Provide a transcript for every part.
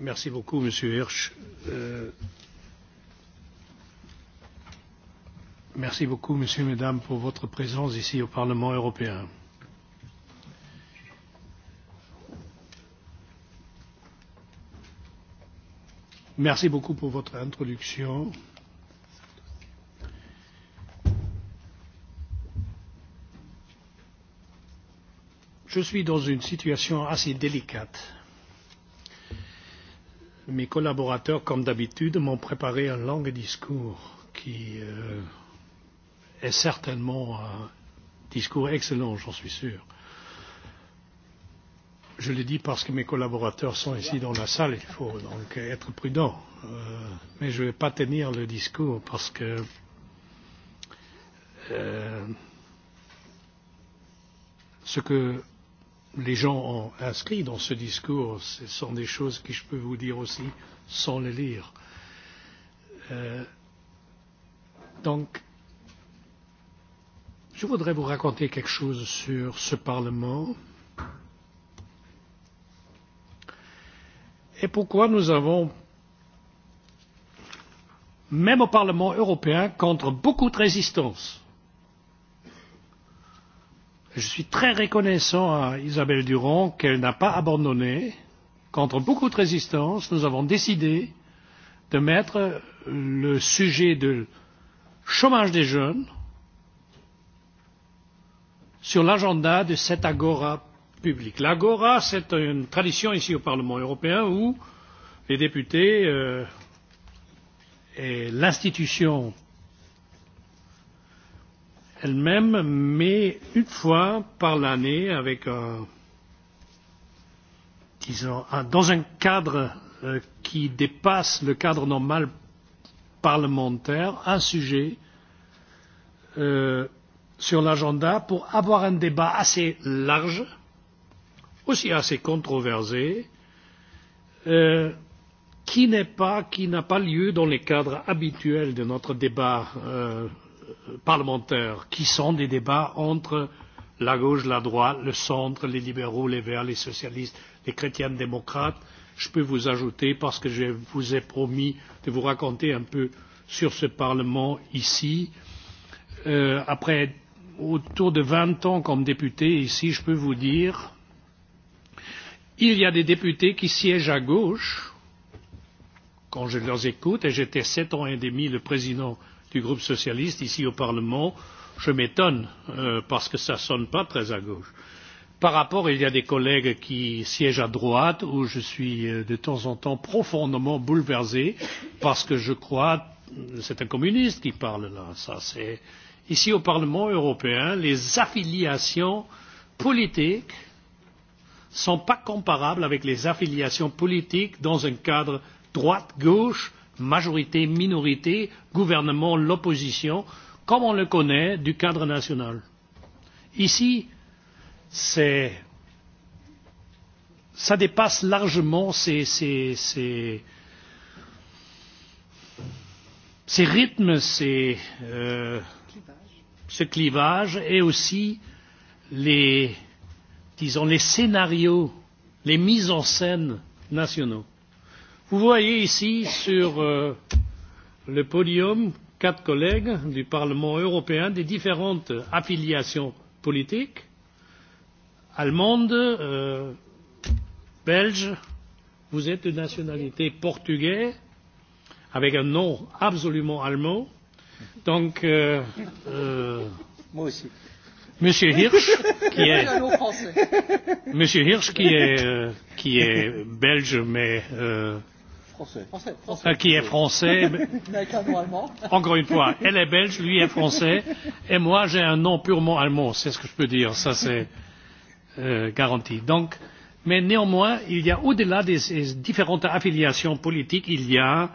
Merci beaucoup, Monsieur Hirsch. Merci beaucoup, Monsieur, Mesdames, pour votre présence ici au Parlement européen. Merci beaucoup pour votre introduction. Je suis dans une situation assez délicate mes collaborateurs, comme d'habitude, m'ont préparé un long discours qui est certainement un discours excellent, j'en suis sûr. Je le dis parce que mes collaborateurs sont ici dans la salle, il faut donc être prudent. Mais je ne vais pas tenir le discours parce que ce que les gens ont inscrit dans ce discours, ce sont des choses que je peux vous dire aussi sans les lire. Donc, je voudrais vous raconter quelque chose sur ce Parlement et pourquoi nous avons, même au Parlement européen, contre beaucoup de résistance, je suis très reconnaissant à Isabelle Durand qu'elle n'a pas abandonné, qu'entre beaucoup de résistance, nous avons décidé de mettre le sujet du chômage des jeunes sur l'agenda de cette agora publique. L'agora, c'est une tradition ici au Parlement européen où les députés et l'institution elle-même, mais une fois par l'année, avec un, disons, un, dans un cadre qui dépasse le cadre normal parlementaire, un sujet sur l'agenda pour avoir un débat assez large, aussi assez controversé, qui n'est pas qui n'a pas lieu dans les cadres habituels de notre débat parlementaires qui sont des débats entre la gauche, la droite, le centre, les libéraux, les verts, les socialistes, les chrétiens démocrates. Je peux vous ajouter, parce que je vous ai promis de vous raconter un peu sur ce Parlement ici. Après autour de 20 ans comme député ici, je peux vous dire, il y a des députés qui siègent à gauche, quand je les écoute, et j'étais sept ans et demi le président du groupe socialiste ici au Parlement, je m'étonne parce que cela ne sonne pas très à gauche. Par rapport, il y a des collègues qui siègent à droite où je suis de temps en temps profondément bouleversé parce que je crois c'est un communiste qui parle là. Ici au Parlement européen, les affiliations politiques ne sont pas comparables avec les affiliations politiques dans un cadre droite gauche majorité, minorité, gouvernement, l'opposition, comme on le connaît du cadre national. Ici, ça dépasse largement ces rythmes, ce clivage et aussi les, disons, les scénarios, les mises en scène nationaux. Vous voyez ici sur le podium quatre collègues du Parlement européen des différentes affiliations politiques allemande, belge, vous êtes de nationalité portugaise, avec un nom absolument allemand. Donc, Monsieur Hirsch, qui est, Monsieur Hirsch, qui est, qui est belge, mais Français. Qui est français. mais Encore une fois, elle est belge, lui est français, et moi j'ai un nom purement allemand, c'est ce que je peux dire, ça c'est garanti. Donc, mais néanmoins, il y a au-delà des différentes affiliations politiques, il y a,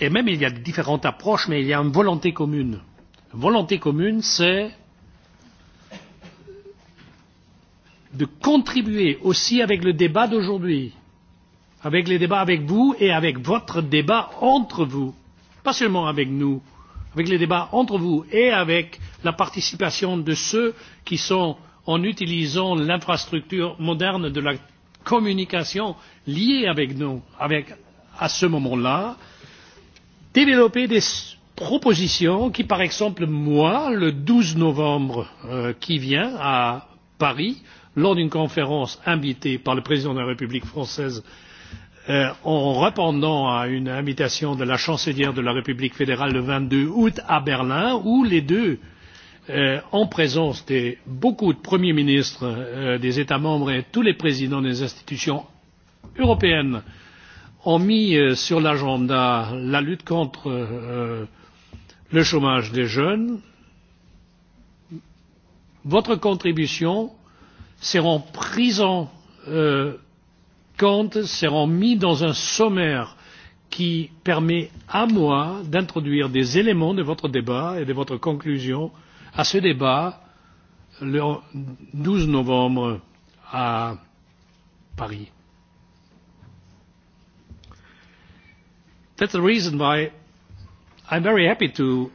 et même il y a différentes approches, mais il y a une volonté commune. Volonté commune, c'est de contribuer aussi avec le débat d'aujourd'hui avec les débats avec vous et avec votre débat entre vous, pas seulement avec nous, avec les débats entre vous et avec la participation de ceux qui sont, en utilisant l'infrastructure moderne de la communication liée avec nous, avec, à ce moment-là, développer des propositions qui, par exemple, moi, le 12 novembre qui vient à Paris, lors d'une conférence invitée par le président de la République française en répondant à une invitation de la chancelière de la République fédérale le 22 août à Berlin, où les deux, en présence de beaucoup de premiers ministres des États membres et tous les présidents des institutions européennes, ont mis sur l'agenda la lutte contre le chômage des jeunes. Votre contribution sera prise en Kant seront mis dans un sommaire qui permet à moi d'introduire des éléments de votre débat et de votre conclusion à ce débat le 12 novembre à Paris. That's the reason why I'm very happy to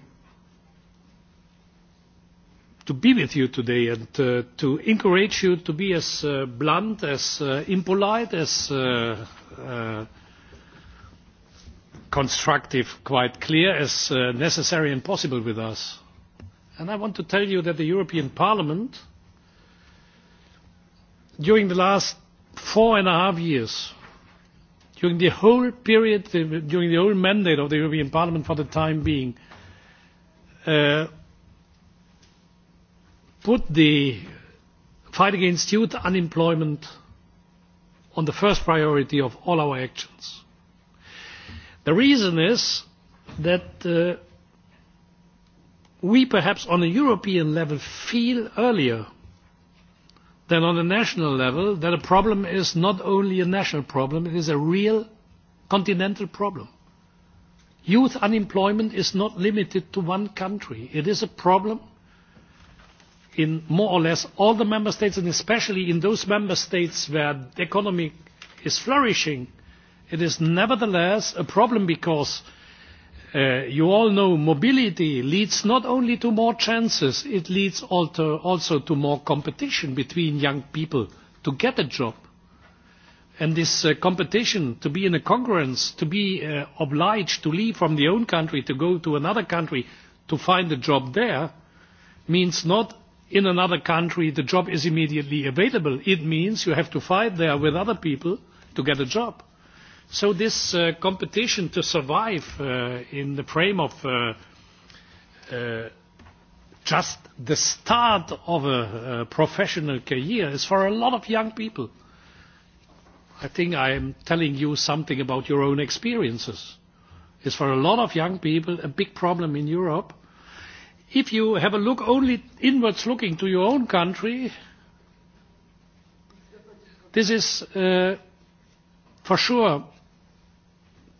to be with you today and to encourage you to be as blunt, as impolite, as constructive, quite clear, as necessary and possible with us. And I want to tell you that the European Parliament, during the last four and a half years, during the whole period, during the whole mandate of the European Parliament for the time being, put the fight against youth unemployment on the first priority of all our actions. The reason is that we perhaps on a European level feel earlier than on a national level that a problem is not only a national problem, it is a real continental problem. Youth unemployment is not limited to one country. It is a problem in more or less all the member states and especially in those member states where the economy is flourishing it is nevertheless a problem because you all know mobility leads not only to more chances it leads also to more competition between young people to get a job and this competition to be in a congruence to be obliged to leave from the own country to go to another country to find a job there means not in another country the job is immediately available. It means you have to fight there with other people to get a job. So this competition to survive in the frame of just the start of a professional career is for a lot of young people. I think I am telling you something about your own experiences. It's for a lot of young people a big problem in Europe if you have a look only inwards looking to your own country, this is for sure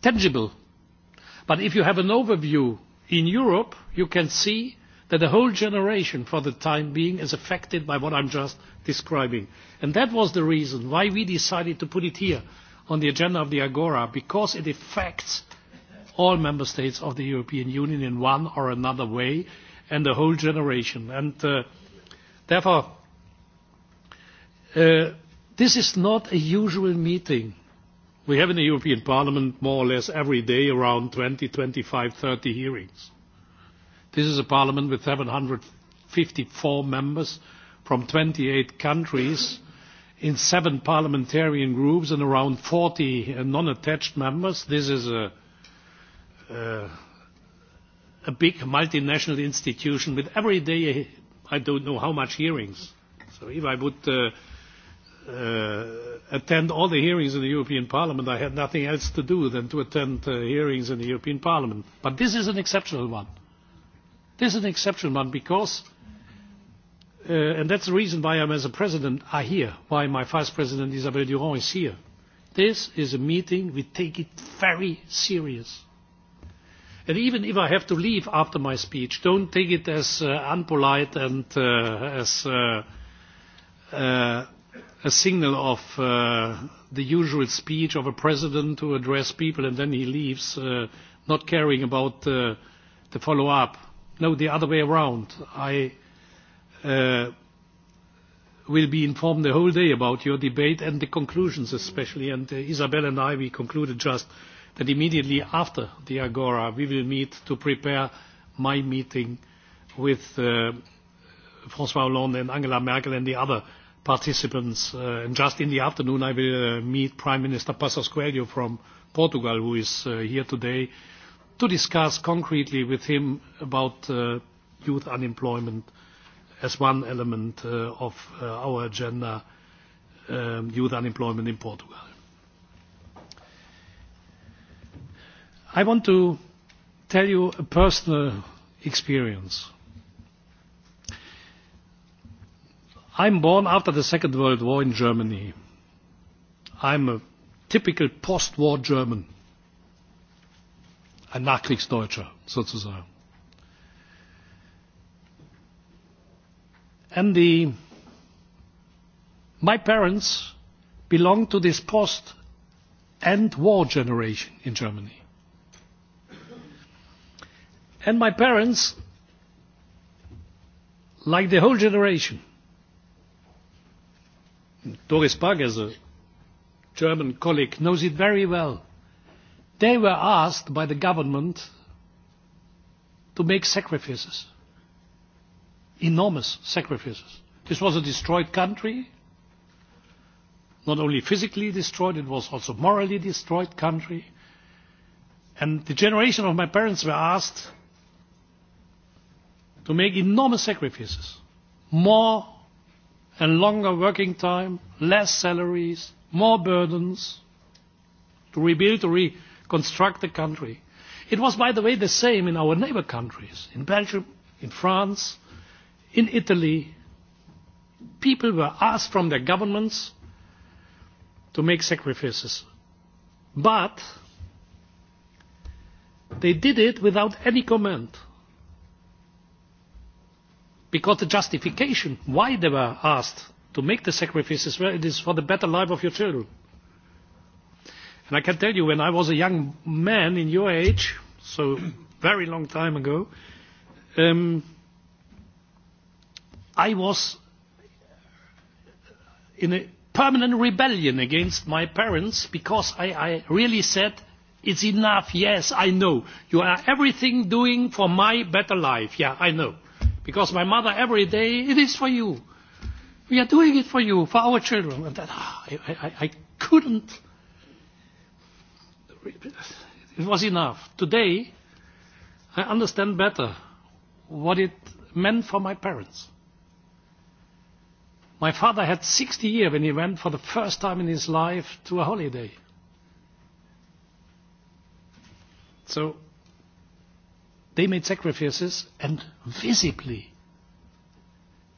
tangible. But if you have an overview in Europe, you can see that the whole generation for the time being is affected by what I'm just describing. And that was the reason why we decided to put it here on the agenda of the Agora, because it affects all member states of the European Union in one or another way and the whole generation. And therefore, this is not a usual meeting. We have in the European Parliament more or less every day around 20, 25, 30 hearings. This is a parliament with 754 members from 28 countries in seven parliamentarian groups and around 40 non-attached members. This is a a big multinational institution with every day I don't know how much hearings. So if I would attend all the hearings in the European Parliament, I had nothing else to do than to attend hearings in the European Parliament. But this is an exceptional one. This is an exceptional one because, and that's the reason why I'm as a president are here, why my vice president Isabel Durand is here. This is a meeting we take it very serious And even if I have to leave after my speech, don't take it as unpolite and as a signal of the usual speech of a president to address people and then he leaves, not caring about the follow-up. No, the other way around. I will be informed the whole day about your debate and the conclusions especially. And Isabel and I, we concluded just immediately after the Agora we will meet to prepare my meeting with François Hollande and Angela Merkel and the other participants. And just in the afternoon I will meet Prime Minister Passos Coelho from Portugal, who is here today, to discuss concretely with him about youth unemployment as one element of our agenda, youth unemployment in Portugal. I want to tell you a personal experience. I'm born after the Second World War in Germany. I'm a typical post-war German. a Nachkriegsdeutscher sozusagen. And the, my parents belong to this post-end war generation in Germany and my parents like the whole generation doris pack as a german colleague knows it very well they were asked by the government to make sacrifices enormous sacrifices. this was a destroyed country not only physically destroyed it was also morally destroyed country and the generation of my parents were asked to make enormous sacrifices more and longer working time, less salaries, more burdens to rebuild, to reconstruct the country. It was, by the way, the same in our neighbor countries, in Belgium, in France, in Italy. People were asked from their governments to make sacrifices. But they did it without any comment because the justification why they were asked to make the sacrifices it is for the better life of your children. And I can tell you, when I was a young man in your age, so very long time ago, I was in a permanent rebellion against my parents because I really said, it's enough, yes, I know. You are everything doing for my better life, yeah, I know. Because my mother every day, it is for you. We are doing it for you, for our children. And that, I, I, couldn't. It was enough. Today, I understand better what it meant for my parents. My father had 60 years when he went for the first time in his life to a holiday. So They made sacrifices and visibly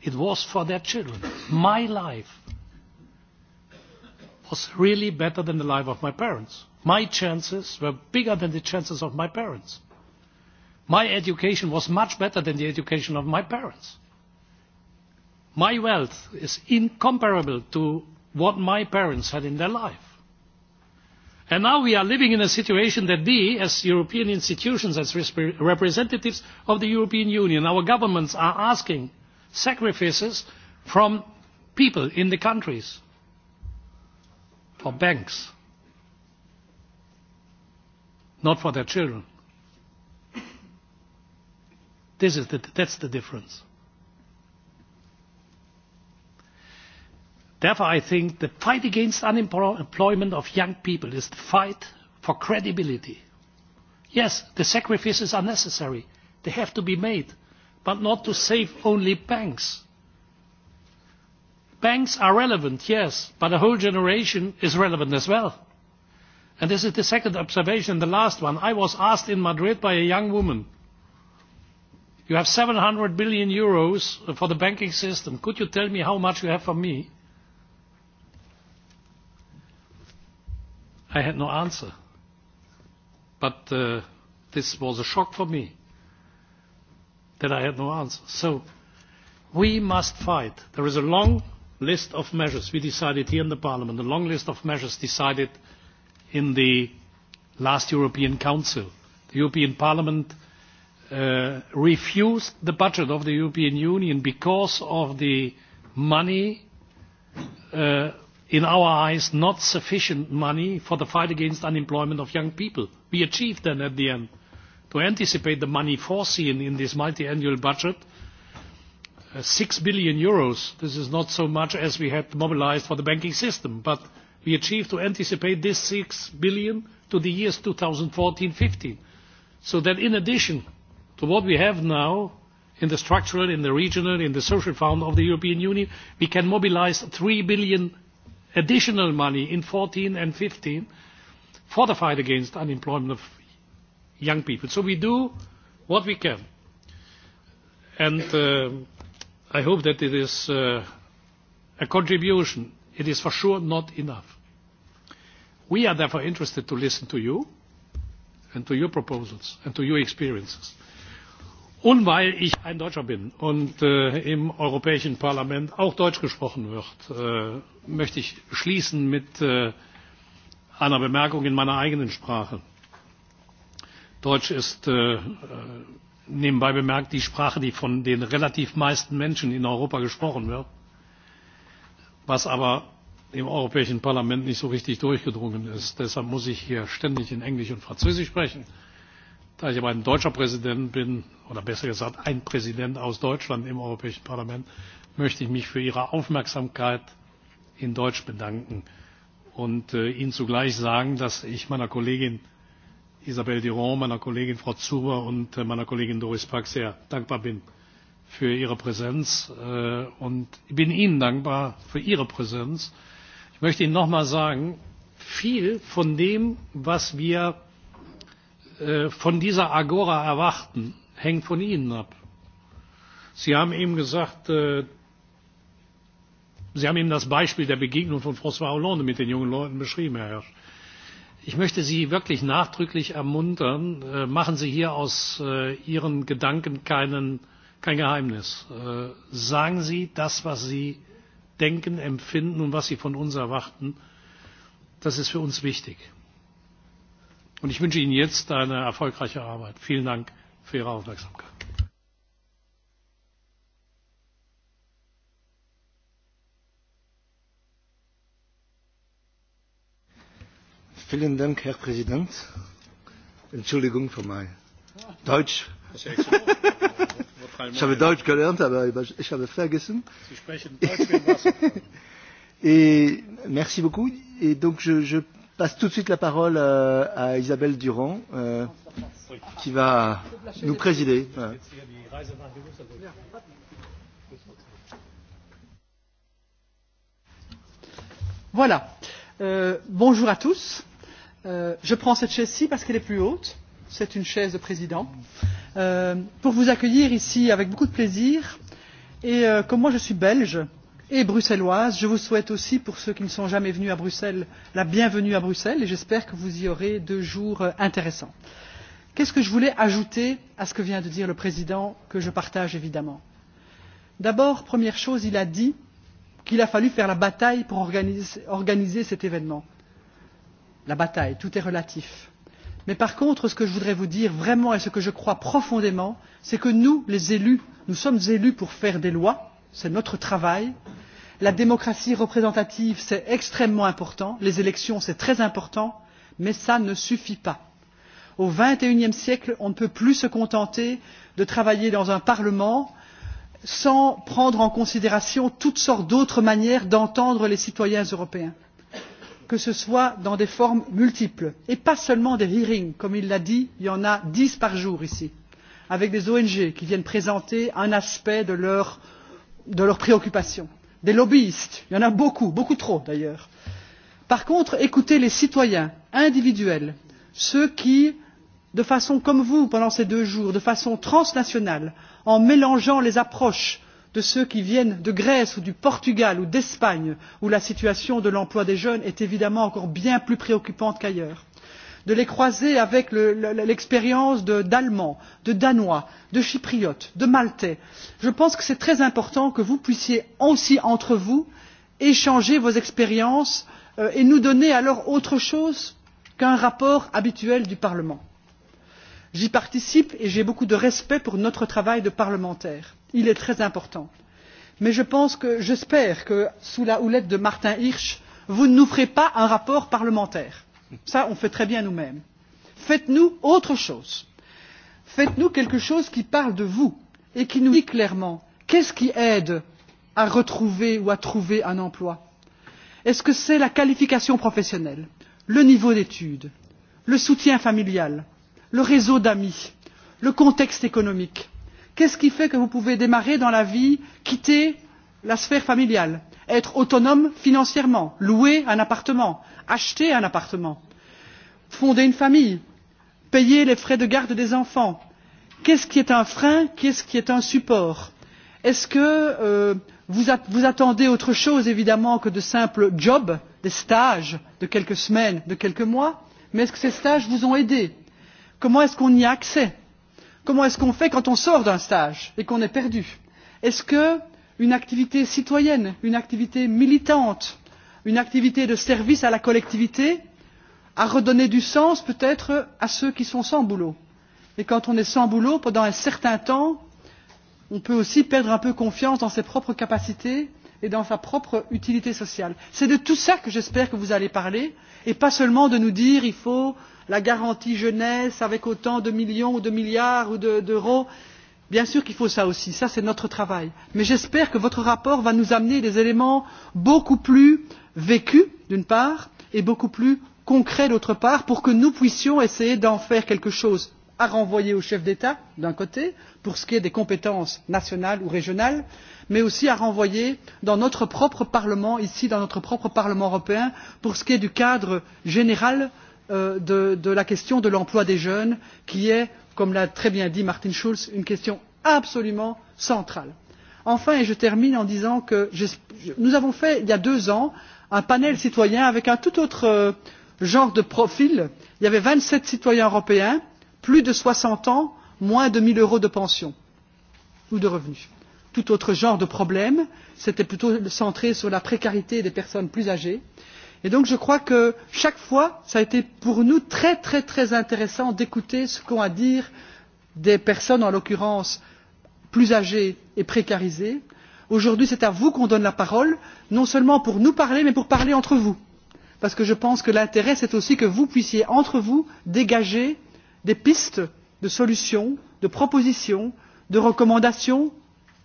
it was for their children. My life was really better than the life of my parents. My chances were bigger than the chances of my parents. My education was much better than the education of my parents. My wealth is incomparable to what my parents had in their life. And now we are living in a situation that we, as European institutions, as representatives of the European Union, our governments are asking sacrifices from people in the countries, for banks, not for their children. This is the, that's the difference. Therefore, I think the fight against unemployment of young people is the fight for credibility. Yes, the sacrifices are necessary. They have to be made, but not to save only banks. Banks are relevant, yes, but a whole generation is relevant as well. And this is the second observation, the last one. I was asked in Madrid by a young woman, you have 700 billion euros for the banking system. Could you tell me how much you have for me? I had no answer. But this was a shock for me that I had no answer. So we must fight. There is a long list of measures we decided here in the Parliament, a long list of measures decided in the last European Council. The European Parliament refused the budget of the European Union because of the money in our eyes not sufficient money for the fight against unemployment of young people. We achieved then at the end. To anticipate the money foreseen in this multiannual annual budget, 6 billion euros, this is not so much as we had mobilised for the banking system, but we achieved to anticipate this 6 billion to the years 2014-15. So that in addition to what we have now, in the structural, in the regional, in the social fund of the European Union, we can mobilise 3 billion additional money in 14 and 15 for the fight against unemployment of young people. So we do what we can. And I hope that it is a contribution. It is for sure not enough. We are therefore interested to listen to you and to your proposals and to your experiences und weil ich ein deutscher bin und im europäischen parlament auch deutsch gesprochen wird möchte ich schließen mit einer bemerkung in meiner eigenen sprache. deutsch ist nebenbei bemerkt die sprache die von den relativ meisten menschen in europa gesprochen wird was aber im europäischen parlament nicht so richtig durchgedrungen ist. deshalb muss ich hier ständig in englisch und französisch sprechen da ich aber ein deutscher Präsident bin, oder besser gesagt ein Präsident aus Deutschland im Europäischen Parlament, möchte ich mich für Ihre Aufmerksamkeit in Deutsch bedanken und Ihnen zugleich sagen, dass ich meiner Kollegin Isabelle Durand, meiner Kollegin Frau Zuber und meiner Kollegin Doris Pack sehr dankbar bin für ihre Präsenz und ich bin Ihnen dankbar für Ihre Präsenz. Ich möchte Ihnen noch einmal sagen, viel von dem, was wir von dieser Agora erwarten, hängt von Ihnen ab. Sie haben eben gesagt, Sie haben eben das Beispiel der Begegnung von François Hollande mit den jungen Leuten beschrieben, Herr Hirsch. Ich möchte Sie wirklich nachdrücklich ermuntern, machen Sie hier aus Ihren Gedanken kein Geheimnis. Sagen Sie das, was Sie denken, empfinden und was Sie von uns erwarten. Das ist für uns wichtig. Und ich wünsche Ihnen jetzt eine erfolgreiche Arbeit. Vielen Dank für Ihre Aufmerksamkeit. Vielen Dank, Herr Präsident. Entschuldigung für mein Deutsch. Ich habe Deutsch gelernt, aber ich habe vergessen. Sie sprechen Deutsch wie merci beaucoup. Et donc je, je passe tout de suite la parole à Isabelle Durand, qui va nous présider. Voilà. Bonjour à tous. Je prends cette chaise-ci parce qu'elle est plus haute. C'est une chaise de président. Pour vous accueillir ici avec beaucoup de plaisir. Et comme moi je suis belge, et bruxelloise. Je vous souhaite aussi, pour ceux qui ne sont jamais venus à Bruxelles, la bienvenue à Bruxelles et j'espère que vous y aurez deux jours intéressants. Qu'est-ce que je voulais ajouter à ce que vient de dire le Président, que je partage évidemment D'abord, première chose, il a dit qu'il a fallu faire la bataille pour organiser cet événement. La bataille, tout est relatif. Mais par contre, ce que je voudrais vous dire vraiment et ce que je crois profondément, c'est que nous, les élus, nous sommes élus pour faire des lois c'est notre travail. La démocratie représentative, c'est extrêmement important. Les élections, c'est très important. Mais ça ne suffit pas. Au XXIe siècle, on ne peut plus se contenter de travailler dans un Parlement sans prendre en considération toutes sortes d'autres manières d'entendre les citoyens européens, que ce soit dans des formes multiples, et pas seulement des hearings. Comme il l'a dit, il y en a dix par jour ici, avec des ONG qui viennent présenter un aspect de leur de leurs préoccupations des lobbyistes il y en a beaucoup beaucoup trop d'ailleurs. par contre écoutez les citoyens individuels ceux qui de façon comme vous pendant ces deux jours de façon transnationale en mélangeant les approches de ceux qui viennent de grèce ou du portugal ou d'espagne où la situation de l'emploi des jeunes est évidemment encore bien plus préoccupante qu'ailleurs de les croiser avec l'expérience d'allemands de danois de chypriotes de maltais je pense que c'est très important que vous puissiez aussi entre vous échanger vos expériences et nous donner alors autre chose qu'un rapport habituel du parlement. j'y participe et j'ai beaucoup de respect pour notre travail de parlementaire il est très important mais je pense que j'espère que sous la houlette de martin hirsch vous ne nous ferez pas un rapport parlementaire. Ça, on fait très bien nous-mêmes. Faites-nous autre chose. Faites-nous quelque chose qui parle de vous et qui nous dit clairement qu'est-ce qui aide à retrouver ou à trouver un emploi. Est-ce que c'est la qualification professionnelle, le niveau d'études, le soutien familial, le réseau d'amis, le contexte économique Qu'est-ce qui fait que vous pouvez démarrer dans la vie, quitter la sphère familiale être autonome financièrement, louer un appartement, acheter un appartement, fonder une famille, payer les frais de garde des enfants. Qu'est-ce qui est un frein Qu'est-ce qui est un support Est-ce que vous attendez autre chose évidemment que de simples jobs, des stages de quelques semaines, de quelques mois Mais est-ce que ces stages vous ont aidé Comment est-ce qu'on y a accès Comment est-ce qu'on fait quand on sort d'un stage et qu'on est perdu Est-ce que une activité citoyenne une activité militante une activité de service à la collectivité à redonner du sens peut être à ceux qui sont sans boulot. et quand on est sans boulot pendant un certain temps on peut aussi perdre un peu confiance dans ses propres capacités et dans sa propre utilité sociale. c'est de tout cela que j'espère que vous allez parler et pas seulement de nous dire il faut la garantie jeunesse avec autant de millions ou de milliards ou d'euros. Bien sûr qu'il faut cela aussi, ça c'est notre travail. Mais j'espère que votre rapport va nous amener des éléments beaucoup plus vécus, d'une part, et beaucoup plus concrets, d'autre part, pour que nous puissions essayer d'en faire quelque chose à renvoyer aux chefs d'État, d'un côté, pour ce qui est des compétences nationales ou régionales, mais aussi à renvoyer dans notre propre Parlement, ici, dans notre propre Parlement européen, pour ce qui est du cadre général de la question de l'emploi des jeunes qui est comme l'a très bien dit martin schulz une question absolument centrale. enfin et je termine en disant que nous avons fait il y a deux ans un panel citoyen avec un tout autre genre de profil il y avait vingt sept citoyens européens plus de soixante ans moins de un zéro euros de pension ou de revenus tout autre genre de problème c'était plutôt centré sur la précarité des personnes plus âgées Et je crois que chaque fois, cela a été pour nous très très intéressant d'écouter ce qu'ont à dire des personnes, en l'occurrence plus âgées et précarisées. Aujourd'hui, c'est à vous qu'on donne la parole, non seulement pour nous parler, mais pour parler entre vous. Parce que je pense que l'intérêt, c'est aussi que vous puissiez, entre vous, dégager des pistes de solutions, de propositions, de recommandations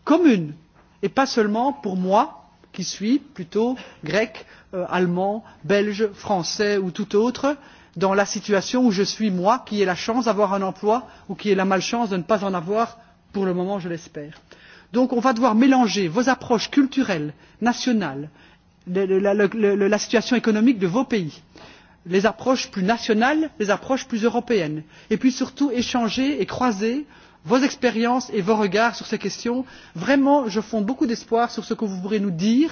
communes. Et pas seulement pour moi qui suit plutôt grec, allemand, belge, français ou tout autre, dans la situation où je suis moi, qui ai la chance d'avoir un emploi ou qui ai la malchance de ne pas en avoir, pour le moment je l'espère. Donc on va devoir mélanger vos approches culturelles, nationales, la situation économique de vos pays, les approches plus nationales, les approches plus européennes, et puis surtout échanger et croiser vos expériences et vos regards sur ces questions. Vraiment, je fonde beaucoup d'espoir sur ce que vous pourrez nous dire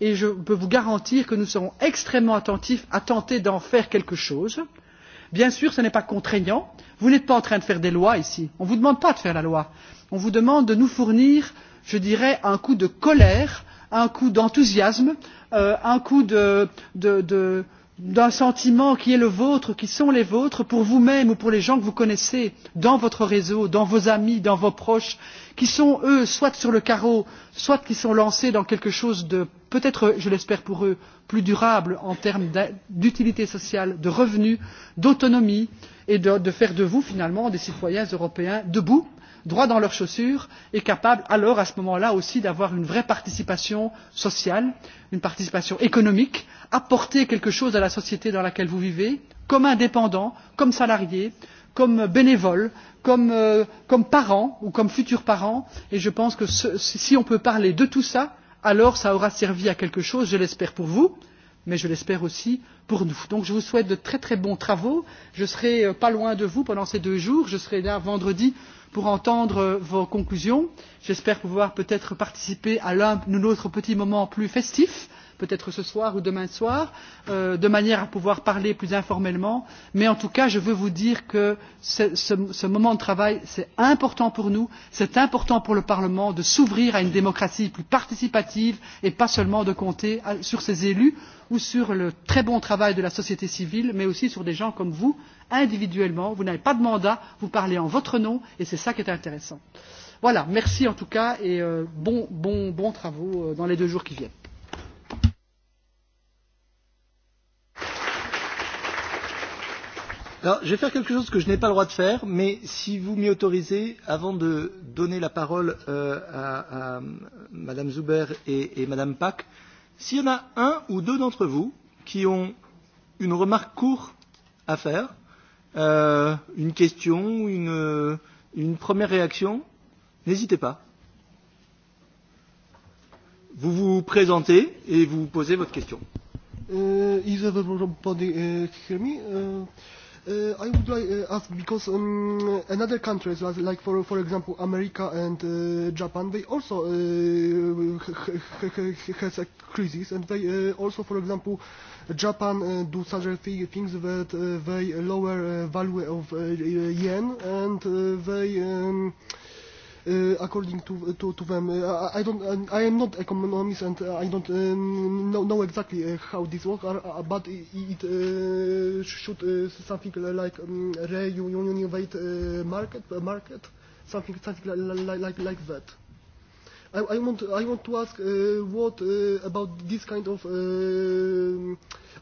et je peux vous garantir que nous serons extrêmement attentifs à tenter d'en faire quelque chose. Bien sûr, ce n'est pas contraignant. Vous n'êtes pas en train de faire des lois ici. On ne vous demande pas de faire la loi. On vous demande de nous fournir, je dirais, un coup de colère, un coup d'enthousiasme, un coup de d'un sentiment qui est le vôtre, qui sont les vôtres, pour vous même ou pour les gens que vous connaissez dans votre réseau, dans vos amis, dans vos proches, qui sont, eux, soit sur le carreau, soit qui sont lancés dans quelque chose de peut être, je l'espère pour eux, plus durable en termes d'utilité sociale, de revenus, d'autonomie, et de faire de vous, finalement, des citoyens européens debout droit dans leurs chaussures et capables alors à ce moment là aussi d'avoir une vraie participation sociale une participation économique apporter quelque chose à la société dans laquelle vous vivez comme indépendant comme salarié comme bénévole comme parent ou comme futur parent et je pense que si on peut parler de tout cela alors cela aura servi à quelque chose je l'espère pour vous mais je l'espère aussi pour nous. Donc je vous souhaite de très très bons travaux. Je serai pas loin de vous pendant ces deux jours. Je serai là vendredi pour entendre vos conclusions. J'espère pouvoir peut-être participer à l'un ou petit petit plus festif peut-être ce soir ou demain soir, de manière à pouvoir parler plus informellement. Mais en tout cas, je veux vous dire que ce moment de travail, c'est important pour nous, c'est important pour le Parlement de s'ouvrir à une démocratie plus participative et pas seulement de compter sur ses élus ou sur le très bon travail de la société civile, mais aussi sur des gens comme vous, individuellement. Vous n'avez pas de mandat, vous parlez en votre nom et c'est ça qui est intéressant. Voilà, merci en tout cas et bons travaux dans les deux jours qui viennent. Alors, je vais faire quelque chose que je n'ai pas le droit de faire, mais si vous m'y autorisez, avant de donner la parole à, à Madame Zuber et, et Madame Pack, s'il y en a un ou deux d'entre vous qui ont une remarque courte à faire, euh, une question, une, une première réaction, n'hésitez pas. Vous vous présentez et vous posez votre question. Euh, I would like ask because um another countries like for for example America and Japan they also uh has a crisis and they also for example Japan do such a thing things that they lower value of yen and they according to, to, to them. I, don't, I am not economist and I don't know, know exactly how this works, but it should something like um, reunionate market, market, something, something like, like, like that. I, I, want, I want to ask what about this kind of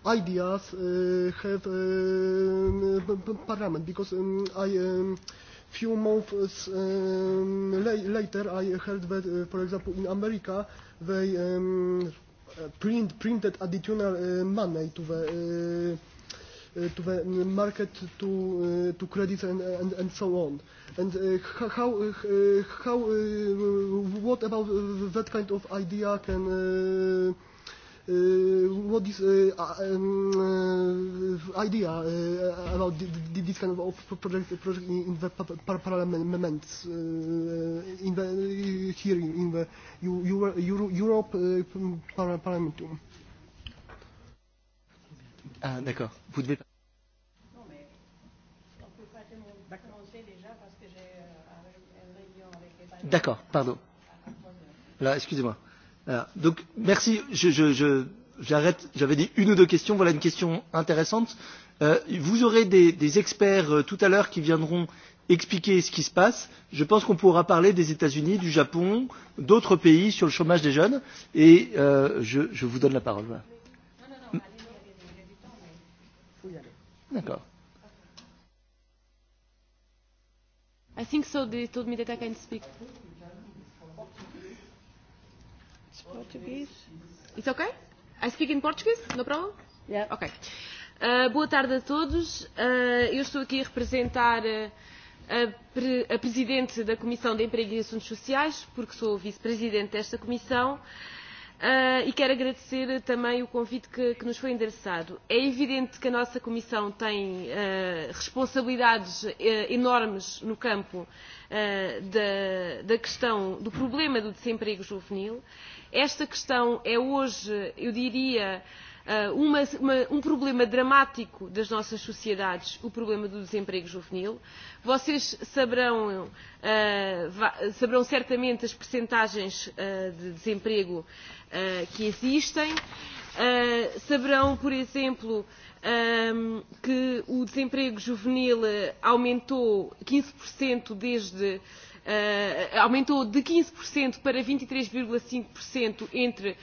ideas have parliament because I few months later I heard that, for example, in America they print printed additional money to the to the market to to credits and and and so on. And how how what about that kind of idea can what is idea about this kind of project project in the parliament in the here, in the Europe Parliament Ah d'accord vous devez D'accord, pardon. Là, excusez-moi. Donc merci, j'arrête, j'avais dit une ou deux questions, voilà une question intéressante. Vous aurez des experts tout à l'heure qui viendront expliquer ce qui se passe. Je pense qu'on pourra parler des États-Unis, du Japon, d'autres pays sur le chômage des jeunes. Et je vous donne la parole. D'accord. I think so. They told me that I can speak. Portuguese. It's okay? I speak in Portuguese? No problem? Yeah. Okay. Uh, boa tarde a todos. Uh, eu estou aqui a representar a, a Presidente da Comissão de Emprego e Assuntos Sociais, porque sou Vice-Presidente desta Comissão, uh, e quero agradecer também o convite que, que nos foi endereçado. É evidente que a nossa Comissão tem uh, responsabilidades enormes no campo uh, da, da questão do problema do desemprego juvenil Esta questão é hoje, eu diria, um problema dramático das nossas sociedades, o problema do desemprego juvenil. Vocês saberão certamente as percentagens de desemprego que existem. Saberão, por exemplo, que o desemprego juvenil aumentou 15% desde aumentou de 15% para 23,5% entre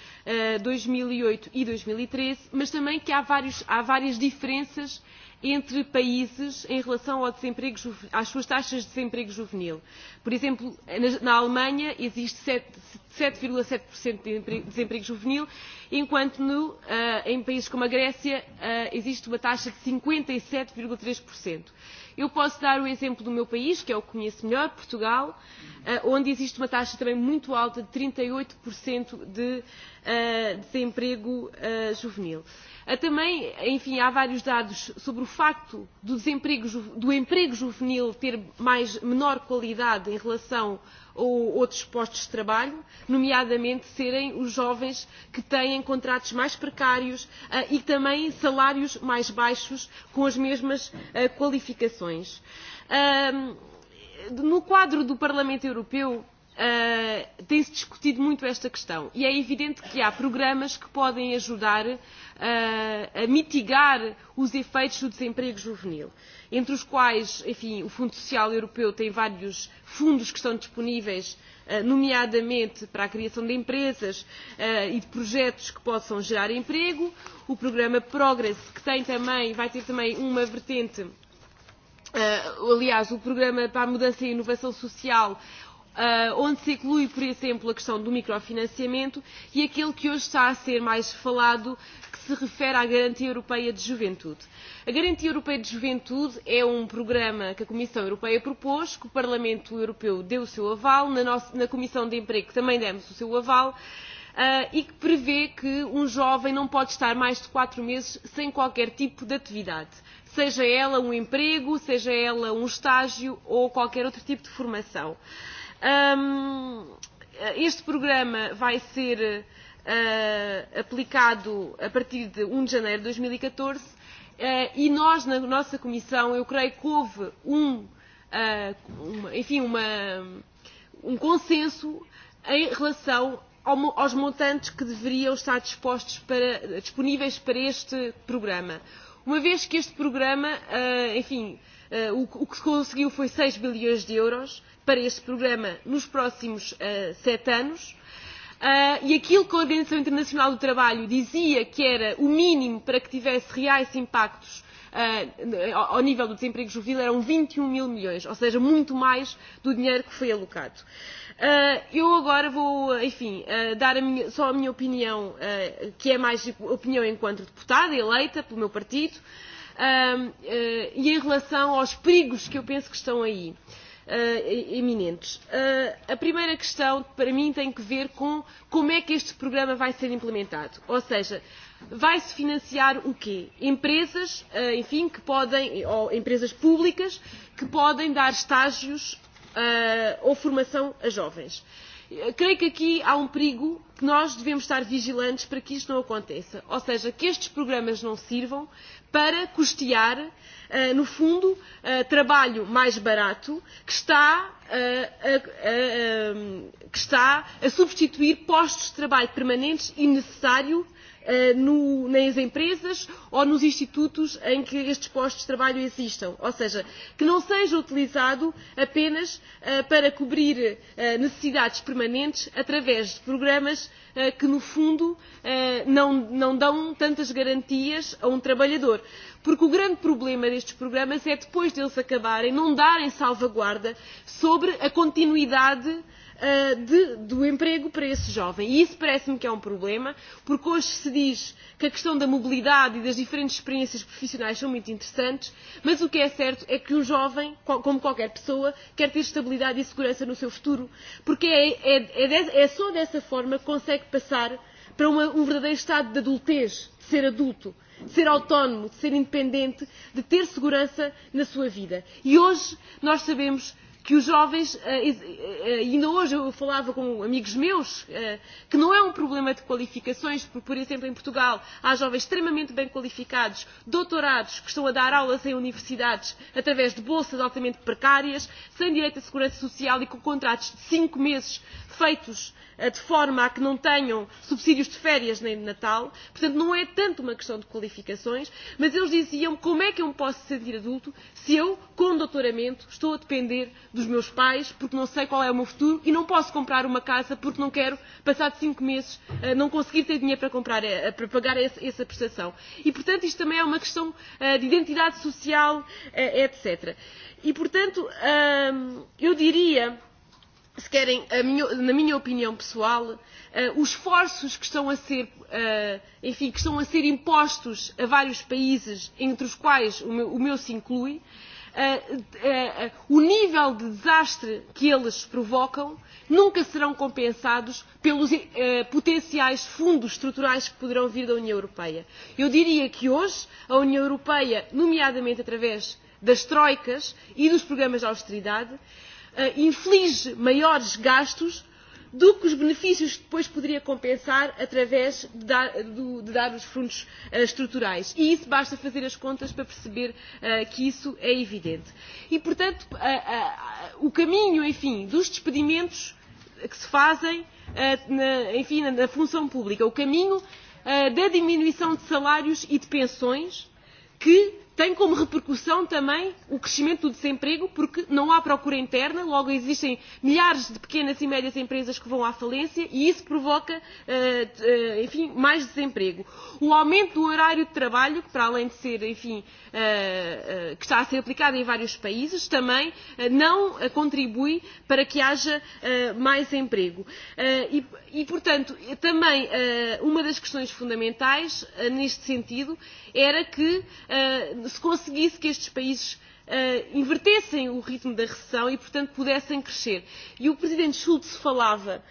2008 e 2013, mas também que há várias diferenças entre países em relação ao desemprego, às suas taxas de desemprego juvenil. Por exemplo, na Alemanha existe 7,7% de desemprego juvenil, enquanto no, em países como a Grécia existe uma taxa de 57,3%. Eu posso dar o exemplo do meu país, que é o que conheço melhor, Portugal, onde existe uma taxa também muito alta de 38% de desemprego juvenil. Também, enfim, há vários dados sobre o facto do emprego juvenil ter menor qualidade em relação ou outros postos de trabalho, nomeadamente serem os jovens que têm contratos mais precários e também salários mais baixos com as mesmas qualificações. No quadro do Parlamento Europeu, tem-se discutido muito esta questão. E é evidente que há programas que podem ajudar a mitigar os efeitos do desemprego juvenil, entre os quais, enfim, o Fundo Social Europeu tem vários fundos que estão disponíveis, nomeadamente para a criação de empresas e de projetos que possam gerar emprego. O programa Progress, que tem também, vai ter também uma vertente aliás, o Programa para a Mudança e Inovação Social onde se inclui, por exemplo, a questão do microfinanciamento e aquele que hoje está a ser mais falado, que se refere à Garantia Europeia de Juventude. A Garantia Europeia de Juventude é um programa que a Comissão Europeia propôs, que o Parlamento Europeu deu o seu aval, na Comissão de Emprego também demos o seu aval, e que prevê que um jovem não pode estar mais de quatro meses sem qualquer tipo de atividade, seja ela um emprego, seja ela um estágio ou qualquer outro tipo de formação. Este programa vai ser aplicado a partir de 1 de janeiro de 2014 e nós, na nossa comissão, eu creio que houve um, enfim, uma, um consenso em relação aos montantes que deveriam estar dispostos para, disponíveis para este programa. Uma vez que este programa, enfim, o que se conseguiu foi 6 bilhões de euros, para este programa nos próximos sete anos. E aquilo que a Organização Internacional do Trabalho dizia que era o mínimo para que tivesse reais impactos ao nível do desemprego juvenil eram 21 mil milhões, ou seja, muito mais do dinheiro que foi alocado. Eu agora vou, enfim, dar só a minha opinião, que é mais opinião enquanto deputada eleita pelo meu partido, e em relação aos perigos que eu penso que estão aí iminentes. A primeira questão, para mim, tem que ver com como é que este programa vai ser implementado. Ou seja, vai-se financiar o quê? Empresas, enfim, que podem, ou empresas públicas, que podem dar estágios ou formação a jovens. Creio que aqui há um perigo que nós devemos estar vigilantes para que isto não aconteça. Ou seja, que estes programas não sirvam para custear, no fundo, trabalho mais barato que está a substituir postos de trabalho permanentes e necessário no, nas empresas ou nos institutos em que estes postos de trabalho existam. Ou seja, que não seja utilizado apenas para cobrir necessidades permanentes através de programas que, no fundo, não dão tantas garantias a um trabalhador. Porque o grande problema destes programas é, depois deles acabarem, não darem salvaguarda sobre a continuidade do emprego para esse jovem. E isso parece-me que é um problema, porque hoje se diz que a questão da mobilidade e das diferentes experiências profissionais são muito interessantes, mas o que é certo é que um jovem, como qualquer pessoa, quer ter estabilidade e segurança no seu futuro, porque é só dessa forma que consegue passar para um verdadeiro estado de adultez, de ser adulto, de ser autónomo, de ser independente, de ter segurança na sua vida. E hoje nós sabemos que os jovens, ainda hoje eu falava com amigos meus, que não é um problema de qualificações, porque, por exemplo, em Portugal há jovens extremamente bem qualificados, doutorados, que estão a dar aulas em universidades através de bolsas altamente precárias, sem direito à segurança social e com contratos de cinco meses feitos de forma a que não tenham subsídios de férias nem de Natal. Portanto, não é tanto uma questão de qualificações, mas eles diziam como é que eu posso sentir adulto se eu, com doutoramento, estou a depender dos meus pais porque não sei qual é o meu futuro e não posso comprar uma casa porque não quero, passado cinco meses, não conseguir ter dinheiro para, comprar, para pagar essa prestação. E, portanto, isto também é uma questão de identidade social, etc. E, portanto, eu diria se querem, na minha opinião pessoal, os esforços que estão a ser, enfim, que estão a ser impostos a vários países, entre os quais o meu se inclui, o nível de desastre que eles provocam nunca serão compensados pelos potenciais fundos estruturais que poderão vir da União Europeia. Eu diria que hoje a União Europeia, nomeadamente através das troicas e dos programas de austeridade, inflige maiores gastos do que os benefícios que depois poderia compensar através de dar, de dar os fundos estruturais. E isso basta fazer as contas para perceber que isso é evidente. E, portanto, o caminho, enfim, dos despedimentos que se fazem, enfim, na função pública, o caminho da diminuição de salários e de pensões que tem como repercussão também o crescimento do desemprego, porque não há procura interna, logo existem milhares de pequenas e médias empresas que vão à falência e isso provoca, enfim, mais desemprego. O aumento do horário de trabalho, que para além de ser, enfim, que está a ser aplicado em vários países, também não contribui para que haja mais emprego. E, portanto, também uma das questões fundamentais neste sentido era que se conseguisse que estes países invertessem o ritmo da recessão e, portanto, pudessem crescer. E o Presidente Schulz falava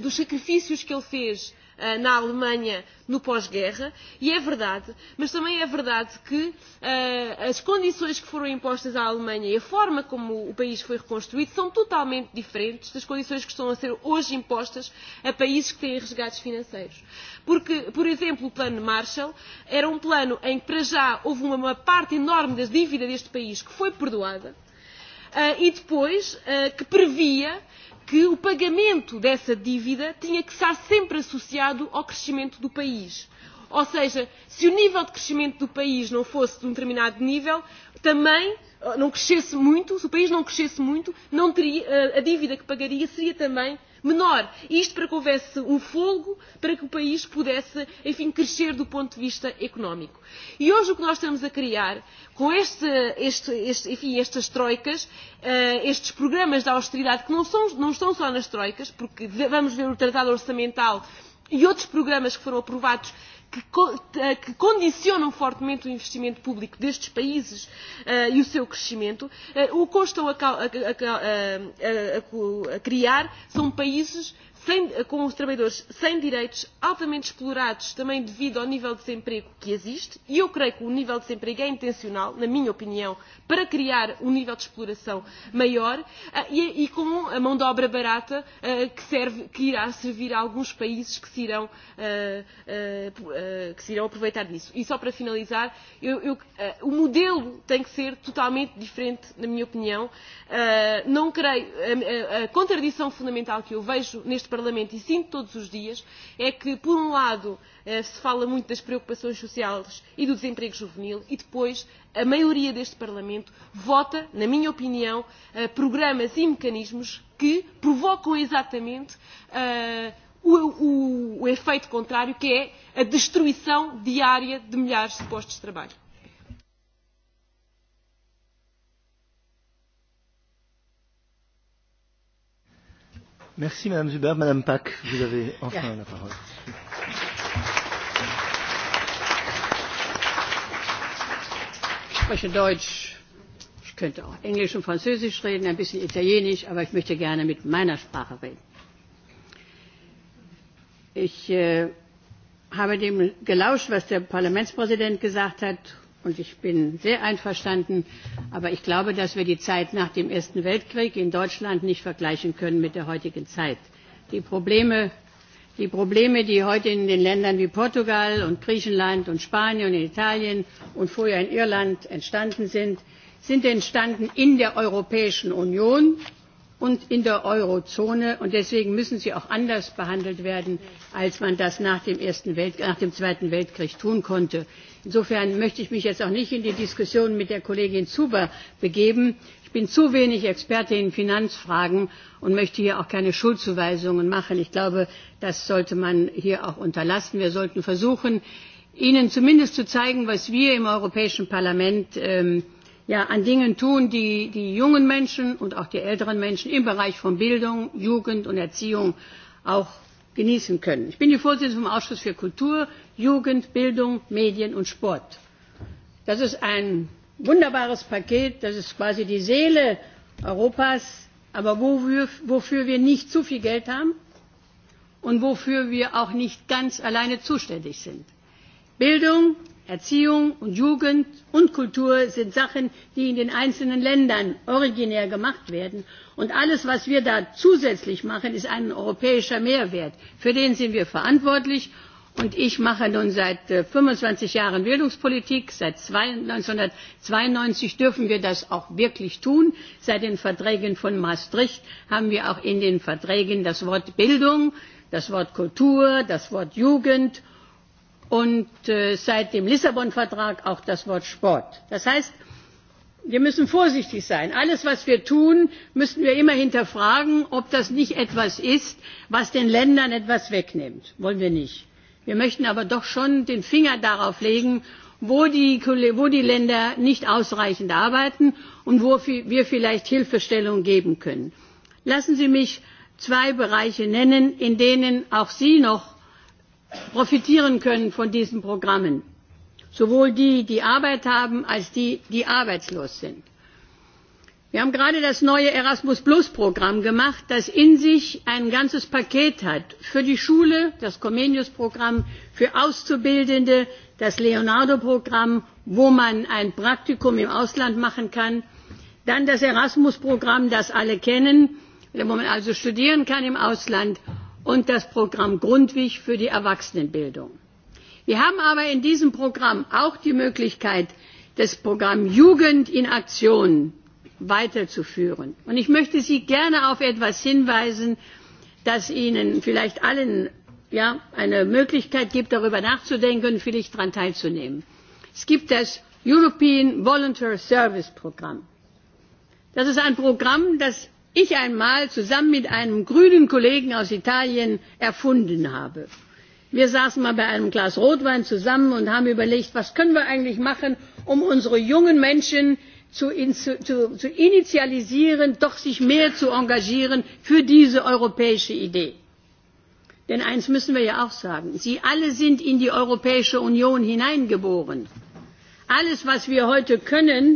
dos sacrifícios que ele fez na Alemanha no pós-guerra, e é verdade, mas também é verdade que as condições que foram impostas à Alemanha e a forma como o país foi reconstruído são totalmente diferentes das condições que estão a ser hoje impostas a países que têm resgates financeiros. Porque, por exemplo, o plano Marshall era um plano em que, para já, houve uma parte enorme da dívida deste país que foi perdoada, e depois que previa que o pagamento dessa dívida tinha que estar sempre associado ao crescimento do país. Ou seja, se o nível de crescimento do país não fosse de um determinado nível, também não crescesse muito, se o país não crescesse muito, a dívida que pagaria seria também menor. Isto para que houvesse um fogo, para que o país pudesse, enfim, crescer do ponto de vista económico. E hoje o que nós estamos a criar, com este, este, este, enfim, estas troicas, estes programas de austeridade, que não, são, não estão só nas troicas, porque vamos ver o Tratado Orçamental e outros programas que foram aprovados que condicionam fortemente o investimento público destes países e o seu crescimento, o que estão a criar são países com os trabalhadores sem direitos, altamente explorados também devido ao nível de desemprego que existe, e eu creio que o nível de desemprego é intencional, na minha opinião, para criar um nível de exploração maior, e com a mão de obra barata que irá servir a alguns países que se irão aproveitar disso. E só para finalizar, o modelo tem que ser totalmente diferente, na minha opinião. Não creio, a contradição fundamental que eu vejo neste Parlamento e sinto todos os dias é que, por um lado, se fala muito das preocupações sociais e do desemprego juvenil e depois a maioria deste Parlamento vota, na minha opinião, programas e mecanismos que provocam exatamente o efeito contrário, que é a destruição diária de milhares de postos de trabalho. Merci Madame Zuber. Madame Pack, vous avez enfin la parole. Ich spreche Deutsch. Ich könnte auch Englisch und Französisch reden, ein bisschen Italienisch, aber ich möchte gerne mit meiner Sprache reden. Ich habe dem gelauscht, was der Parlamentspräsident gesagt hat und ich bin sehr einverstanden. Aber ich glaube, dass wir die Zeit nach dem Ersten Weltkrieg in Deutschland nicht vergleichen können mit der heutigen Zeit. Die Probleme, die heute in den Ländern wie Portugal und Griechenland und Spanien und Italien und vorher in Irland entstanden sind, sind entstanden in der Europäischen Union und in der Eurozone, und deswegen müssen sie auch anders behandelt werden, als man das nach dem Zweiten Weltkrieg tun konnte. Insofern möchte ich mich jetzt auch nicht in die Diskussion mit der Kollegin Zuber begeben. Ich bin zu wenig Experte in Finanzfragen und möchte hier auch keine Schuldzuweisungen machen. Ich glaube, das sollte man hier auch unterlassen. Wir sollten versuchen, Ihnen zumindest zu zeigen, was wir im Europäischen Parlament an Dingen tun, die die jungen Menschen und auch die älteren Menschen im Bereich von Bildung, Jugend und Erziehung auch genießen können. Ich bin die Vorsitzende des Ausschuss für Kultur, Jugend, Bildung, Medien und Sport. Das ist ein wunderbares Paket, das ist quasi die Seele Europas, aber wofür wir nicht zu viel Geld haben und wofür wir auch nicht ganz alleine zuständig sind. Bildung Erziehung und Jugend und Kultur sind Sachen, die in den einzelnen Ländern originär gemacht werden. Und alles, was wir da zusätzlich machen, ist ein europäischer Mehrwert. Für den sind wir verantwortlich. Und ich mache nun seit 25 Jahren Bildungspolitik. Seit 1992 dürfen wir das auch wirklich tun. Seit den Verträgen von Maastricht haben wir auch in den Verträgen das Wort Bildung, das Wort Kultur, das Wort Jugend und seit dem Lissabon Vertrag auch das Wort Sport. Das heißt, wir müssen vorsichtig sein. Alles, was wir tun, müssen wir immer hinterfragen, ob das nicht etwas ist, was den Ländern etwas wegnimmt. Wollen wir nicht. Wir möchten aber doch schon den Finger darauf legen, wo die Länder nicht ausreichend arbeiten und wo wir vielleicht Hilfestellung geben können. Lassen Sie mich zwei Bereiche nennen, in denen auch Sie profitieren können von diesen programmen sowohl die die arbeit haben als auch die die arbeitslos sind. wir haben gerade das neue erasmus programm gemacht das in sich ein ganzes paket hat für die schule das comenius programm für auszubildende das leonardo programm wo man ein praktikum im ausland machen kann dann das erasmus programm das alle kennen wo man also studieren kann im ausland und das Programm Grundwig für die Erwachsenenbildung. Wir haben aber in diesem Programm auch die Möglichkeit, das Programm Jugend in Aktion weiterzuführen. Und ich möchte Sie gerne auf etwas hinweisen, das Ihnen vielleicht allen eine Möglichkeit gibt, darüber nachzudenken und vielleicht daran teilzunehmen. Es gibt das European Volunteer Service Programm. Das ist ein Programm, das ich einmal zusammen mit einem grünen kollegen aus italien erfunden habe. wir saßen mal bei einem glas rotwein zusammen und haben überlegt was können wir eigentlich machen um unsere jungen menschen zu initialisieren doch sich mehr zu engagieren für diese europäische idee. denn eines müssen wir ja auch sagen sie alle sind in die europäische union hineingeboren. alles was wir heute können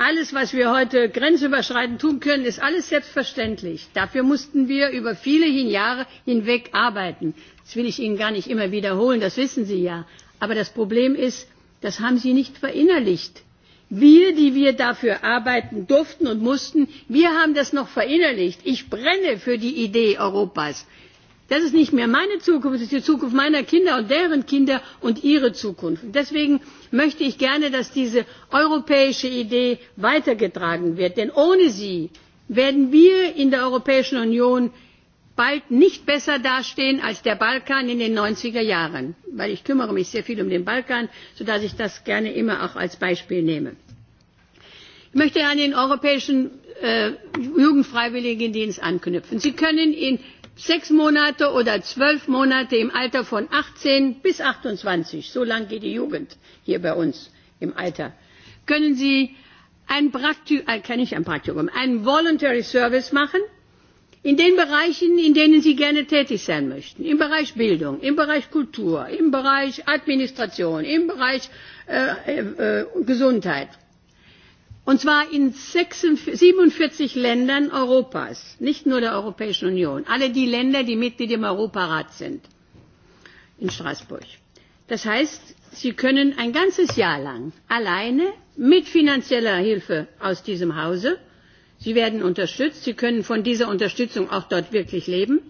alles was wir heute grenzüberschreitend tun können ist alles selbstverständlich. dafür mussten wir über viele jahre hinweg arbeiten. das will ich ihnen gar nicht immer wiederholen das wissen sie ja. aber das problem ist das haben sie nicht verinnerlicht. wir die wir dafür arbeiten durften und mussten wir haben das noch verinnerlicht. ich brenne für die idee europas das ist nicht mehr meine zukunft das ist die zukunft meiner kinder und deren kinder und ihre zukunft. deswegen möchte ich gerne dass diese europäische idee weitergetragen wird denn ohne sie werden wir in der europäischen union bald nicht besser dastehen als der balkan in den 90er jahren weil ich kümmere mich sehr viel um den balkan sodass ich das gerne immer auch als beispiel nehme. ich möchte an den europäischen jugendfreiwilligendienst anknüpfen. sie können sechs monate oder zwölf monate im alter von 18 bis 28 so lange geht die jugend hier bei uns im alter können sie ein praktikum ein voluntary service machen in den bereichen in denen sie gerne tätig sein möchten im bereich bildung im bereich kultur im bereich administration im bereich gesundheit und zwar in 47 Ländern Europas, nicht nur der Europäischen Union, alle die Länder, die Mitglied im Europarat sind, in Straßburg. Das heißt, Sie können ein ganzes Jahr lang alleine mit finanzieller Hilfe aus diesem Hause, Sie werden unterstützt, Sie können von dieser Unterstützung auch dort wirklich leben,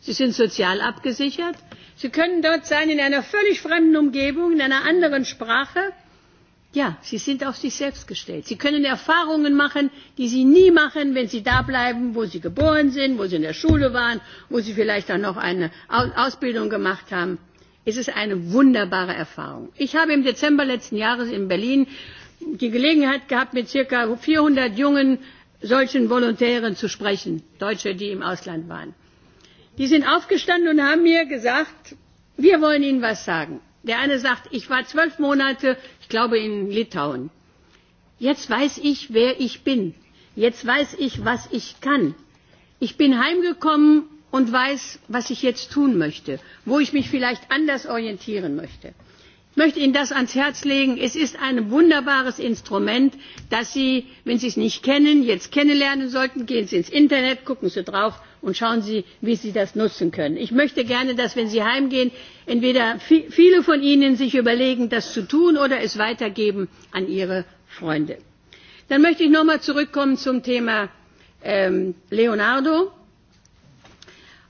Sie sind sozial abgesichert, Sie können dort sein in einer völlig fremden Umgebung, in einer anderen Sprache, Ja, sie sind auf sich selbst gestellt. Sie können Erfahrungen machen, die sie nie machen, wenn sie da bleiben, wo sie geboren sind, wo sie in der Schule waren, wo sie vielleicht auch noch eine Ausbildung gemacht haben. Es ist eine wunderbare Erfahrung. Ich habe im Dezember letzten Jahres in Berlin die Gelegenheit gehabt, mit ca 400 jungen solchen Volontären zu sprechen, Deutsche, die im Ausland waren. Die sind aufgestanden und haben mir gesagt, wir wollen Ihnen was sagen. Der eine sagt, ich war zwölf Monate ich glaube in Litauen. Jetzt weiß ich, wer ich bin. Jetzt weiß ich, was ich kann. Ich bin heimgekommen und weiß, was ich jetzt tun möchte, wo ich mich vielleicht anders orientieren möchte. Ich möchte Ihnen das ans Herz legen. Es ist ein wunderbares Instrument, das Sie, wenn Sie es nicht kennen, jetzt kennenlernen sollten. Gehen Sie ins Internet, gucken Sie drauf und schauen Sie, wie Sie das nutzen können. Ich möchte gerne, dass, wenn Sie heimgehen, entweder viele von Ihnen sich überlegen, das zu tun oder es weitergeben an Ihre Freunde. Dann möchte ich noch einmal zurückkommen zum Thema Leonardo,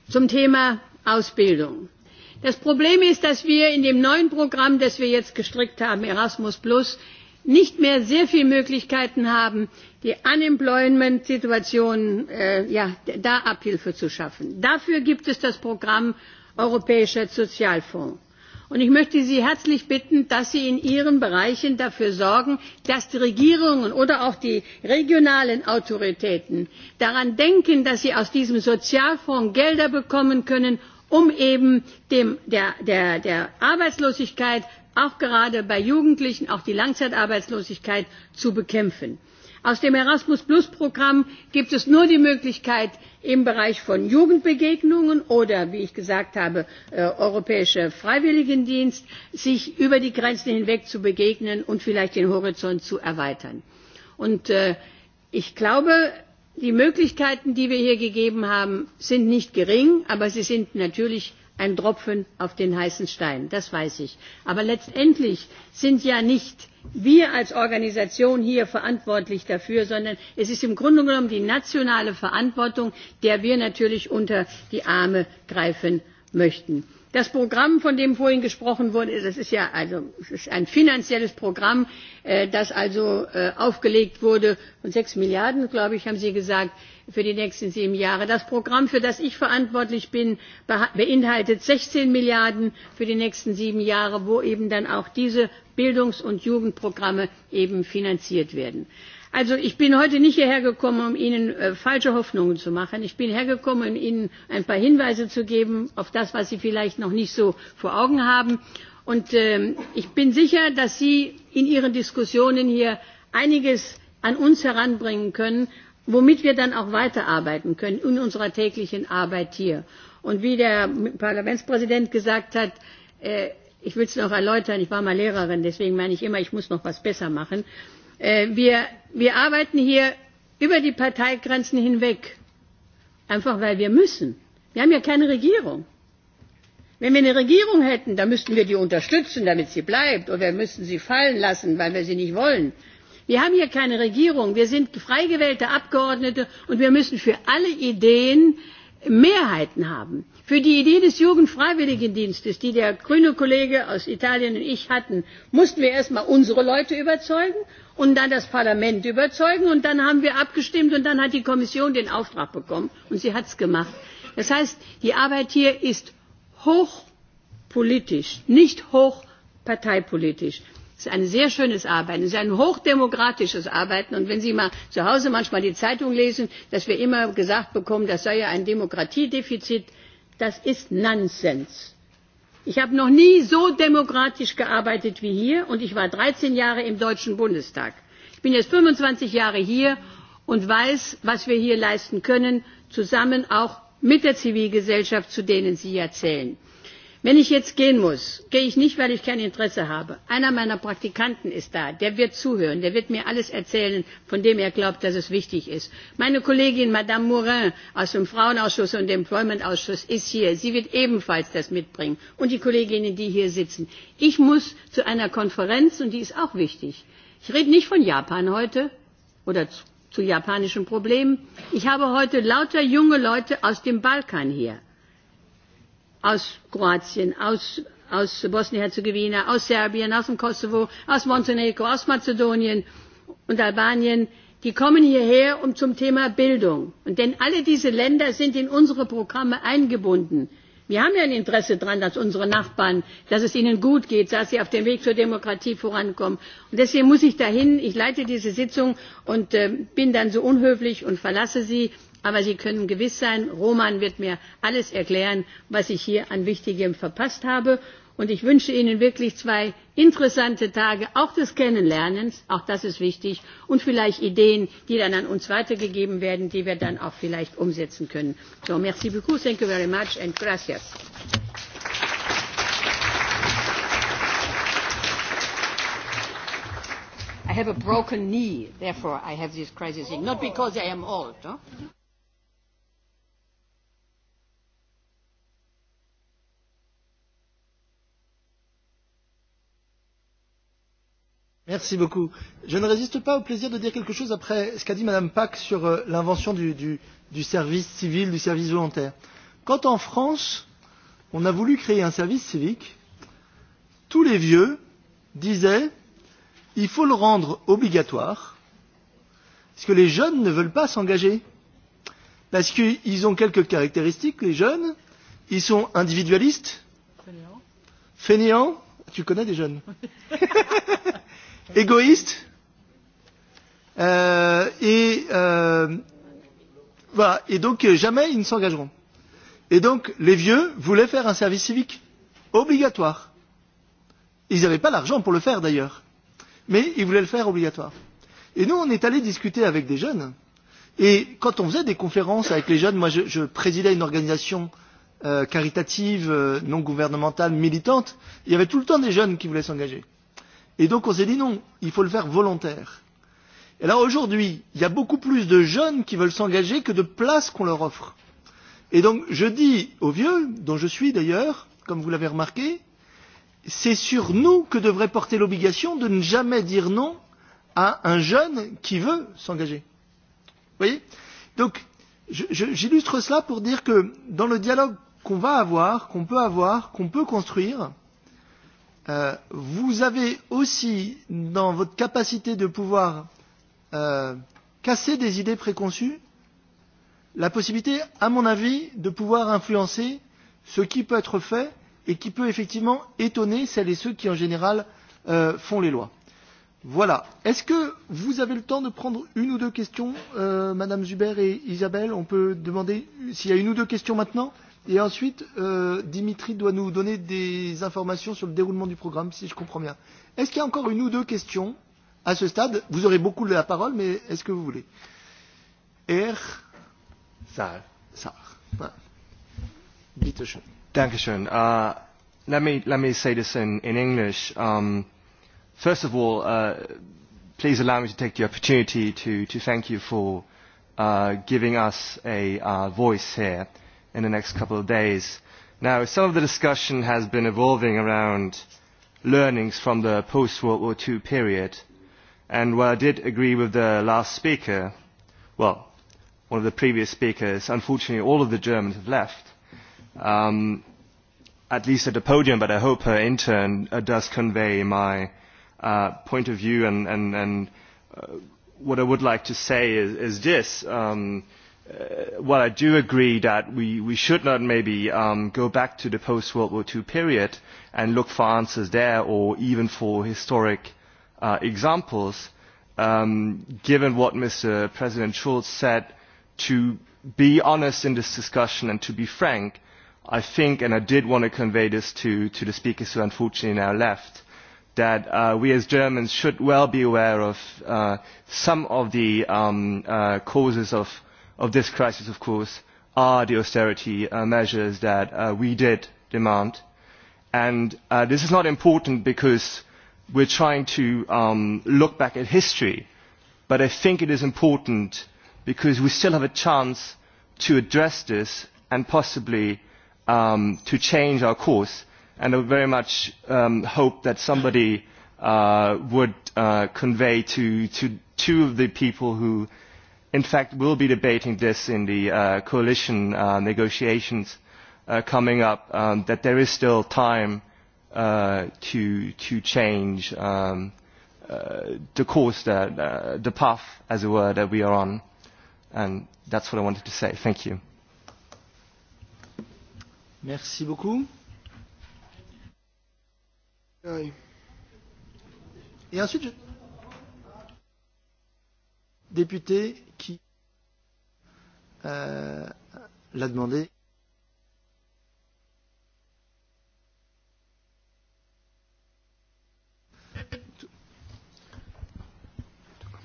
zum Thema Ausbildung. Das Problem ist, dass wir in dem neuen Programm, das wir jetzt gestrickt haben, Erasmus nicht mehr sehr viele Möglichkeiten haben, die Unemployment-Situation Abhilfe zu schaffen. Dafür gibt es das Programm Europäischer Sozialfonds. Und ich möchte Sie herzlich bitten, dass Sie in Ihren Bereichen dafür sorgen, dass die Regierungen oder auch die regionalen Autoritäten daran denken, dass sie aus diesem Sozialfonds Gelder bekommen können, um eben der Arbeitslosigkeit auch gerade bei Jugendlichen auch die Langzeitarbeitslosigkeit zu bekämpfen. Aus dem Erasmus Programm gibt es nur die Möglichkeit, im Bereich von Jugendbegegnungen oder, wie ich gesagt habe, europäischer Freiwilligendienst, sich über die Grenzen hinweg zu begegnen und vielleicht den Horizont zu erweitern. ich glaube, die Möglichkeiten, die wir hier gegeben haben, sind nicht gering, aber sie sind natürlich ein Tropfen auf den heißen Stein, das weiß ich. Aber letztendlich sind ja nicht wir als Organisation hier verantwortlich dafür, sondern es ist im Grunde genommen die nationale Verantwortung, der wir natürlich unter die Arme greifen möchten. Das Programm, von dem vorhin gesprochen wurde, das ist ja ein finanzielles Programm, das also aufgelegt wurde von sechs Milliarden, glaube ich, haben Sie gesagt für die nächsten sieben Jahre. Das Programm, für das ich verantwortlich bin, beinhaltet 16 Milliarden für die nächsten sieben Jahre, wo eben dann auch diese Bildungs- und Jugendprogramme eben finanziert werden. Also ich bin heute nicht hierher gekommen, um Ihnen falsche Hoffnungen zu machen. Ich bin hergekommen, um Ihnen ein paar Hinweise zu geben auf das, was Sie vielleicht noch nicht so vor Augen haben. Und ich bin sicher, dass Sie in Ihren Diskussionen hier einiges an uns heranbringen können, womit wir dann auch weiterarbeiten können in unserer täglichen Arbeit hier. Und wie der Parlamentspräsident gesagt hat, ich will es noch erläutern, ich war mal Lehrerin, deswegen meine ich immer, ich muss noch was besser machen. Wir arbeiten hier über die Parteigrenzen hinweg, einfach weil wir müssen. Wir haben ja keine Regierung. Wenn wir eine Regierung hätten, dann müssten wir die unterstützen, damit sie bleibt, oder wir müssten sie fallen lassen, weil wir sie nicht wollen wir haben hier keine regierung wir sind frei gewählte abgeordnete und wir müssen für alle ideen mehrheiten haben. für die idee des jugendfreiwilligendienstes die der grüne kollege aus italien und ich hatten mussten wir erst einmal unsere leute überzeugen und dann das parlament überzeugen und dann haben wir abgestimmt und dann hat die kommission den auftrag bekommen und sie hat es gemacht. das heißt die arbeit hier ist hochpolitisch nicht hochparteipolitisch. Das ist ein sehr schönes Arbeiten. Es ist ein hochdemokratisches Arbeiten. Und wenn Sie mal zu Hause manchmal die Zeitung lesen, dass wir immer gesagt bekommen, das sei ja ein Demokratiedefizit, das ist Nonsens. Ich habe noch nie so demokratisch gearbeitet wie hier und ich war 13 Jahre im Deutschen Bundestag. Ich bin jetzt 25 Jahre hier und weiß, was wir hier leisten können, zusammen auch mit der Zivilgesellschaft, zu denen Sie ja zählen. Wenn ich jetzt gehen muss, gehe ich nicht, weil ich kein Interesse habe. Einer meiner Praktikanten ist da, der wird zuhören, der wird mir alles erzählen, von dem er glaubt, dass es wichtig ist. Meine Kollegin Madame Morin aus dem Frauenausschuss und dem Employmentausschuss ist hier, sie wird ebenfalls das mitbringen und die Kolleginnen, die hier sitzen. Ich muss zu einer Konferenz, und die ist auch wichtig. Ich rede nicht von Japan heute oder zu japanischen Problemen, ich habe heute lauter junge Leute aus dem Balkan hier aus Kroatien, aus aus Bosnien-Herzegowina, aus Serbien, aus dem Kosovo, aus Montenegro, aus Mazedonien und Albanien, die kommen hierher um zum Thema Bildung. Und denn alle diese Länder sind in unsere Programme eingebunden. Wir haben ja ein Interesse daran, dass unsere Nachbarn, dass es ihnen gut geht, dass sie auf dem Weg zur Demokratie vorankommen. Und deswegen muss ich dahin, ich leite diese Sitzung und bin dann so unhöflich und verlasse sie. Aber Sie können gewiss sein, Roman wird mir alles erklären, was ich hier an Wichtigem verpasst habe. Und ich wünsche Ihnen wirklich zwei interessante Tage, auch des Kennenlernens, auch das ist wichtig, und vielleicht Ideen, die dann an uns weitergegeben werden, die wir dann auch vielleicht umsetzen können. So, merci beaucoup, thank you very much and gracias. I have a broken knee, therefore I have this crisis, not because I am old. Merci beaucoup. Je ne résiste pas au plaisir de dire quelque chose après ce qu'a dit Mme Pack sur l'invention du service civil, du service volontaire. Quand en France, on a voulu créer un service civique, tous les vieux disaient il faut le rendre obligatoire, parce que les jeunes ne veulent pas s'engager. Parce qu'ils ont quelques caractéristiques, les jeunes. Ils sont individualistes. Fainéants. Fainéants. Tu connais des jeunes égoïste et voilà et donc jamais ils ne s'engageront et donc les vieux voulaient faire un service civique obligatoire ils n'avaient pas l'argent pour le faire d'ailleurs mais ils voulaient le faire obligatoire et nous on est allé discuter avec des jeunes et quand on faisait des conférences avec les jeunes moi je je présidais une organisation caritative non gouvernementale militante il y avait tout le temps des jeunes qui voulaient s'engager Et donc on s'est dit non, il faut le faire volontaire. Et là aujourd'hui, il y a beaucoup plus de jeunes qui veulent s'engager que de places qu'on leur offre. Et donc je dis aux vieux, dont je suis d'ailleurs, comme vous l'avez remarqué, c'est sur nous que devrait porter l'obligation de ne jamais dire non à un jeune qui veut s'engager. Vous voyez Donc j'illustre cela pour dire que dans le dialogue qu'on va avoir, qu'on peut avoir, qu'on peut construire, vous avez aussi dans votre capacité de pouvoir casser des idées préconçues la possibilité à mon avis de pouvoir influencer ce qui peut être fait et qui peut effectivement étonner celles et ceux qui en général font les lois. Voilà. Est-ce que vous avez le temps de prendre une ou deux questions, Madame Zuber et Isabelle On peut demander s'il y a une ou deux questions maintenant Et ensuite, euh, Dimitri doit nous donner des informations sur le déroulement du programme, si je comprends bien. Est-ce qu'il y a encore une ou deux questions à ce stade Vous aurez beaucoup de la parole, mais est-ce que vous voulez Er, Saar, Saar. Bitte schön. Dankeschön. Uh, let, me, let me say this in, in English. Um, first of all, uh, please allow me to take the opportunity to, to thank you for uh, giving us a uh, voice here in the next couple of days. Now, some of the discussion has been evolving around learnings from the post-World War II period, and while I did agree with the last speaker, well, one of the previous speakers, unfortunately all of the Germans have left, um, at least at the podium, but I hope her intern does convey my uh, point of view and, and, and what I would like to say is, is this. Um, While I do agree that we should not maybe go back to the post-World War II period and look for answers there or even for historic examples, given what Mr. President Schulz said, to be honest in this discussion and to be frank, I think, and I did want to convey this to the speakers who unfortunately now left, that we as Germans should well be aware of some of the causes of of this crisis, of course, are the austerity measures that we did demand. And this is not important because we're trying to look back at history, but I think it is important because we still have a chance to address this and possibly to change our course. And I very much hope that somebody would convey to two of the people who in fact will be debating this in the coalition negotiations coming up that there is still time to to change the course the path as it were that we are on and that's what I wanted to say thank you merci beaucoup et ensuite député l'a demandé.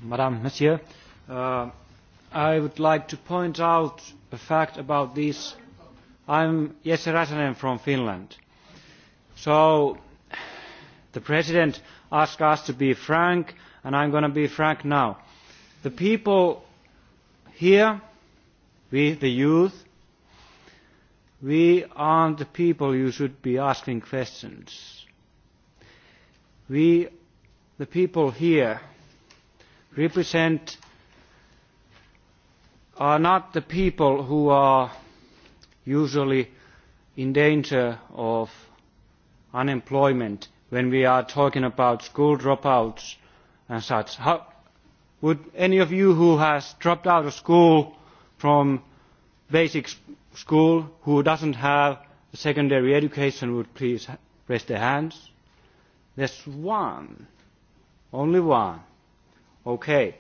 Madame, Monsieur, I would like to point out a fact about this. I'm Jesse Räsänen from Finland. So the President asked us to be frank, and I'm going to be frank now. The people here we the youth we aren't the people you should be asking questions we the people here represent are not the people who are usually in danger of unemployment when we are talking about school dropouts and such. Would any of you who has dropped out of school from basic school who doesn't have secondary education would please raise their hands. There's one. Only one. Okay.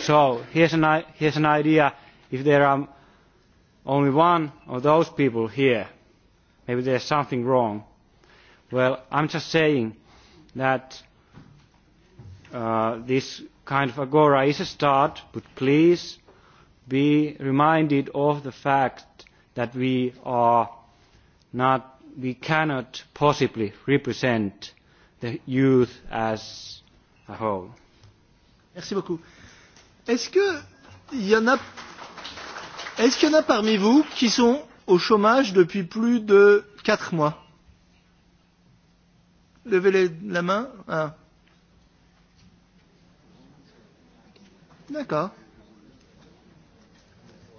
So here's an, here's an idea. If there are only one of those people here, maybe there's something wrong. Well, I'm just saying that this kind of agora is a start, but please be reminded of the fact that we are not we cannot possibly represent the youth as a whole. Merci beaucoup. Est-ce que il y en a Est-ce qu'il y en a parmi vous qui sont au chômage depuis plus de 4 mois Levez la main. D'accord.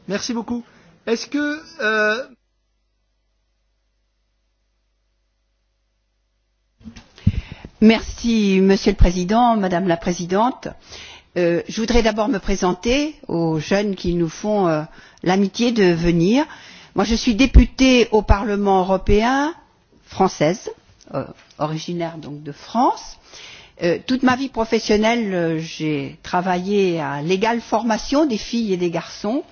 Merci beaucoup. Est-ce que... Merci, Monsieur le Président, Madame la Présidente. Je voudrais d'abord me présenter aux jeunes qui nous font l'amitié de venir. Moi, je suis députée au Parlement européen, française, originaire donc de France Toute ma vie professionnelle, j'ai travaillé à l'égale formation des filles et des garçons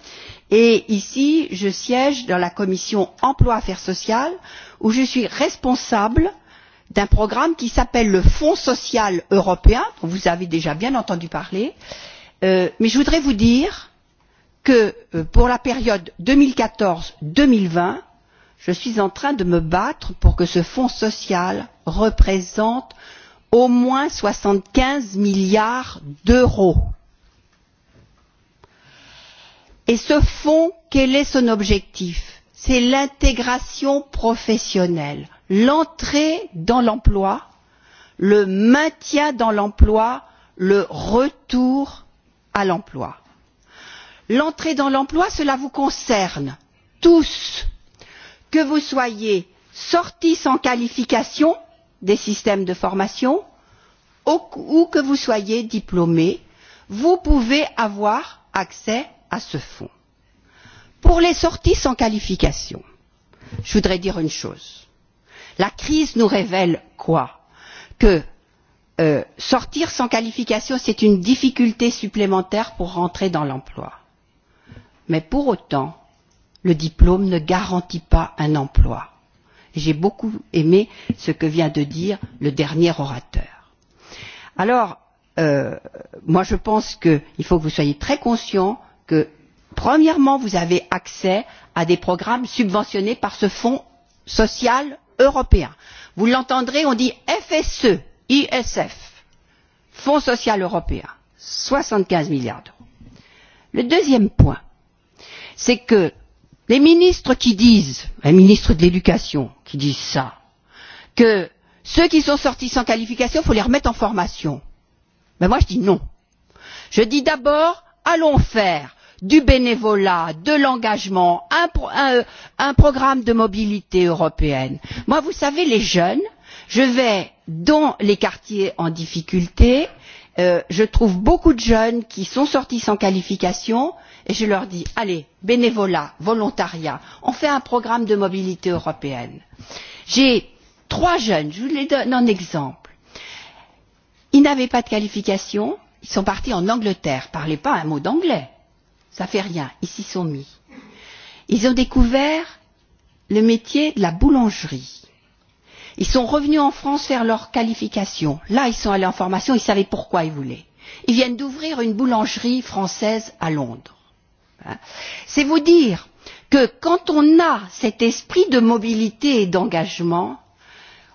et ici, je siège dans la commission emploi affaires sociales où je suis responsable d'un programme qui s'appelle le Fonds social européen, dont vous avez déjà bien entendu parler, mais je voudrais vous dire que pour la période 2014-2020, je suis en train de me battre pour que ce Fonds social représente au moins soixante quinze milliards d'euros. et ce fonds quel est son objectif? c'est l'intégration professionnelle l'entrée dans l'emploi le maintien dans l'emploi le retour à l'emploi. l'entrée dans l'emploi cela vous concerne tous que vous soyez sortis sans qualification des systèmes de formation ou que vous soyez diplômé vous pouvez avoir accès à ce fonds. pour les sorties sans qualification je voudrais dire une chose la crise nous révèle quoi? que sortir sans qualification c'est une difficulté supplémentaire pour rentrer dans l'emploi. mais pour autant le diplôme ne garantit pas un emploi J'ai beaucoup aimé ce que vient de dire le dernier orateur. Alors, moi je pense qu'il faut que vous soyez très conscient que, premièrement, vous avez accès à des programmes subventionnés par ce Fonds social européen. Vous l'entendrez, on dit FSE, ISF, Fonds social européen, 75 milliards d'euros. Le deuxième point, c'est que les ministres qui disent, un ministre de l'éducation, qui disent ça que ceux qui sont sortis sans qualification il faut les remettre en formation. mais moi je dis non. je dis d'abord allons faire du bénévolat de l'engagement un programme de mobilité européenne. moi vous savez les jeunes je vais dans les quartiers en difficulté je trouve beaucoup de jeunes qui sont sortis sans qualification et je leur dis allez bénévolat volontariat on fait un programme de mobilité européenne. j'ai trois jeunes je vous les donne en exemple ils n'avaient pas de qualification ils sont partis en angleterre ne parlaient pas un mot d'anglais ça ne fait rien ils s'y sont mis. ils ont découvert le métier de la boulangerie. Ils sont revenus en France faire leur qualification. Là, ils sont allés en formation, ils savaient pourquoi ils voulaient. Ils viennent d'ouvrir une boulangerie française à Londres c'est vous dire que quand on a cet esprit de mobilité et d'engagement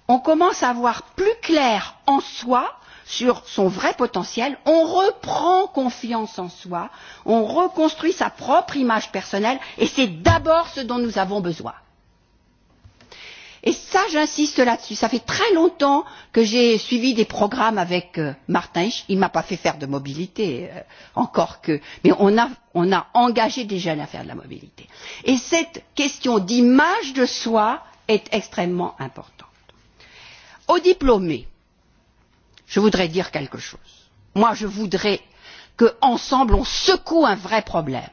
on commence à voir plus clair en soi sur son vrai potentiel on reprend confiance en soi on reconstruit sa propre image personnelle et c'est d'abord ce dont nous avons besoin et ça j'insiste là dessus ça fait très longtemps que j'ai suivi des programmes avec martin il ne m'a pas fait faire de mobilité encore que mais on a engagé des jeunes à faire de la mobilité et cette question d'image de soi est extrêmement importante. aux diplômés je voudrais dire quelque chose moi je voudrais qu'ensemble on secoue un vrai problème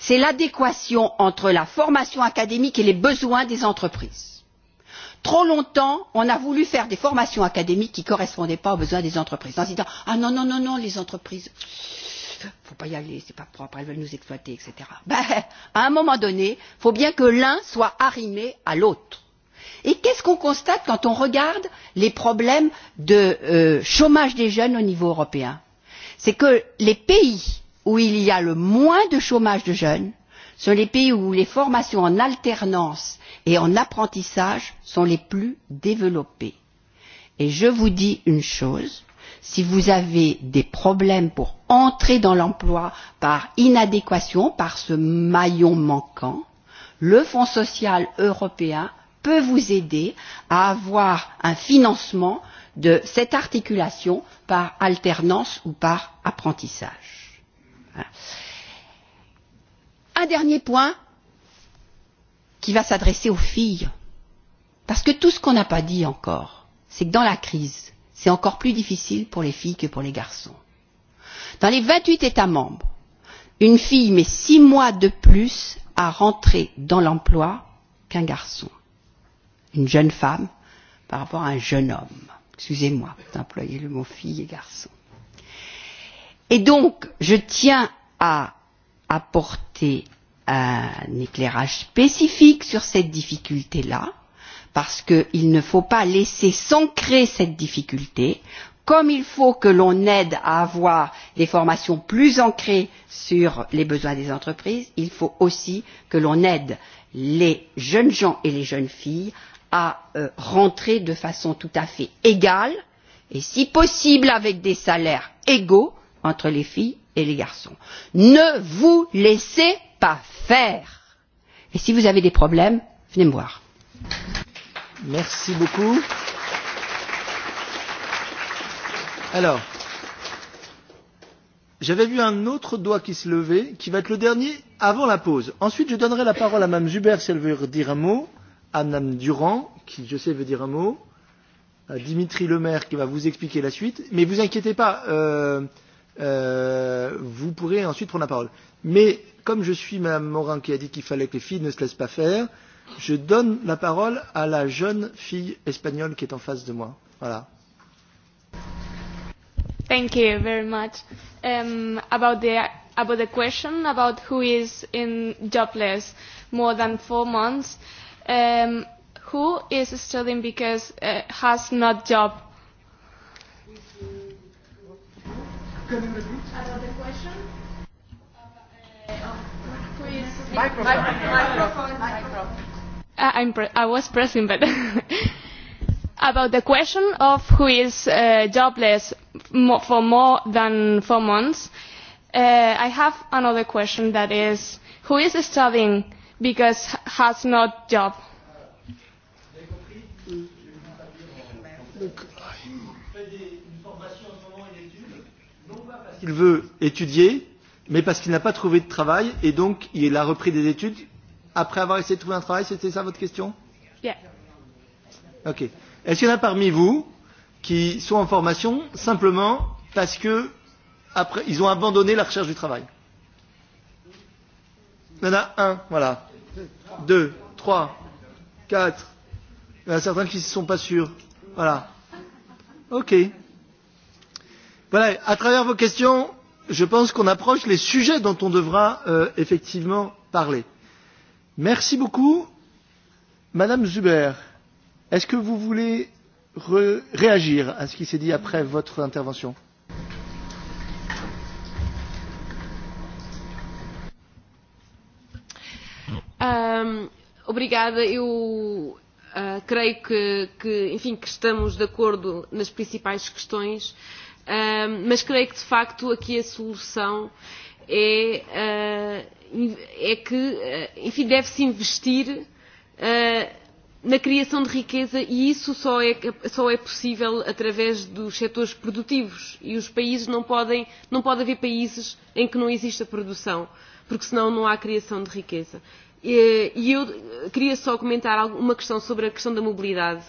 c'est l'adéquation entre la formation académique et les besoins des entreprises trop longtemps on a voulu faire des formations académiques qui ne correspondaient pas aux besoins des entreprises en se disant ah non non non non les entreprises il ne faut pas y aller c'est pas propre elles veulent nous exploiter etc. à un moment donné il faut bien que l'un soit arrimé à l'autre. et qu'est ce qu'on constate quand on regarde les problèmes de chômage des jeunes au niveau européen? c'est que les pays où il y a le moins de chômage de jeunes sont les pays où les formations en alternance et en apprentissage sont les plus développés. Et je vous dis une chose, si vous avez des problèmes pour entrer dans l'emploi par inadéquation, par ce maillon manquant, le Fonds social européen peut vous aider à avoir un financement de cette articulation par alternance ou par apprentissage. Un dernier point qui va s'adresser aux filles. Parce que tout ce qu'on n'a pas dit encore, c'est que dans la crise, c'est encore plus difficile pour les filles que pour les garçons. Dans les 28 États membres, une fille met six mois de plus à rentrer dans l'emploi qu'un garçon. Une jeune femme par rapport à un jeune homme. Excusez-moi d'employer le mot fille et garçon. Et donc, je tiens à apporter un éclairage spécifique sur cette difficulté là parce qu'il ne faut pas laisser s'ancrer cette difficulté comme il faut que l'on aide à avoir des formations plus ancrées sur les besoins des entreprises il faut aussi que l'on aide les jeunes gens et les jeunes filles à rentrer de façon tout à fait égale et si possible avec des salaires égaux entre les filles et les garçons. ne vous laissez pas faire. Et si vous avez des problèmes, venez me voir. Merci beaucoup. Alors, j'avais vu un autre doigt qui se levait, qui va être le dernier avant la pause. Ensuite, je donnerai la parole à Mme Zuber si elle veut dire un mot, à Mme Durand, qui je sais veut dire un mot, à Dimitri Lemaire qui va vous expliquer la suite. Mais vous inquiétez pas, vous pourrez ensuite prendre la parole. Mais comme je suis Mme Morin qui a dit qu'il fallait que les filles ne se laissent pas faire, je donne la parole à la jeune fille espagnole qui est en face de moi. Voilà. Thank you very much. Um, about the about the question about who is in jobless more than four months, um, who is studying because has not job Can I was pressing, but about the question of who is jobless for more than four months, I have another question that is who is studying because has not job. Il veut étudier, mais parce qu'il n'a pas trouvé de travail et donc il a repris des études après avoir essayé de trouver un travail. C'était ça votre question Ok. Est-ce qu'il y en a parmi vous qui sont en formation simplement parce que après, ils ont abandonné la recherche du travail Il y en a un, voilà. Deux, trois, quatre. Il y en a certains qui ne sont pas sûrs. Voilà. Ok. Voilà, à travers vos questions, je pense qu'on approche les sujets dont on devra effectivement parler. Merci beaucoup. Madame Zuber, est-ce que vous voulez réagir à ce qui s'est dit après votre intervention Obrigada. Eu creio que, enfim, que estamos de acordo nas principais questões mas creio que, de facto, aqui a solução é, é que, enfim, deve-se investir na criação de riqueza e isso só é, só é possível através dos setores produtivos e os países não podem, não pode haver países em que não exista produção, porque senão não há criação de riqueza. E eu queria só comentar uma questão sobre a questão da mobilidade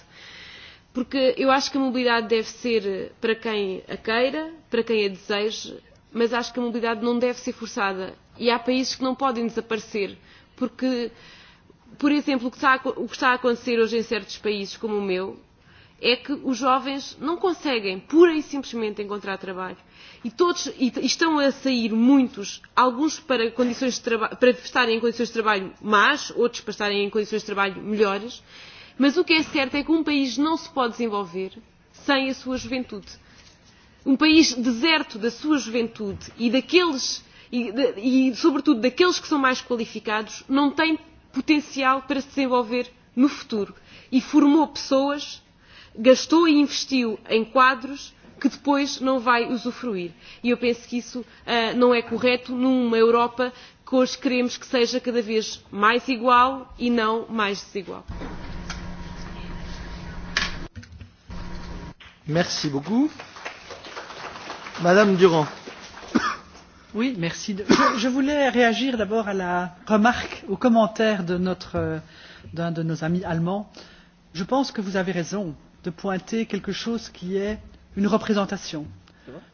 Porque eu acho que a mobilidade deve ser para quem a queira, para quem a deseje, mas acho que a mobilidade não deve ser forçada. E há países que não podem desaparecer, porque, por exemplo, o que está a, o que está a acontecer hoje em certos países, como o meu, é que os jovens não conseguem pura e simplesmente encontrar trabalho. E, todos, e estão a sair muitos, alguns para, condições de para estarem em condições de trabalho más, outros para estarem em condições de trabalho melhores, Mas o que é certo é que um país não se pode desenvolver sem a sua juventude. Um país deserto da sua juventude e daqueles e sobretudo daqueles que são mais qualificados não tem potencial para se desenvolver no futuro e formou pessoas gastou e investiu em quadros que depois não vai usufruir e eu penso que isso não é correto numa Europa que hoje queremos que seja cada vez mais igual e não mais desigual Merci beaucoup. Madame Durand. Oui, merci. Je voulais réagir d'abord à la remarque, au commentaire de notre d'un de nos amis allemands. Je pense que vous avez raison de pointer quelque chose qui est une représentation,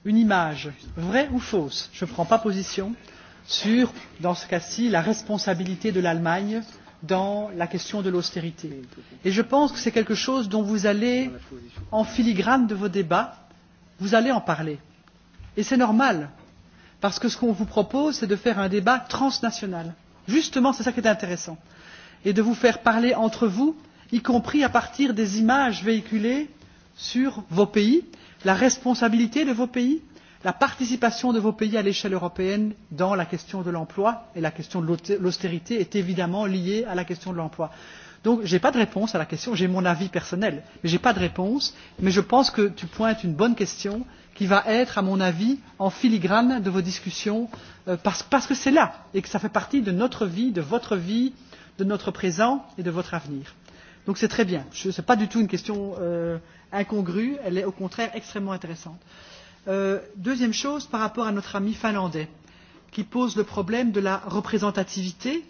une image, vraie ou fausse. Je ne prends pas position sur, dans ce cas-ci, la responsabilité de l'Allemagne dans la question de l'austérité. Et je pense que c'est quelque chose dont vous allez, en filigrane de vos débats, vous allez en parler. Et c'est normal, parce que ce qu'on vous propose, c'est de faire un débat transnational. Justement, c'est ça qui est intéressant. Et de vous faire parler entre vous, y compris à partir des images véhiculées sur vos pays, la responsabilité de vos pays, la participation de vos pays à l'échelle européenne dans la question de l'emploi et la question de l'austérité est évidemment liée à la question de l'emploi. Donc, je n'ai pas de réponse à la question, j'ai mon avis personnel, mais je n'ai pas de réponse, mais je pense que tu pointes une bonne question qui va être, à mon avis, en filigrane de vos discussions, parce que c'est là, et que ça fait partie de notre vie, de votre vie, de notre présent et de votre avenir. Donc c'est très bien. Ce n'est pas du tout une question incongrue, elle est au contraire extrêmement intéressante. Deuxième chose, par rapport à notre ami finlandais, qui pose le problème de la représentativité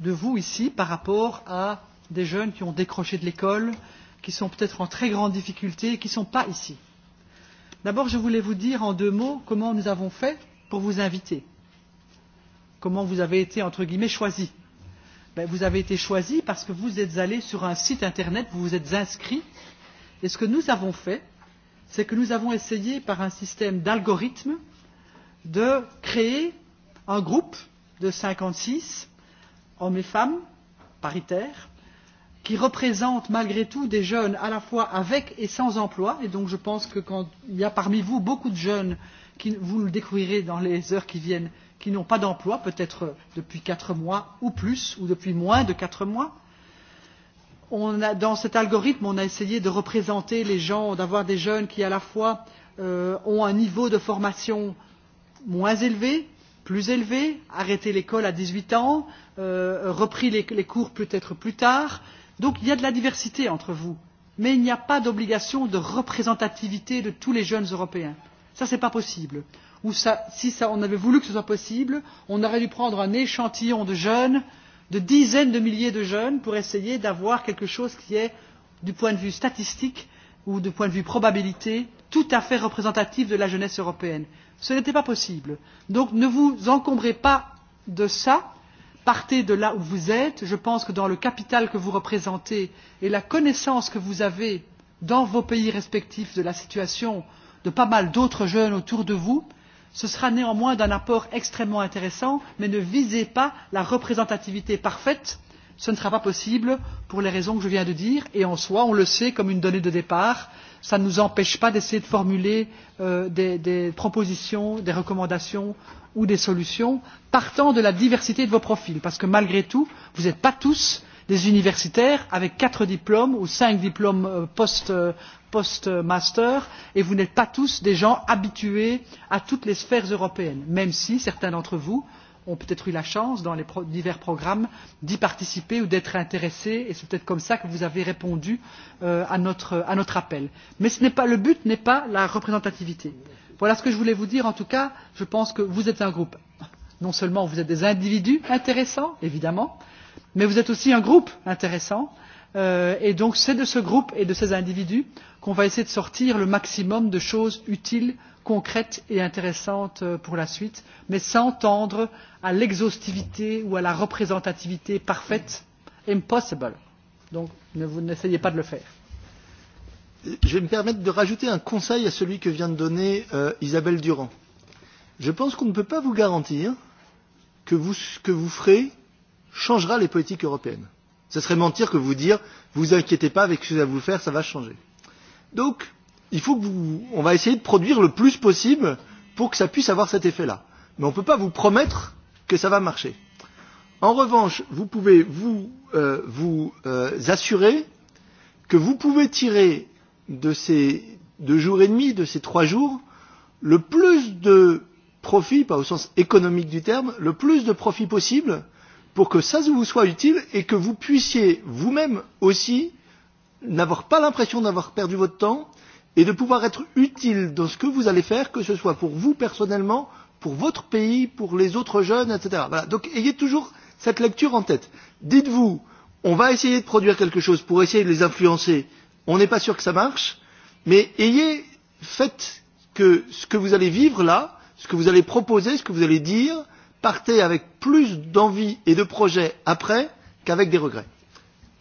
de vous ici par rapport à des jeunes qui ont décroché de l'école, qui sont peut-être en très grande difficulté et qui ne sont pas ici. D'abord, je voulais vous dire en deux mots comment nous avons fait pour vous inviter, comment vous avez été, entre guillemets, choisi. Vous avez été choisi parce que vous êtes allé sur un site Internet, vous vous êtes inscrit, et ce que nous avons fait, c'est que nous avons essayé, par un système d'algorithmes, de créer un groupe de 56 hommes et femmes paritaires qui représentent malgré tout des jeunes à la fois avec et sans emploi. Et donc je pense que quand il y a parmi vous beaucoup de jeunes, qui, vous le découvrirez dans les heures qui viennent, qui n'ont pas d'emploi, peut-être depuis quatre mois ou plus, ou depuis moins de quatre mois. Dans cet algorithme, on a essayé de représenter les gens, d'avoir des jeunes qui, à la fois, ont un niveau de formation moins élevé, plus élevé, arrêté l'école à 18 ans, repris les cours peut-être plus tard. Donc, il y a de la diversité entre vous. Mais il n'y a pas d'obligation de représentativité de tous les jeunes Européens. Ça, ce n'est pas possible. Ou si on avait voulu que ce soit possible, on aurait dû prendre un échantillon de jeunes de dizaines de milliers de jeunes pour essayer d'avoir quelque chose qui est, du point de vue statistique ou du point de vue probabilité, tout à fait représentatif de la jeunesse européenne. Ce n'était pas possible. Donc ne vous encombrez pas de ça, partez de là où vous êtes. Je pense que dans le capital que vous représentez et la connaissance que vous avez dans vos pays respectifs de la situation de pas mal d'autres jeunes autour de vous, ce sera néanmoins d'un apport extrêmement intéressant mais ne visez pas la représentativité parfaite ce ne sera pas possible pour les raisons que je viens de dire et en soi on le sait comme une donnée de départ cela ne nous empêche pas d'essayer de formuler des propositions des recommandations ou des solutions partant de la diversité de vos profils parce que malgré tout vous n'êtes pas tous des universitaires avec quatre diplômes ou cinq diplômes post post-master et vous n'êtes pas tous des gens habitués à toutes les sphères européennes, même si certains d'entre vous ont peut-être eu la chance dans les divers programmes d'y participer ou d'être intéressés et c'est peut-être comme ça que vous avez répondu à notre appel. Mais le but n'est pas la représentativité. Voilà ce que je voulais vous dire. En tout cas, je pense que vous êtes un groupe. Non seulement vous êtes des individus intéressants, évidemment, mais vous êtes aussi un groupe intéressant et donc c'est de ce groupe et de ces individus qu'on va essayer de sortir le maximum de choses utiles concrètes et intéressantes pour la suite mais sans tendre à l'exhaustivité ou à la représentativité parfaite impossible donc vous n'essayez pas de le faire. Je vais me permettre de rajouter un conseil à celui que vient de donner Isabelle Durand. Je pense qu'on ne peut pas vous garantir que ce que vous ferez changera les politiques européennes. Ce serait mentir que vous dire vous inquiétez pas avec ce que ça vous faire, ça va changer. Donc, il faut que on va essayer de produire le plus possible pour que ça puisse avoir cet effet-là. Mais on ne peut pas vous promettre que ça va marcher. En revanche, vous pouvez vous, vous assurer que vous pouvez tirer de ces deux jours et demi, de ces trois jours, le plus de profit, pas au sens économique du terme, le plus de profit possible pour que ça vous soit utile et que vous puissiez vous-même aussi n'avoir pas l'impression d'avoir perdu votre temps et de pouvoir être utile dans ce que vous allez faire, que ce soit pour vous personnellement, pour votre pays, pour les autres jeunes, etc. Voilà. Donc ayez toujours cette lecture en tête. Dites-vous, on va essayer de produire quelque chose pour essayer de les influencer. On n'est pas sûr que ça marche, mais ayez, faites que ce que vous allez vivre là, ce que vous allez proposer, ce que vous allez dire, partez avec plus d'envie et de projets après qu'avec des regrets.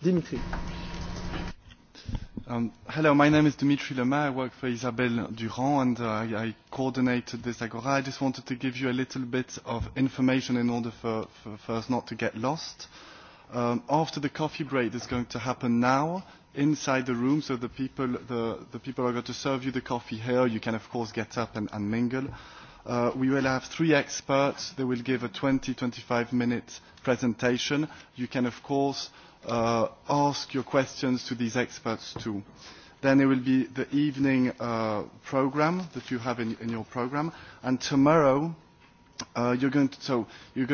Dimitri. Um, hello, my name is Dimitri Lema. I work for Isabelle Durand and I, I coordinate this Agora. I just wanted to give you a little bit of information in order for, for, for us not to get lost. Um, after the coffee break that's going to happen now, inside the room, so the people, the, the people are going to serve you the coffee here. You can, of course, get up and, and mingle We will have three experts. They will give a 20-25 minute presentation. You can, of course, ask your questions to these experts too. Then it will be the evening program that you have in your program. And tomorrow, you're going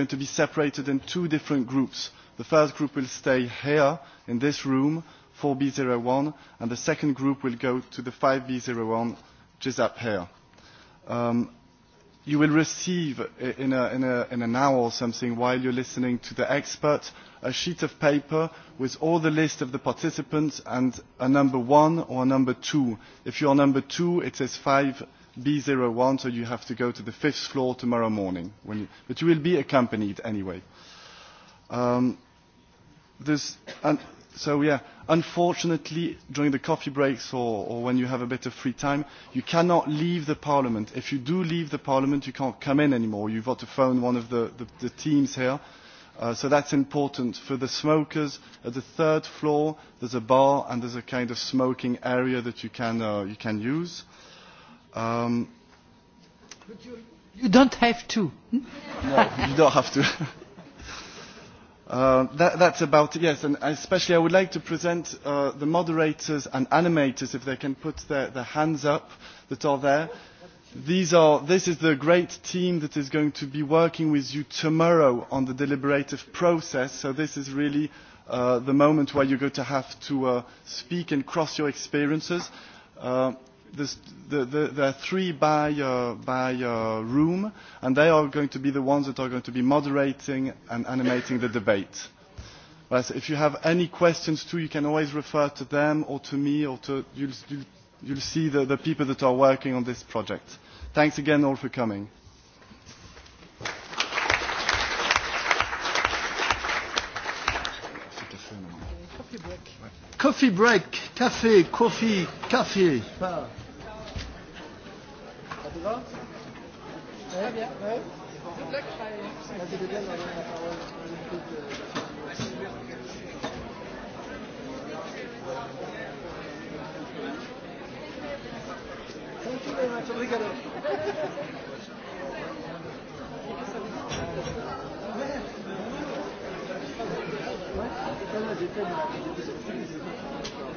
to be separated in two different groups. The first group will stay here in this room, 4B01, and the second group will go to the 5B01, which is up here you will receive in an hour or something while you're listening to the expert a sheet of paper with all the list of the participants and a number one or a number two. If you are number two, it says 5B01, so you have to go to the fifth floor tomorrow morning. When but you will be accompanied anyway. Um, and, So yeah, unfortunately, during the coffee breaks or when you have a bit of free time, you cannot leave the Parliament. If you do leave the Parliament, you can't come in anymore. You've got to phone one of the teams here. So that's important. For the smokers, at the third floor, there's a bar and there's a kind of smoking area that you can use. You don't have to. No, you don't have to. That That's about it, yes, and especially I would like to present the moderators and animators if they can put their hands up that are there. These are this is the great team that is going to be working with you tomorrow on the deliberative process. So this is really the moment where you're going to have to speak and cross your experiences. There are three by by room, and they are going to be the ones that are going to be moderating and animating the debate. If you have any questions too, you can always refer to them or to me, or to you'll see the people that are working on this project. Thanks again all for coming. Coffee break. Café, coffee, café. Thank Ouais,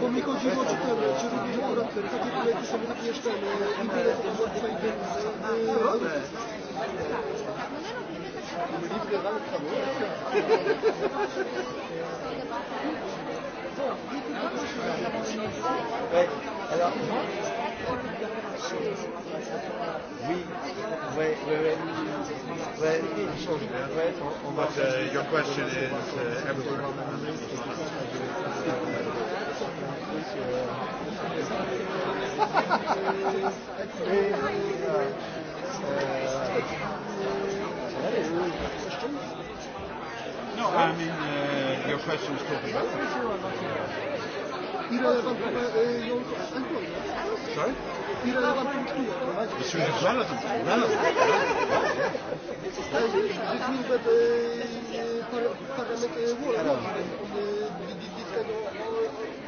Bo mi chodziło, czy, ten, czy robimy orator, takie projekty są dopieszczone i to było tutaj Tak, ale Oui, oui, oui, oui. But uh, your question is uh, everywhere. No, I mean, uh, your question is talking about. Sorry? Υπότιτλοι AUTHORWAVE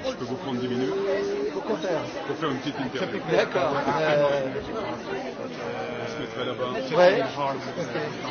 Je peux vous prendre 10 minutes Au contraire. Pour faire une petite interview. D'accord. Euh... Je se là-bas. Ouais.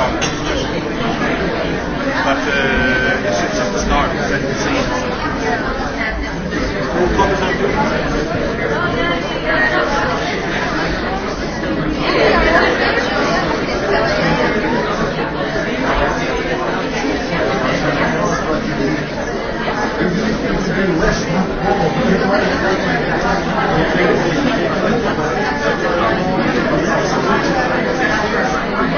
But uh, it's, just the start,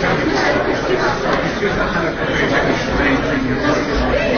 Thank you.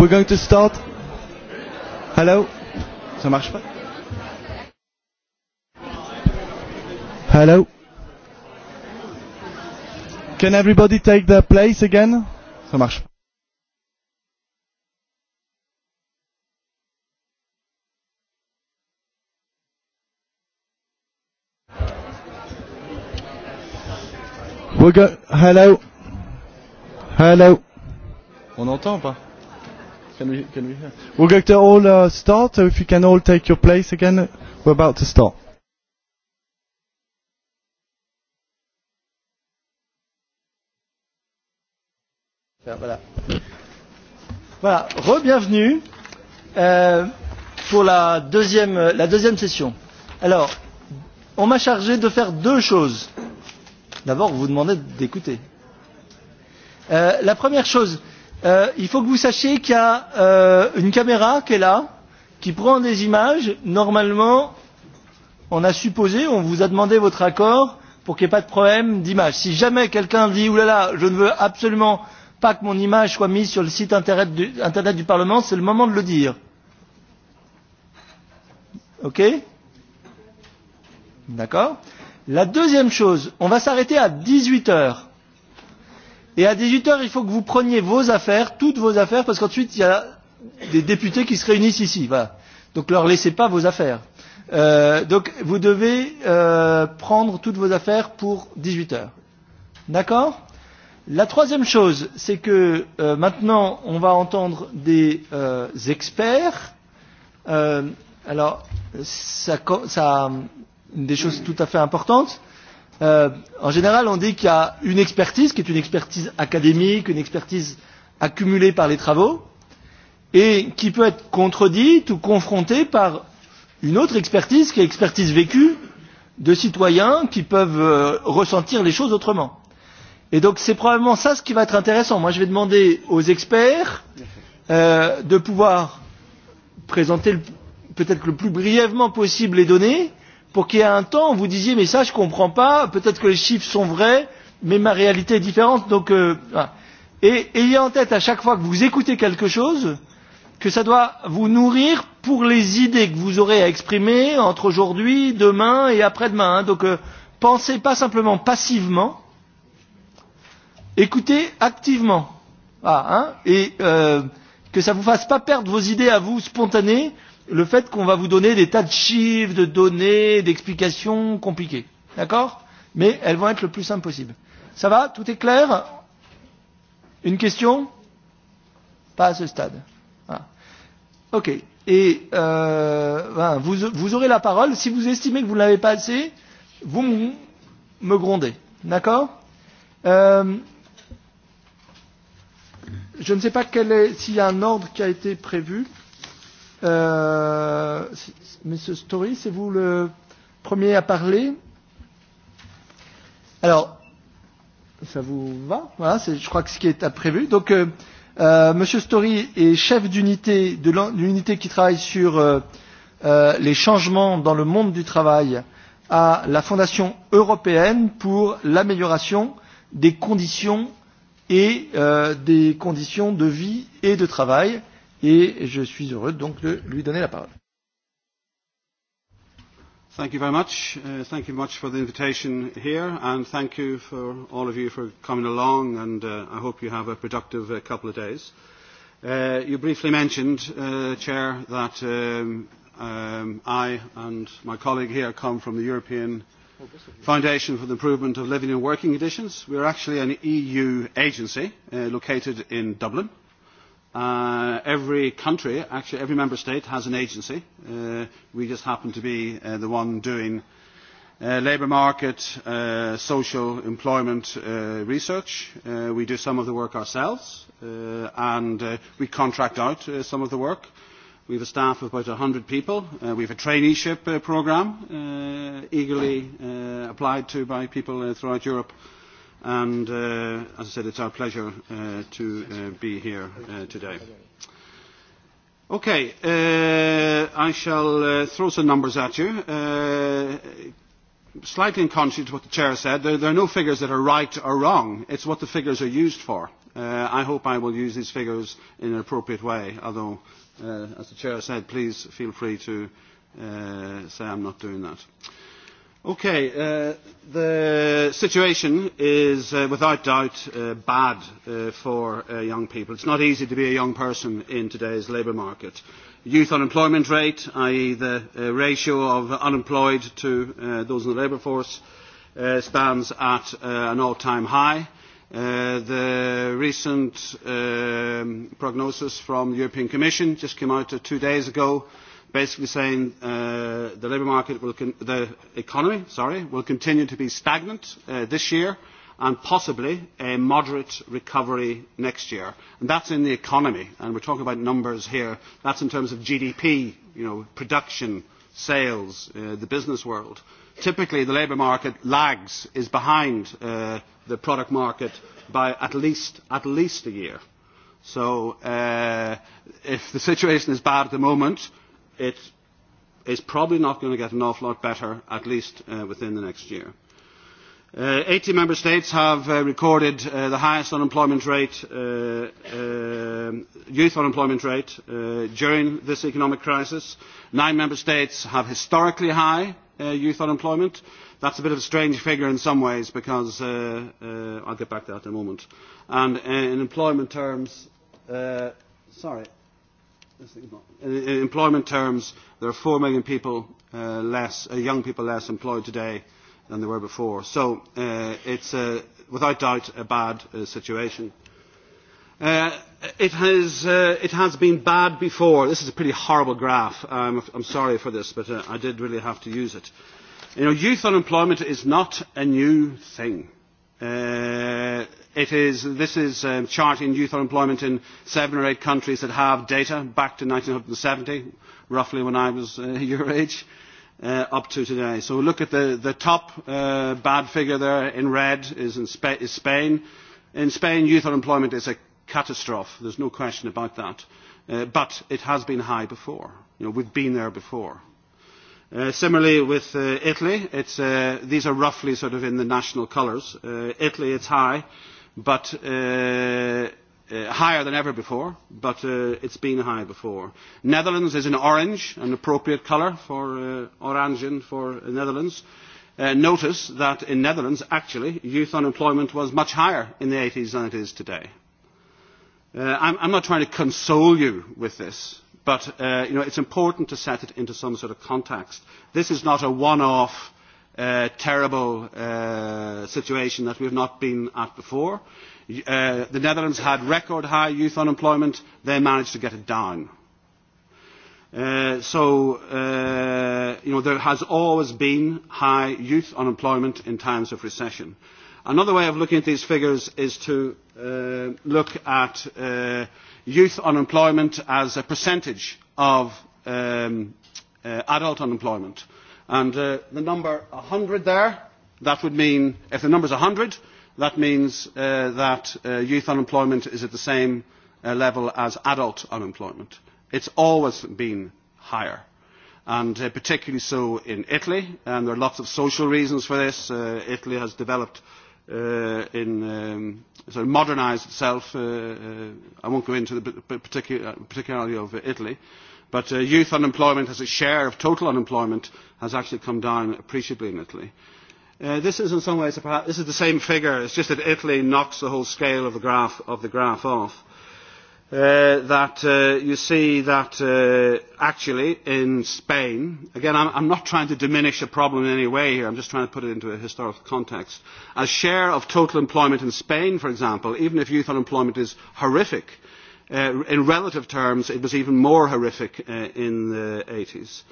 We're going to start. Hello? Ça marche pas? Hello? Can everybody take their place again? Ça marche pas. We're going. Hello? Hello? On entend pas? Can we, can we hear? We're going to all uh, start. So if you can all take your place again, we're about to start. Voilà. Voilà. Rebienvenue euh, pour la deuxième, la deuxième session. Alors, on m'a chargé de faire deux choses. D'abord, vous demandez d'écouter. Euh, la première chose, il faut que vous sachiez qu'il y a une caméra qui est là, qui prend des images. Normalement, on a supposé, on vous a demandé votre accord pour qu'il n'y ait pas de problème d'image. Si jamais quelqu'un dit « "Oulala, là là, je ne veux absolument pas que mon image soit mise sur le site Internet du Parlement », c'est le moment de le dire. Ok D'accord La deuxième chose, on va s'arrêter à 18 heures Et à heures, il faut que vous preniez vos affaires, toutes vos affaires, parce qu'ensuite, il y a des députés qui se réunissent ici. Voilà. Donc, ne leur laissez pas vos affaires. donc, vous devez prendre toutes vos affaires pour 18h. D'accord La troisième chose, c'est que maintenant, on va entendre des experts. Euh, alors, ça, ça, des choses tout à fait importantes En général, on dit qu'il y a une expertise qui est une expertise académique, une expertise accumulée par les travaux, et qui peut être contredite ou confrontée par une autre expertise, qui est l'expertise vécue de citoyens qui peuvent ressentir les choses autrement. Et donc c'est probablement ça ce qui va être intéressant. Moi je vais demander aux experts de pouvoir présenter peut-être le plus brièvement possible les données pour qu'il y ait un temps vous disiez mais ça je ne comprends pas, peut-être que les chiffres sont vrais, mais ma réalité est différente. Donc, Et ayez en tête à chaque fois que vous écoutez quelque chose, que ça doit vous nourrir pour les idées que vous aurez à exprimer entre aujourd'hui, demain et après-demain. Donc pensez pas simplement passivement, écoutez activement. hein, et euh, que ça ne vous fasse pas perdre vos idées à vous spontanées le fait qu'on va vous donner des tas de chiffres, de données, d'explications compliquées. D'accord Mais elles vont être le plus simples possible. Ça va Tout est clair Une question Pas à ce stade. Ok. Et euh, vous, vous aurez la parole. Si vous estimez que vous ne l'avez pas assez, vous me grondez. D'accord euh, Je ne sais pas s'il y a un ordre qui a été prévu. Monsieur Story, c'est vous le premier à parler. Alors, ça vous va Voilà, je crois que ce qui est prévu. Donc, euh, euh, Monsieur Story est chef d'unité de l'unité qui travaille sur les changements dans le monde du travail à la Fondation européenne pour l'amélioration des conditions et des conditions de vie et de travail et je suis heureux donc de lui donner la parole. Thank you very much. Thank you much for the invitation here and thank you for all of you for coming along and I hope you have a productive couple of days. You briefly mentioned, Chair, that I and my colleague here come from the European Foundation for the Improvement of Living and Working Conditions. We are actually an EU agency located in Dublin Every country, actually every member state has an agency. We just happen to be the one doing labour market, social employment research. We do some of the work ourselves and we contract out some of the work. We have a staff of about 100 people. We have a traineeship programme eagerly applied to by people throughout Europe and as I said, it's our pleasure to be here today. Okay, I shall throw some numbers at you. Slightly in contrary to what the Chair said, there are no figures that are right or wrong. It's what the figures are used for. I hope I will use these figures in an appropriate way, although, as the Chair said, please feel free to say I'm not doing that. Okay, the situation is without doubt bad for young people. It's not easy to be a young person in today's labour market. Youth unemployment rate, i.e. the ratio of unemployed to those in the labour force, stands at an all-time high. The recent prognosis from the European Commission just came out two days ago basically saying the labour market the economy sorry will continue to be stagnant this year and possibly a moderate recovery next year and that's in the economy and we're talking about numbers here that's in terms of gdp production sales the business world typically the labour market lags is behind the product market by at least at least a year so if the situation is bad at the moment it is probably not going to get an awful lot better, at least within the next year. 80 member states have recorded the highest unemployment rate, youth unemployment rate, during this economic crisis. Nine member states have historically high youth unemployment. That's a bit of a strange figure in some ways because I'll get back to that in a moment. And in employment terms, sorry, in employment terms, there are 4 million people less, young people less employed today than there were before. So it's without doubt a bad situation. It has been bad before. This is a pretty horrible graph. I'm sorry for this, but I did really have to use it. You know, Youth unemployment is not a new thing. It is this is charting youth unemployment in seven or eight countries that have data back to 1970, roughly when I was your age, up to today. So look at the the top bad figure there in red is in Spain. In Spain, youth unemployment is a catastrophe. There's no question about that. But it has been high before. We've been there before. Similarly with Italy, these are roughly sort of in the national colours. Italy, it's high, but higher than ever before, but it's been high before. Netherlands is an orange, an appropriate colour for orange for Netherlands. Notice that in Netherlands, actually, youth unemployment was much higher in the 80s than it is today. I'm not trying to console you with this but it's important to set it into some sort of context. This is not a one-off terrible situation that we have not been at before. The Netherlands had record high youth unemployment. They managed to get it down. So there has always been high youth unemployment in times of recession. Another way of looking at these figures is to look at youth unemployment as a percentage of adult unemployment. And the number 100 there, that would mean, if the number is 100, that means that youth unemployment is at the same level as adult unemployment. It's always been higher and particularly so in Italy, and there are lots of social reasons for this. Italy has developed in sort modernise itself. I won't go into the particularity of Italy, but youth unemployment as a share of total unemployment has actually come down appreciably in Italy. This is in some ways this is the same figure, it's just that Italy knocks the whole scale of the graph off that you see that actually in Spain, again, I'm not trying to diminish a problem in any way here, I'm just trying to put it into a historical context. As share of total employment in Spain, for example, even if youth unemployment is horrific, in relative terms it was even more horrific in the 80s.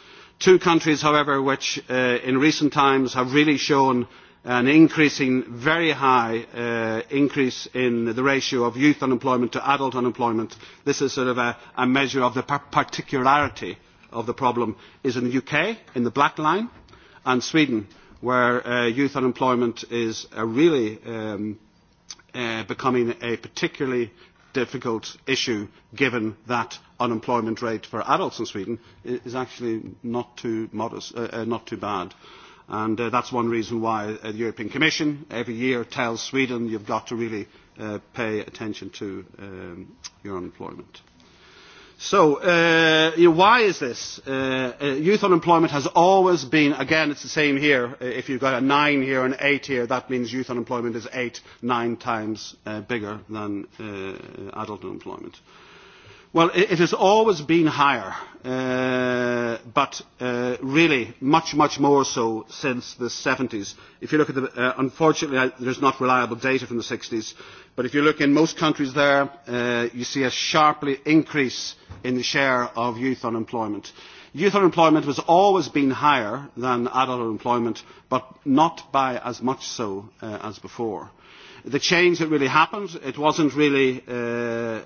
Two countries, however, which in recent times have really shown an increasing very high increase in the ratio of youth unemployment to adult unemployment. This is sort of a measure of the particularity of the problem is in the UK, in the black line, and Sweden, where youth unemployment is really becoming a particularly difficult issue given that unemployment rate for adults in Sweden is actually not too modest, not too bad and that's one reason why the European Commission every year tells Sweden you've got to really pay attention to your unemployment. So, why is this? Youth unemployment has always been, again, it's the same here. If you got a nine here and an 8 here, that means youth unemployment is eight, nine times bigger than adult unemployment. Well, it has always been higher, but really much, much more so since the 70s. If you look at the, unfortunately, there's not reliable data from the 60s, but if you look in most countries there, you see a sharply increase in the share of youth unemployment. Youth unemployment has always been higher than adult unemployment, but not by as much so as before the change that really happened, it wasn't really the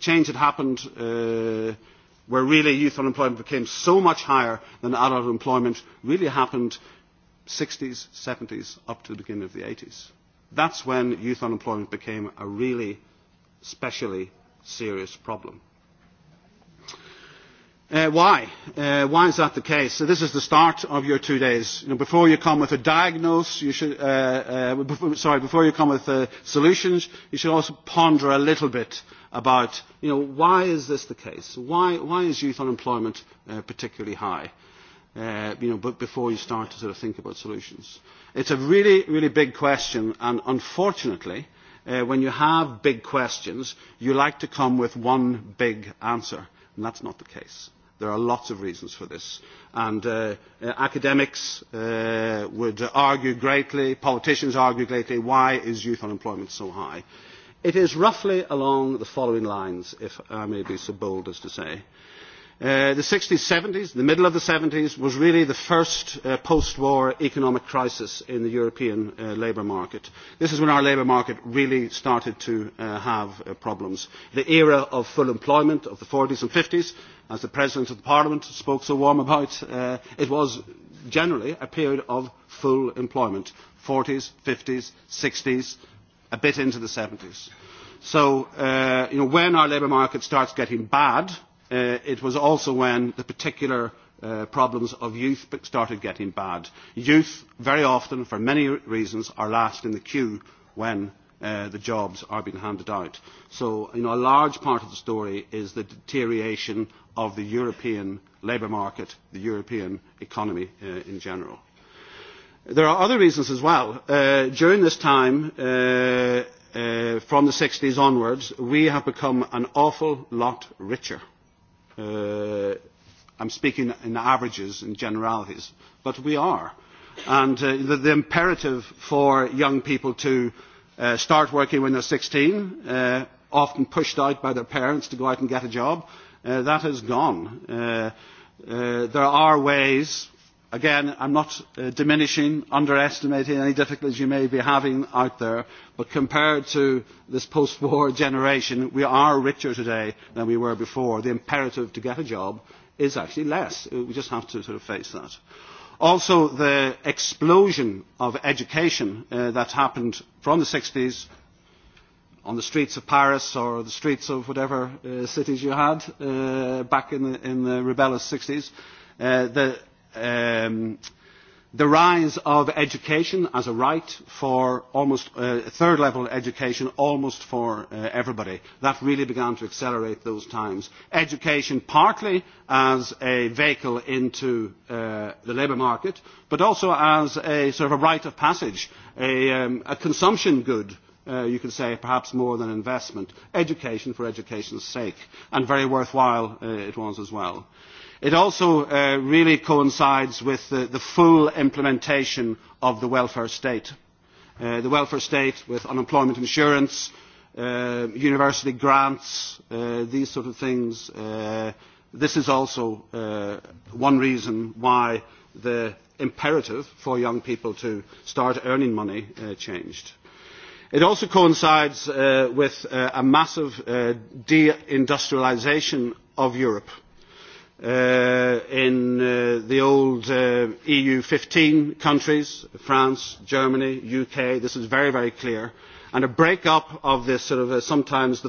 change that happened where really youth unemployment became so much higher than adult employment really happened 60s, 70s, up to the beginning of the 80s. That's when youth unemployment became a really, specially serious problem. Why? Why is that the case? So this is the start of your two days. Before you come with a diagnosis, you should, sorry, before you come with solutions, you should also ponder a little bit about, you know, why is this the case? Why, why is youth unemployment particularly high? You know, before you start to sort of think about solutions, it's a really, really big question, and unfortunately, when you have big questions, you like to come with one big answer, and that's not the case. There are lots of reasons for this. And academics would argue greatly, politicians argue greatly, why is youth unemployment so high? It is roughly along the following lines, if I may be so bold as to say the 60s, 70s, the middle of the 70s was really the first post-war economic crisis in the European labour market. This is when our labour market really started to have problems. The era of full employment of the 40s and 50s, as the President of the Parliament spoke so warm about, it was generally a period of full employment, 40s, 50s, 60s, a bit into the 70s. So you know, when our labour market starts getting bad, it was also when the particular problems of youth started getting bad. Youth, very often, for many reasons, are last in the queue when the jobs are being handed out. So a large part of the story is the deterioration of the European labour market, the European economy in general. There are other reasons as well. During this time, from the 60s onwards, we have become an awful lot richer I'm speaking in averages and generalities, but we are. And the imperative for young people to start working when they're 16, often pushed out by their parents to go out and get a job, that has gone. There are ways Again, I'm not diminishing, underestimating any difficulties you may be having out there, but compared to this post-war generation, we are richer today than we were before. The imperative to get a job is actually less. We just have to sort of face that. Also, the explosion of education that happened from the 60s on the streets of Paris or the streets of whatever cities you had back in the rebellious 60s, the the rise of education as a right for almost third level education almost for everybody that really began to accelerate those times education partly as a vehicle into the labour market but also as a sort of a rite of passage a consumption good you could say perhaps more than investment education for education's sake and very worthwhile it was as well It also really coincides with the full implementation of the welfare state. The welfare state with unemployment insurance, university grants, these sort of things. This is also one reason why the imperative for young people to start earning money changed. It also coincides with a massive de industrialisation of Europe in the old EU 15 countries, France, Germany, UK. This is very, very clear. And a break-up of this sort of sometimes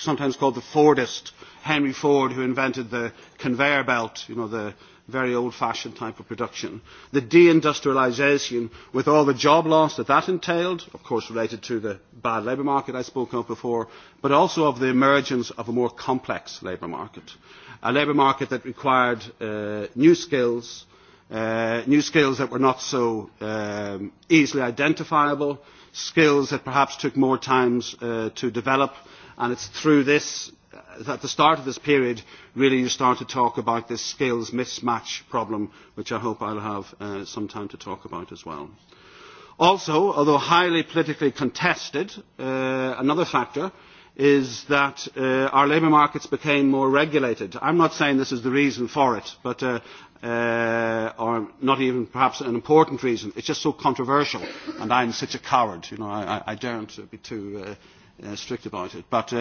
sometimes called the Fordist, Henry Ford, who invented the conveyor belt, you know, the very old-fashioned type of production. The deindustrialisation, with all the job loss that that entailed, of course related to the bad labour market I spoke of before, but also of the emergence of a more complex labour market a labour market that required new skills, new skills that were not so easily identifiable, skills that perhaps took more time to develop, and it's through this at the start of this period really you start to talk about this skills mismatch problem which I hope I'll have some time to talk about as well. Also, although highly politically contested, another factor is that our labour markets became more regulated. I am not saying this is the reason for it, but or not even perhaps an important reason. it is just so controversial, and I am such a coward. You know, I don't be too strict about it. But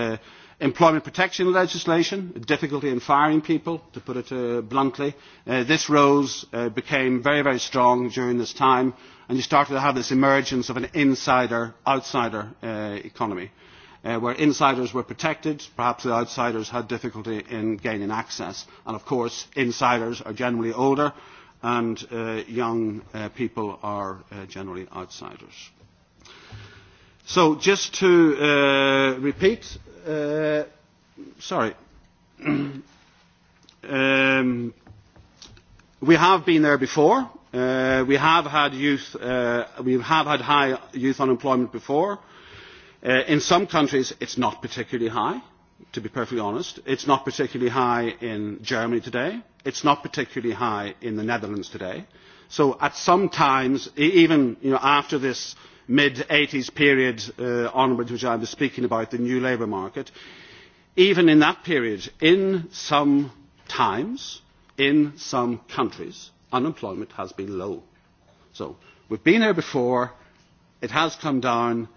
employment protection legislation, difficulty in firing people, to put it bluntly, this rose, became very, very strong during this time, and you started to have this emergence of an insider-outsider economy where insiders were protected, perhaps the outsiders had difficulty in gaining access. And of course, insiders are generally older and young people are generally outsiders. So just to repeat, sorry, we have been there before. We have had youth, we have had high youth unemployment before. In some countries it is not particularly high, to be perfectly honest. it is not particularly high in Germany today. it is not particularly high in the Netherlands today. So at some times, even after this mid-80s period onwards, which I was speaking about, the new labour market, even in that period, in some times, in some countries, unemployment has been low. So we've been here before. It has come down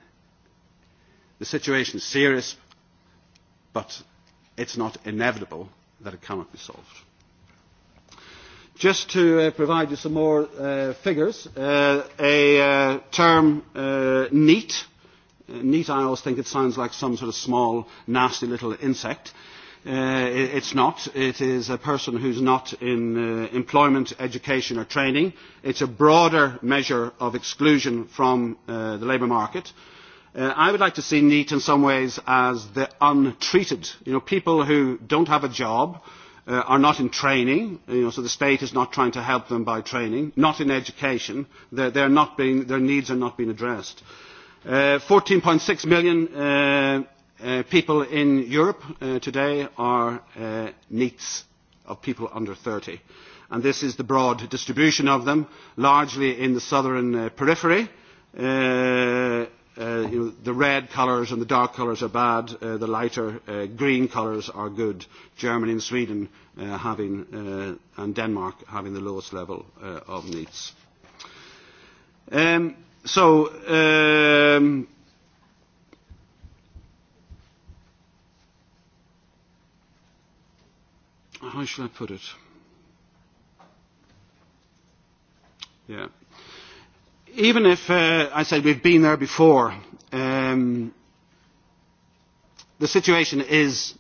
The situation is serious, but it's not inevitable that it cannot be solved. Just to provide you some more figures, a term neat, neat I always think it sounds like some sort of small, nasty little insect. It's not. It is a person who's not in employment, education or training. It's a broader measure of exclusion from the labour market I would like to see NEET in some ways as the untreated. People who don't have a job are not in training, so the state is not trying to help them by training, not in education. Their needs are not being addressed. 14.6 million people in Europe today are NEETs of people under 30. And this is the broad distribution of them, largely in the southern periphery The red colours and the dark colours are bad, the lighter green colours are good. Germany and Sweden having and Denmark having the lowest level of needs. So how shall I put it? Yeah even if I said we've been there before, the situation is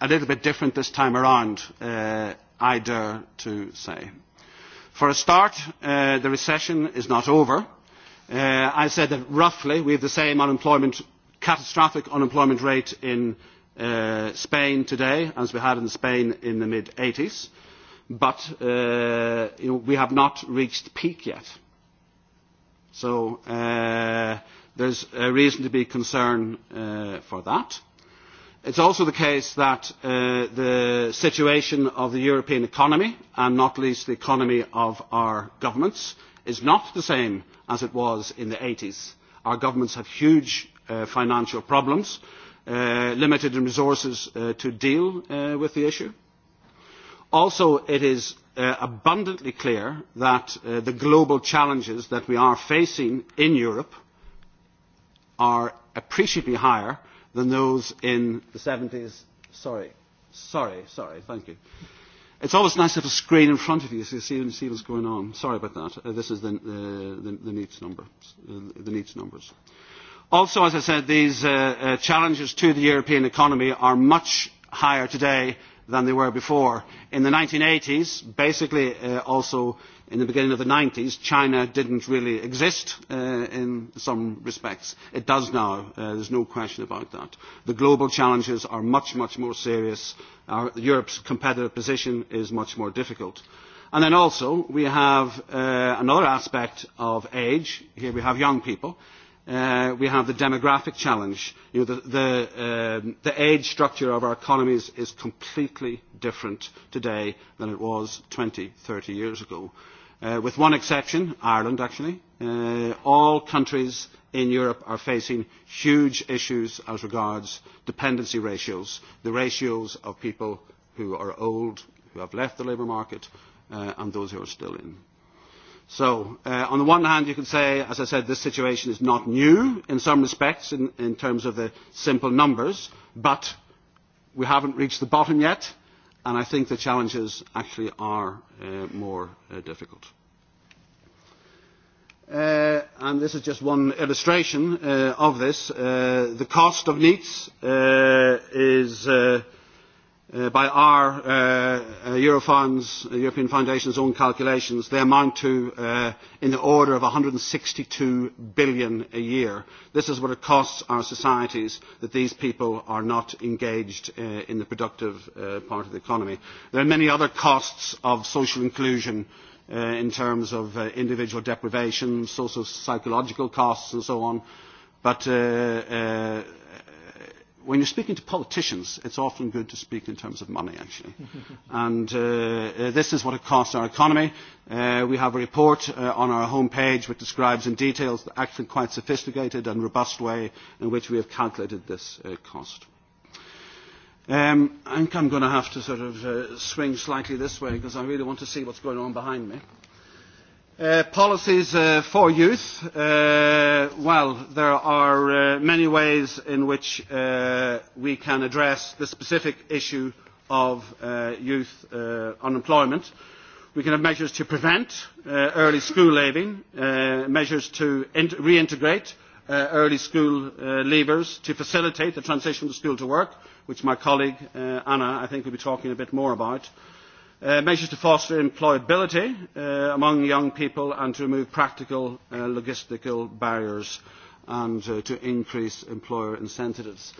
a little bit different this time around, I dare to say. For a start, the recession is not over. I said that roughly we have the same unemployment, catastrophic unemployment rate in Spain today as we had in Spain in the mid-80s, but we have not reached peak yet So there's a reason to be concerned for that. It's also the case that the situation of the European economy, and not least the economy of our governments, is not the same as it was in the 80s. Our governments have huge financial problems, limited in resources to deal with the issue. Also, it is abundantly clear that the global challenges that we are facing in Europe are appreciably higher than those in the 70s. Sorry, sorry, sorry, thank you. It's always nice to have a screen in front of you so you see, see what's going on. Sorry about that. this is the, the, the, number, the needs numbers. Also, as I said, these challenges to the European economy are much higher today than they were before. In the 1980s, basically also in the beginning of the 90s, China did not really exist in some respects. It does now. There's no question about that. The global challenges are much, much more serious. Europe's competitive position is much more difficult. And then also we have another aspect of age. Here we have young people we have the demographic challenge. The age structure of our economies is completely different today than it was 20, 30 years ago. With one exception, Ireland actually, all countries in Europe are facing huge issues as regards dependency ratios, the ratios of people who are old, who have left the labour market and those who are still in. So on the one hand you can say, as I said, this situation is not new in some respects in terms of the simple numbers, but we haven't reached the bottom yet and I think the challenges actually are more difficult. And this is just one illustration of this. The cost of NEETs is by our Eurofunds, European Foundation's own calculations, they amount to in the order of 162 billion a year. This is what it costs our societies that these people are not engaged in the productive part of the economy. There are many other costs of social inclusion in terms of individual deprivation, social psychological costs and so on, but when you're speaking to politicians, it's often good to speak in terms of money, actually. and this is what it costs our economy. we have a report on our homepage which describes in detail the actually quite sophisticated and robust way in which we have calculated this cost. I think I'm going to have to sort of swing slightly this way because I really want to see what's going on behind me. Policies for youth. Well, there are many ways in which we can address the specific issue of youth unemployment. We can have measures to prevent early school leaving, measures to reintegrate early school leavers, to facilitate the transition from school to work, which my colleague Anna, I think, will be talking a bit more about measures to foster employability among young people and to remove practical logistical barriers and to increase employer incentives.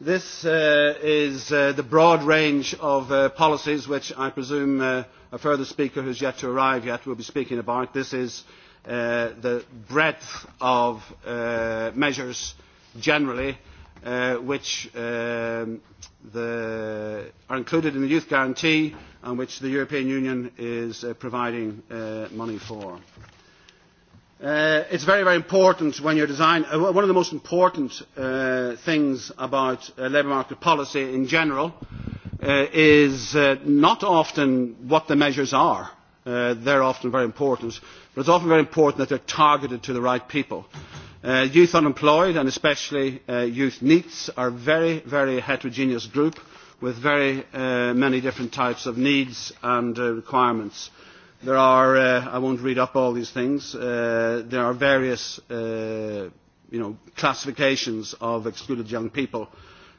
This is the broad range of policies which I presume a further speaker who has yet to arrive yet will be speaking about. This is the breadth of measures generally which are included in the Youth Guarantee and which the European Union is providing money for. It's very, very important when you're designing. One of the most important things about labour market policy in general is not often what the measures are. They're often very important, but it's often very important that they're targeted to the right people Youth unemployed and especially youth neets are a very, very heterogeneous group with very many different types of needs and requirements. There are, I won't read up all these things, there are various classifications of excluded young people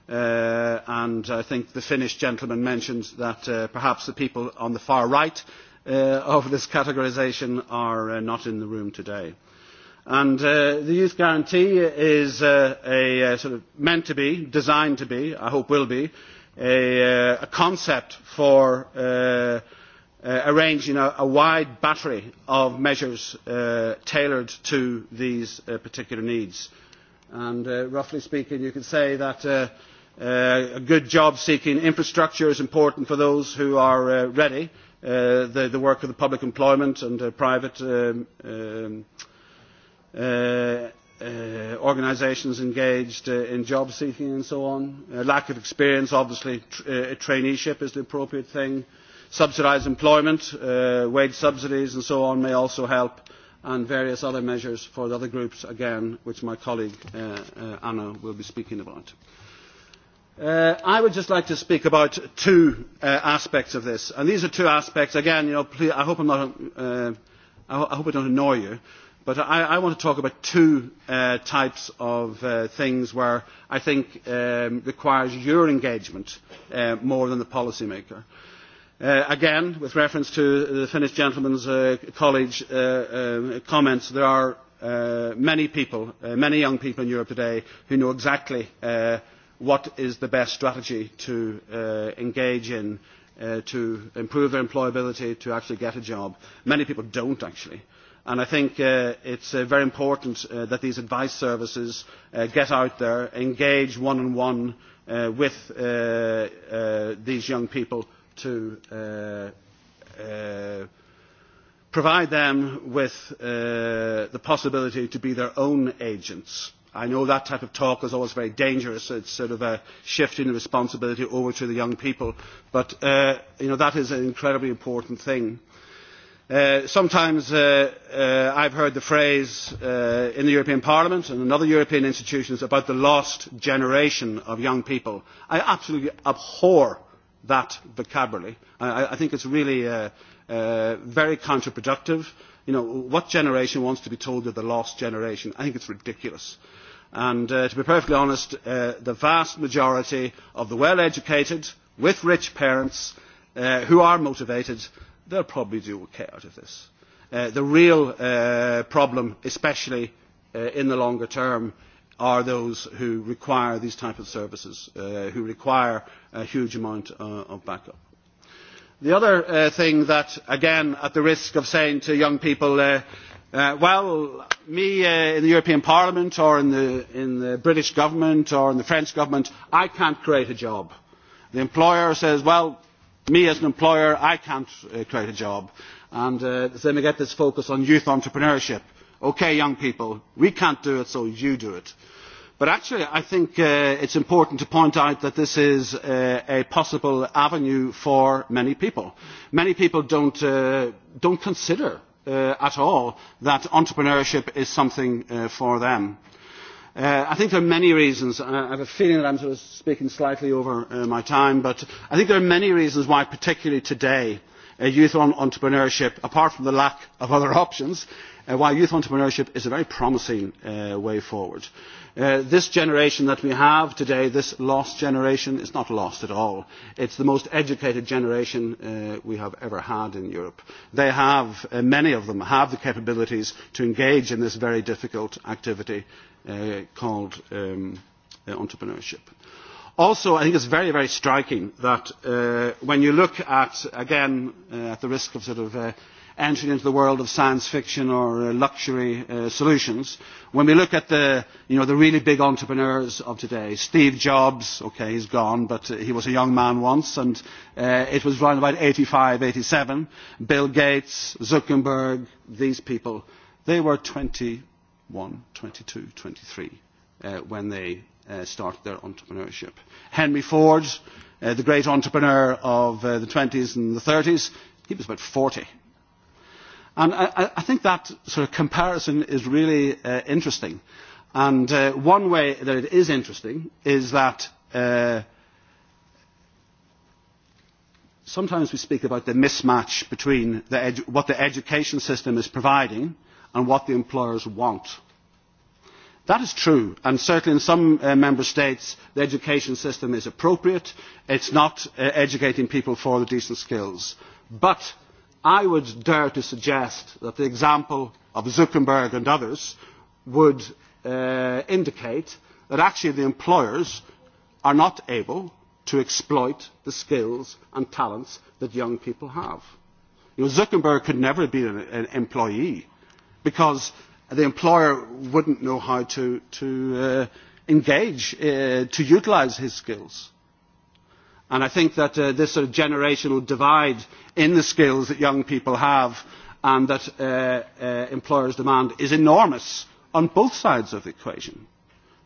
and I think the Finnish gentleman mentioned that perhaps the people on the far right of this categorisation are not in the room today. And the Youth Guarantee is a sort of meant to be, designed to be, I hope will be, a concept for arranging a wide battery of measures tailored to these particular needs. And roughly speaking, you can say that a good job seeking infrastructure is important for those who are ready, the work of the public employment and private organisations engaged in job seeking and so on. Lack of experience, obviously, a traineeship is the appropriate thing. Subsidised employment, wage subsidies and so on may also help, and various other measures for the other groups, again, which my colleague Anna will be speaking about. I would just like to speak about two aspects of this, and these are two aspects. Again, you know I hope I don't annoy you. But I want to talk about two types of things where I think requires your engagement more than the policymaker. Again, with reference to the Finnish gentleman's college comments, there are many people, many young people in Europe today who know exactly what is the best strategy to engage in to improve their employability, to actually get a job. Many people don't actually i think it is very important that these advice services get out there engage one on one with these young people to provide them with the possibility to be their own agents. I know that type of talk is always very dangerous. It's sort of a shifting the responsibility over to the young people. But that is an incredibly important thing sometimes i have heard the phrase in the european parliament and in other european institutions about the lost generation of young people. i absolutely abhor that vocabulary. i think it is really very counterproductive. what generation wants to be told they are the lost generation? i think it is ridiculous. to be perfectly honest the vast majority of the well educated with rich parents who are motivated they'll probably do okay out of this. The real problem, especially in the longer term, are those who require these type of services, who require a huge amount of backup. The other thing that, again, at the risk of saying to young people, well, me in the European Parliament or in the British government or in the French government, I can't create a job. The employer says, well me as an employer i cannot create a job and then we get this focus on youth entrepreneurship ok young people we cannot do it so you do it. but actually i think it is important to point out that this is a possible avenue for many people. many people do not consider at all that entrepreneurship is something for them I think there are many reasons. and I have a feeling that I'm am speaking slightly over my time, but I think there are many reasons why, particularly today, youth entrepreneurship, apart from the lack of other options, why youth entrepreneurship is a very promising way forward. This generation that we have today, this lost generation, is not lost at all. It's the most educated generation we have ever had in Europe. They have, many of them, have the capabilities to engage in this very difficult activity called entrepreneurship. Also, I think it's very, very striking that when you look at, again, at the risk of sort of entering into the world of science fiction or luxury solutions, when we look at the really big entrepreneurs of today, Steve Jobs, okay, he's gone, but he was a young man once, and it was around about 85, 87, Bill Gates, Zuckerberg, these people, they were 20 1, 22, 23 when they started their entrepreneurship. Henry Ford, the great entrepreneur of the 20s and the 30s, he was about 40. And I think that sort of comparison is really interesting. And one way that it is interesting is that sometimes we speak about the mismatch between what the education system is providing and what the employers want. That is true, and certainly in some member states the education system is appropriate. is not educating people for the decent skills. But I would dare to suggest that the example of Zuckerberg and others would indicate that actually the employers are not able to exploit the skills and talents that young people have. Zuckerberg could never be an employee because the employer would wouldn't know how to engage, to utilise his skills. And I think that this sort of generational divide in the skills that young people have and that employers demand is enormous on both sides of the equation,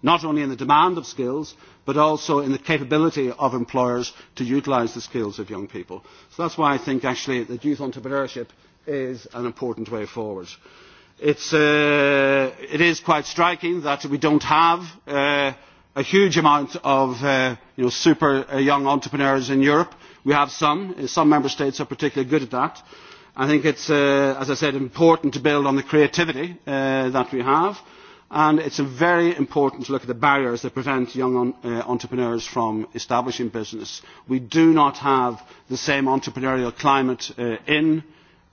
not only in the demand of skills, but also in the capability of employers to utilise the skills of young people. So that's why I think actually that youth entrepreneurship is an important way forward. It is quite striking that we do not have a huge amount of super young entrepreneurs in Europe. We have some. Some member states are particularly good at that. I think it's, as I said, important to build on the creativity that we have. And it is very important to look at the barriers that prevent young entrepreneurs from establishing business. We do not have the same entrepreneurial climate in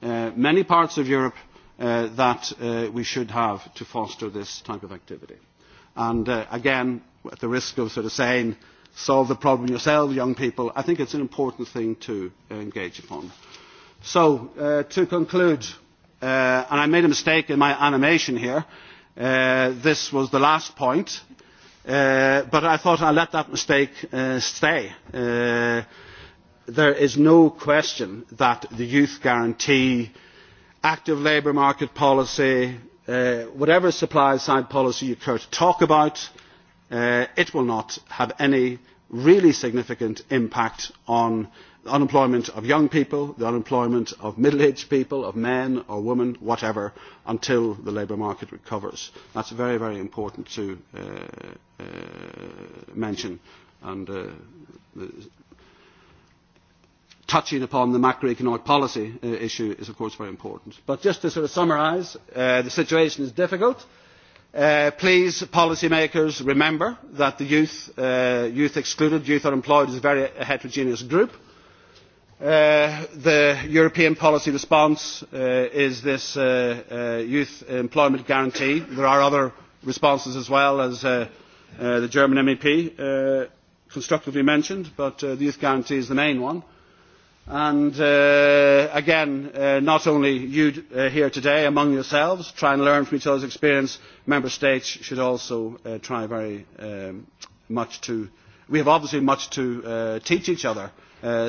many parts of Europe that we should have to foster this type of activity. And again, at the risk of sort of saying, solve the problem yourself young people, I think it's an important thing to engage upon. So, to conclude, and I made a mistake in my animation here, this was the last point, but I thought I'd let that mistake stay. There is no question that the youth guarantee active labour market policy, whatever supply side policy you care to talk about, it will not have any really significant impact on the unemployment of young people, the unemployment of middle aged people, of men or women, whatever, until the labour market recovers. That's very, very important to mention and touching upon the macroeconomic policy issue is of course very important. But just to sort of summarise, the situation is difficult. Please, policymakers, remember that the youth, youth excluded, youth unemployed is a very heterogeneous group. The European policy response is this youth employment guarantee. There are other responses as well, as the German MEP constructively mentioned, but the youth guarantee is the main one and again not only you here today among yourselves try and learn from each other's experience member states should also try very much to we have obviously much to teach each other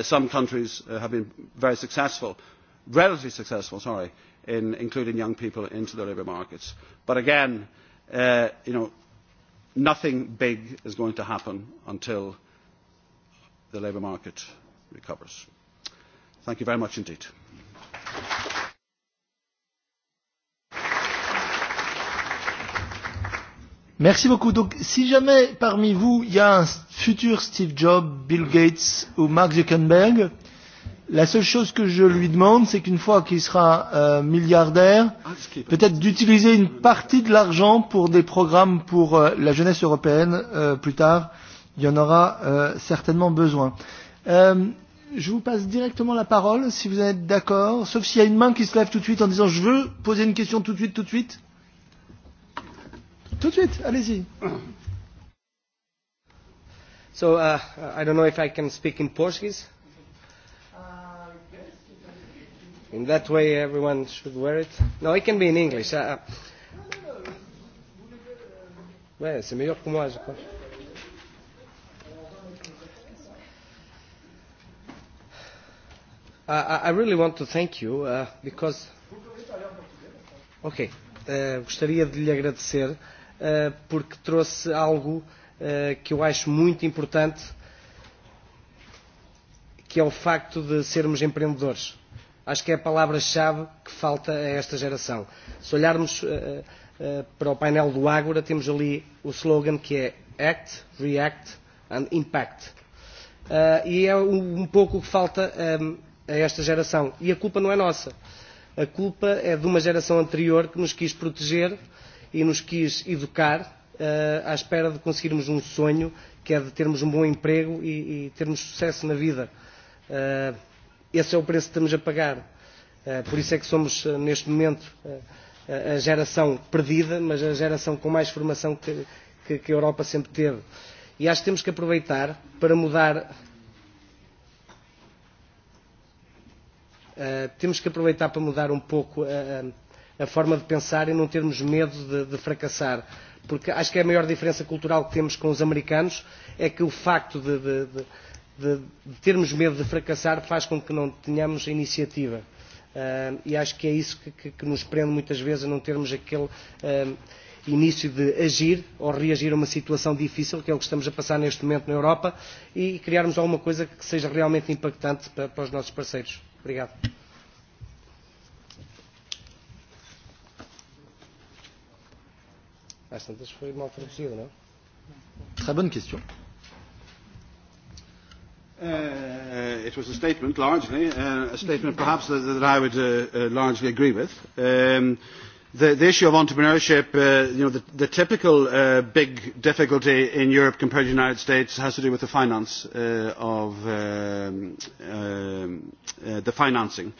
some countries have been very successful relatively successful sorry in including young people into the labour markets but again you know nothing big is going to happen until the labour market recovers Thank you very much indeed. Merci beaucoup. Donc, si jamais parmi vous, il y a un futur Steve Jobs, Bill Gates ou Mark Zuckerberg, la seule chose que je lui demande, c'est qu'une fois qu'il sera milliardaire, peut-être d'utiliser une partie de l'argent pour des programmes pour la jeunesse européenne plus tard. Il y en aura certainement besoin je vous passe directement la parole, si vous êtes d'accord, sauf s'il y a une main qui se lève tout de suite en disant je veux poser une question tout de suite, tout de suite. Tout de suite, allez-y. So, uh, I don't know if I can speak in Portuguese. In that way, everyone should wear it. No, it can be in English. Uh, ouais, c'est meilleur pour moi, je crois. I really want to thank you because Ok, gostaria de lhe agradecer porque trouxe algo que eu acho muito importante que é o facto de sermos empreendedores. Acho que é a palavra-chave que falta a esta geração. Se olharmos para o painel do Ágora, temos ali o slogan que é Act, React and Impact. E é um pouco o que falta a esta geração. E a culpa não é nossa. A culpa é de uma geração anterior que nos quis proteger e nos quis educar à espera de conseguirmos um sonho, que é de termos um bom emprego e termos sucesso na vida. Esse é o preço que estamos a pagar. Por isso é que somos, neste momento, a geração perdida, mas a geração com mais formação que a Europa sempre teve. E acho que temos que aproveitar para mudar temos que aproveitar para mudar um pouco a forma de pensar e não termos medo de fracassar. Porque acho que a maior diferença cultural que temos com os americanos é que o facto de termos medo de fracassar faz com que não tenhamos iniciativa. E acho que é isso que nos prende muitas vezes a não termos aquele início de agir ou reagir a uma situação difícil, que é o que estamos a passar neste momento na Europa, e criarmos alguma coisa que seja realmente impactante para os nossos parceiros. Obrigado. Às foi mal traduzido, não? Très bonne question. Uh, it was a statement, largely, uh, a statement perhaps that, that I would uh, uh, largely agree with. Um, The issue of entrepreneurship, the typical big difficulty in Europe compared to the United States has to do with the finance of the financing,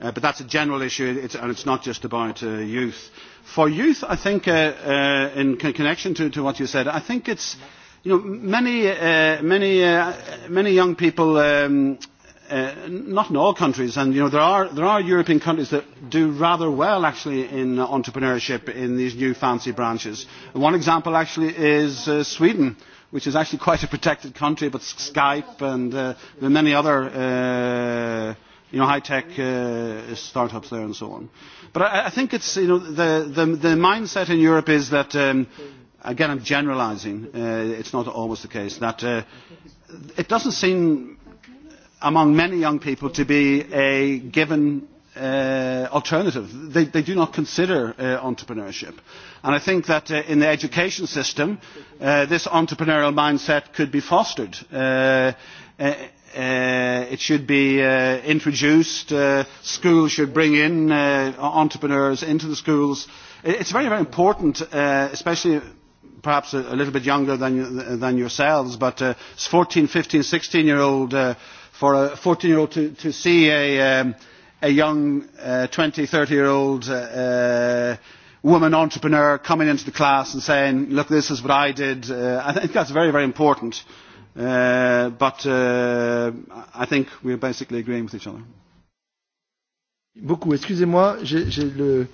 but that's a general issue and it's not just about youth. For youth, I think, in connection to what you said, I think it's you know many many many young people not in all countries and you know there are there are european countries that do rather well actually in entrepreneurship in these new fancy branches one example actually is sweden which is actually quite a protected country but skype and there are many other you know high tech startups there and so on but i think it's you know the the mindset in europe is that again i'm generalizing it's not always the case that it doesn't seem among many young people to be a given alternative. They do not consider entrepreneurship. And I think that in the education system, this entrepreneurial mindset could be fostered. It should be introduced. Schools should bring in entrepreneurs into the schools. It's very, very important, especially perhaps a little bit younger than than yourselves, but 14, 15, 16-year-old for a 14 year old to see a young 20, 30 year old woman entrepreneur coming into the class and saying, look, this is what I did, I think that's very, very important. But I think we're basically agreeing with each other. Beaucoup. Excusez-moi, j'ai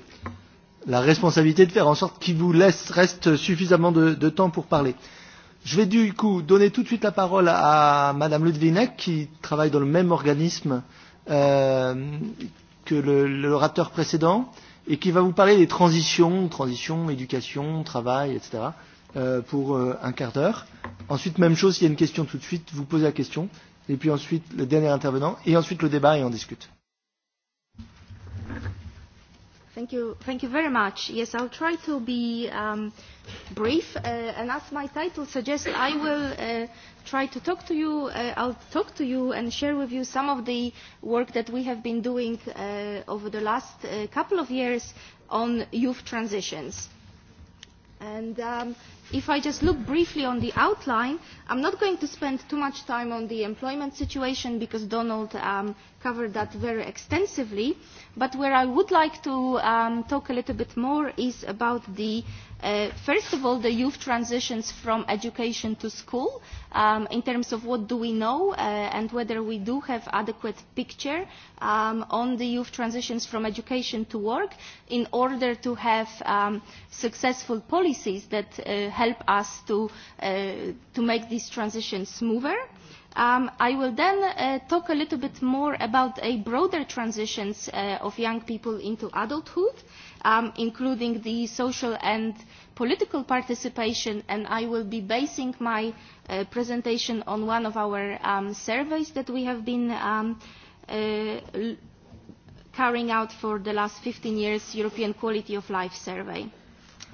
la responsabilité de faire en sorte qu'il vous laisse, reste suffisamment de temps pour parler. Je vais du coup donner tout de suite la parole à Madame Ludvinek, qui travaille dans le même organisme euh, que l'orateur précédent, et qui va vous parler des transitions, transition, éducation, travail, etc., euh, pour un quart d'heure. Ensuite, même chose, s'il y a une question tout de suite, vous posez la question, et puis ensuite le dernier intervenant, et ensuite le débat, et on discute. Thank you. Thank you very much. Yes, I'll try to be brief. And as my title suggests, I will try to talk to you. I'll talk to you and share with you some of the work that we have been doing over the last couple of years on youth transitions And if I just look briefly on the outline, I'm not going to spend too much time on the employment situation because Donald covered that very extensively. But where I would like to talk a little bit more is about the First of all, the youth transitions from education to school in terms of what do we know and whether we do have adequate picture on the youth transitions from education to work in order to have successful policies that help us to make these transitions smoother. I will then talk a little bit more about a broader transitions of young people into adulthood including the social and political participation and I will be basing my presentation on one of our surveys that we have been carrying out for the last 15 years, European Quality of Life Survey.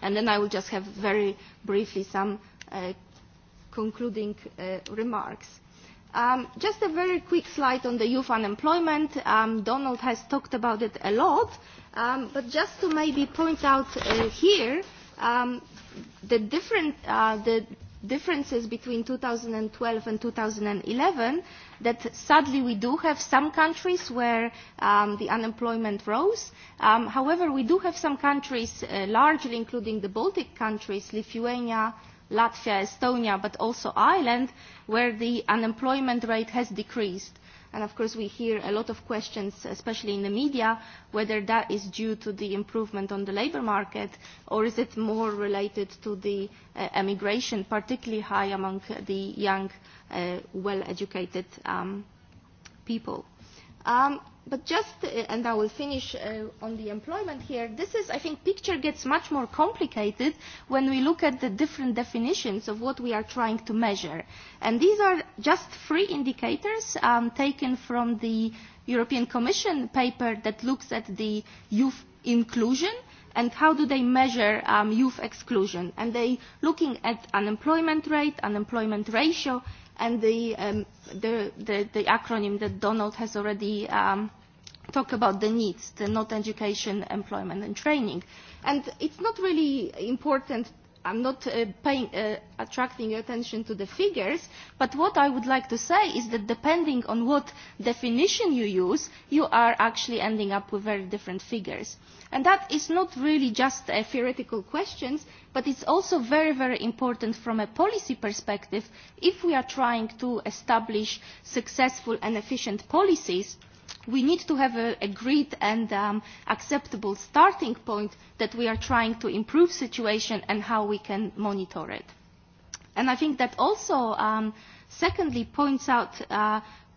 And then I will just have very briefly some concluding remarks. Just a very quick slide on the youth unemployment. Donald has talked about it a lot But just to maybe point out here the different the differences between 2012 and 2011 that sadly we do have some countries where the unemployment rose. However, we do have some countries, largely including the Baltic countries, Lithuania, Latvia, Estonia, but also Ireland, where the unemployment rate has decreased and of course we hear a lot of questions, especially in the media, whether that is due to the improvement on the labour market or is it more related to the emigration, particularly high among the young, well-educated people. But just, and I will finish on the employment here, this is, I think, picture gets much more complicated when we look at the different definitions of what we are trying to measure. And these are just three indicators taken from the European Commission paper that looks at the youth inclusion and how do they measure youth exclusion. And they looking at unemployment rate, unemployment ratio, and the the acronym that Donald has already talked about the needs, the not education, employment and training. And it's not really important I'm not attracting your attention to the figures, but what I would like to say is that depending on what definition you use, you are actually ending up with very different figures. And that is not really just a theoretical question, but it's also very, very important from a policy perspective if we are trying to establish successful and efficient policies we need to have an agreed and acceptable starting point that we are trying to improve the situation and how we can monitor it. And I think that also, secondly, points out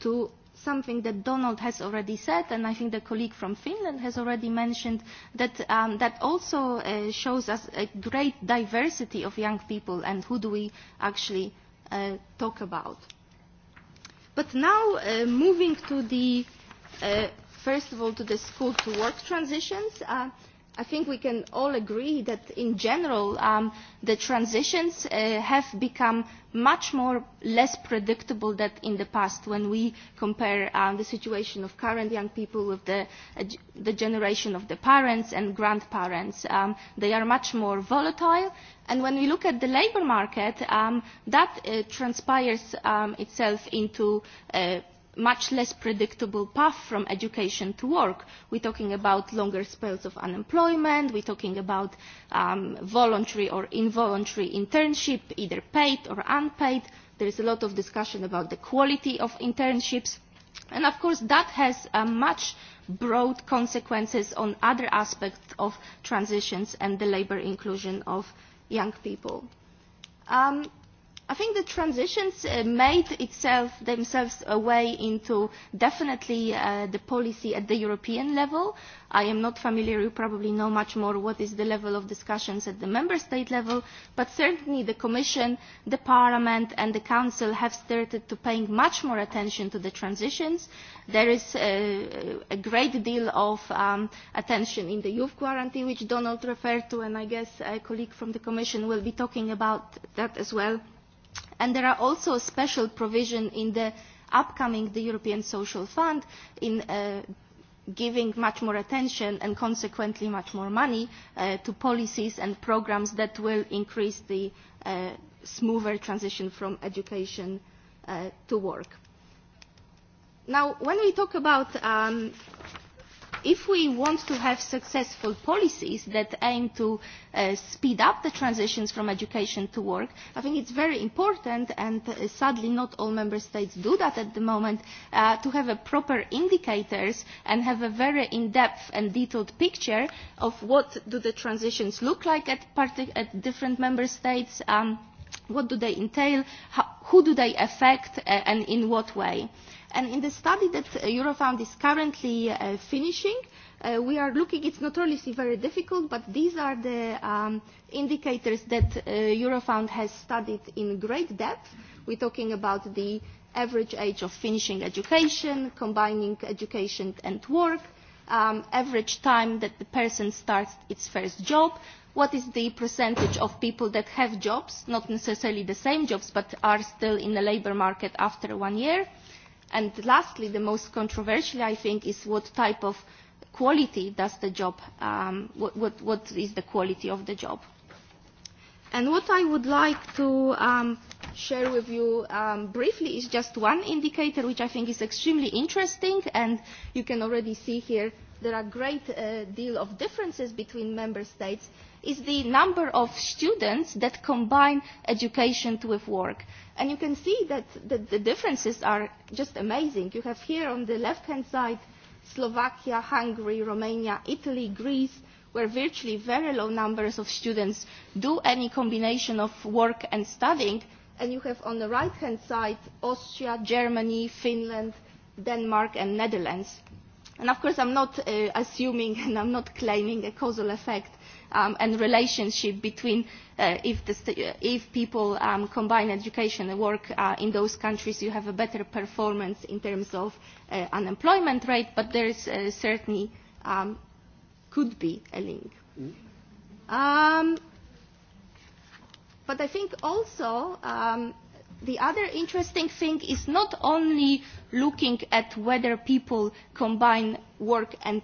to something that Donald has already said, and I think the colleague from Finland has already mentioned, that that also shows us a great diversity of young people and who do we actually talk about. But now, moving to the first of all to the school to work transitions. I think we can all agree that in general the transitions have become much more less predictable than in the past when we compare the situation of current young people with the generation of the parents and grandparents. They are much more volatile and when we look at the labour market that transpires itself into much less predictable path from education to work. We're talking about longer spells of unemployment, we're talking about voluntary or involuntary internship, either paid or unpaid. There is a lot of discussion about the quality of internships. And of course that has much broad consequences on other aspects of transitions and the labour inclusion of young people. Um I think the transitions made itself themselves a way into definitely the policy at the European level. I am not familiar, you probably know much more what is the level of discussions at the Member State level, but certainly the Commission, the Parliament and the Council have started to paying much more attention to the transitions. There is a great deal of attention in the youth guarantee, which Donald referred to, and I guess a colleague from the Commission will be talking about that as well And there are also special provision in the upcoming the European Social Fund in giving much more attention and consequently much more money to policies and programs that will increase the smoother transition from education to work. Now, when we talk about if we want to have successful policies that aim to speed up the transitions from education to work, I think it's very important, and sadly not all member states do that at the moment, to have proper indicators and have a very in-depth and detailed picture of what do the transitions look like at different member states, what do they entail, who do they affect, and in what way. And in the study that Eurofound is currently finishing, we are looking, it's notoriously very difficult, but these are the indicators that Eurofound has studied in great depth. We're talking about the average age of finishing education, combining education and work, average time that the person starts its first job, what is the percentage of people that have jobs, not necessarily the same jobs, but are still in the labour market after one year, And lastly, the most controversial, I think, is what type of quality does the job, what is the quality of the job. And what I would like to share with you briefly is just one indicator which I think is extremely interesting and you can already see here there are a great deal of differences between member states is the number of students that combine education with work. And you can see that the differences are just amazing. You have here on the left-hand side Slovakia, Hungary, Romania, Italy, Greece, where virtually very low numbers of students do any combination of work and studying. And you have on the right-hand side Austria, Germany, Finland, Denmark and Netherlands. And of course I'm not assuming and I'm not claiming a causal effect and relationship between if people combine education and work in those countries you have a better performance in terms of unemployment rate but there is certainly could be a link. But I think also the other interesting thing is not only looking at whether people combine work and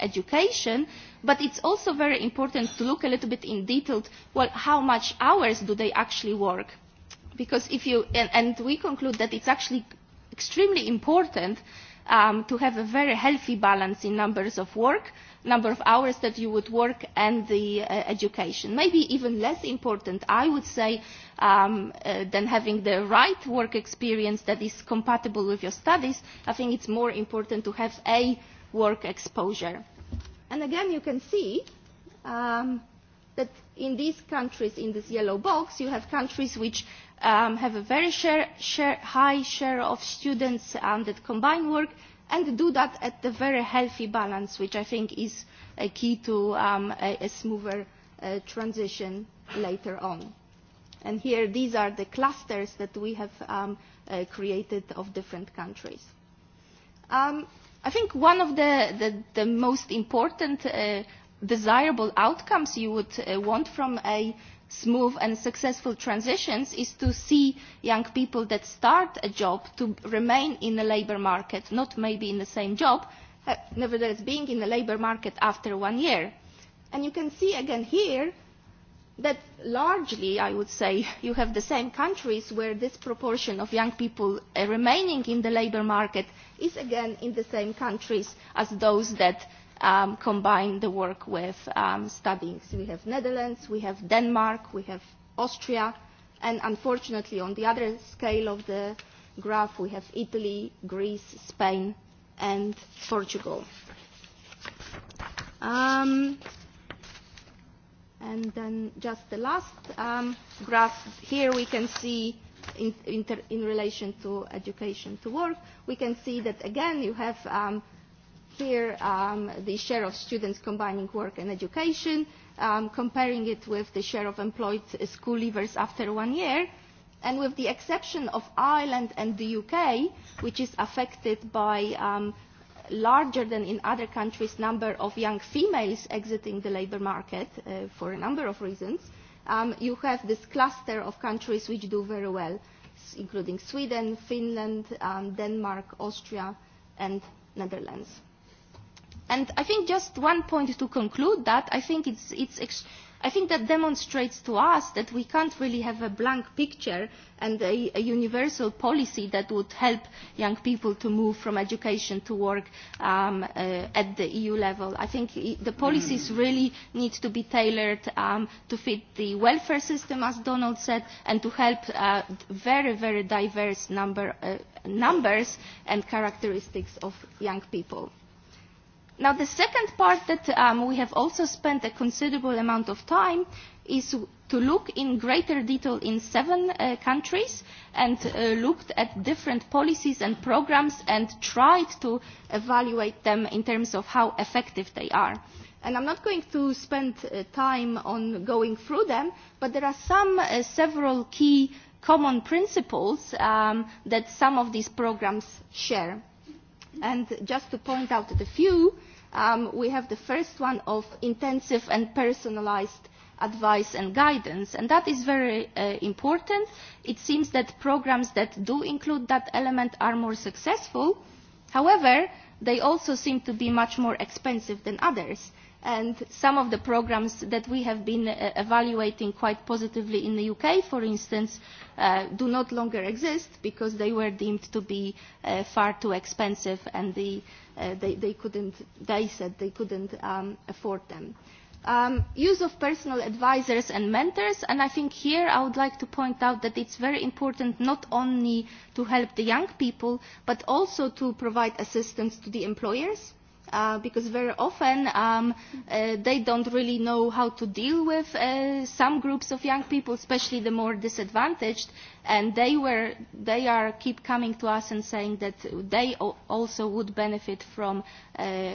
education But it's also very important to look a little bit in detail, well, how much hours do they actually work? Because if you, and we conclude that it's actually extremely important to have a very healthy balance in numbers of work, number of hours that you would work and the education. Maybe even less important, I would say, than having the right work experience that is compatible with your studies. I think it's more important to have a work exposure. And again, you can see that in these countries, in this yellow box, you have countries which have a very high share of students that combine work and do that at a very healthy balance, which I think is a key to a smoother transition later on. And here, these are the clusters that we have created of different countries. I think one of the the most important desirable outcomes you would want from a smooth and successful transitions is to see young people that start a job to remain in the labour market, not maybe in the same job, nevertheless being in the labour market after one year. And you can see again here that largely, I would say, you have the same countries where this proportion of young people remaining in the labour market is again in the same countries as those that combine the work with studies. We have Netherlands, we have Denmark, we have Austria, and unfortunately on the other scale of the graph we have Italy, Greece, Spain and Portugal. And then just the last graph here we can see in relation to education to work, we can see that again you have here the share of students combining work and education, comparing it with the share of employed school leavers after one year. And with the exception of Ireland and the UK, which is affected by larger than in other countries number of young females exiting the labour market for a number of reasons, you have this cluster of countries which do very well, including Sweden, Finland, Denmark, Austria and Netherlands. And I think just one point to conclude that I think it's I think that demonstrates to us that we can't really have a blank picture and a universal policy that would help young people to move from education to work at the EU level. I think the policies really need to be tailored to fit the welfare system, as Donald said, and to help very, very diverse numbers and characteristics of young people. Now, the second part that we have also spent a considerable amount of time is to look in greater detail in seven countries and looked at different policies and programs and tried to evaluate them in terms of how effective they are. And I'm not going to spend time on going through them, but there are some several key common principles that some of these programs share. And just to point out a few, we have the first one of intensive and personalised advice and guidance and that is very important. It seems that programmes that do include that element are more successful. However, they also seem to be much more expensive than others and some of the programmes that we have been evaluating quite positively in the uk for instance do not longer exist because they were deemed to be far too expensive and they couldn't they said they couldn't afford them Use of personal advisors and mentors, and I think here I would like to point out that it's very important not only to help the young people, but also to provide assistance to the employers, because very often they don't really know how to deal with some groups of young people, especially the more disadvantaged, and they were they are keep coming to us and saying that they also would benefit from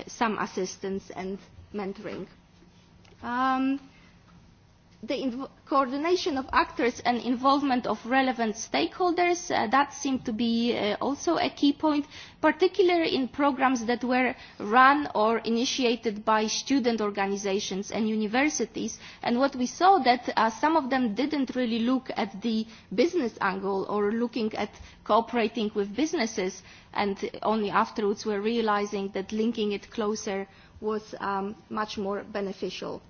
some assistance and mentoring the coordination of actors and involvement of relevant stakeholders that seemed to be also a key point particularly in programs that were run or initiated by student organizations and universities and what we saw that some of them didn't really look at the business angle or looking at cooperating with businesses and only afterwards were realizing that linking it closer was much more beneficial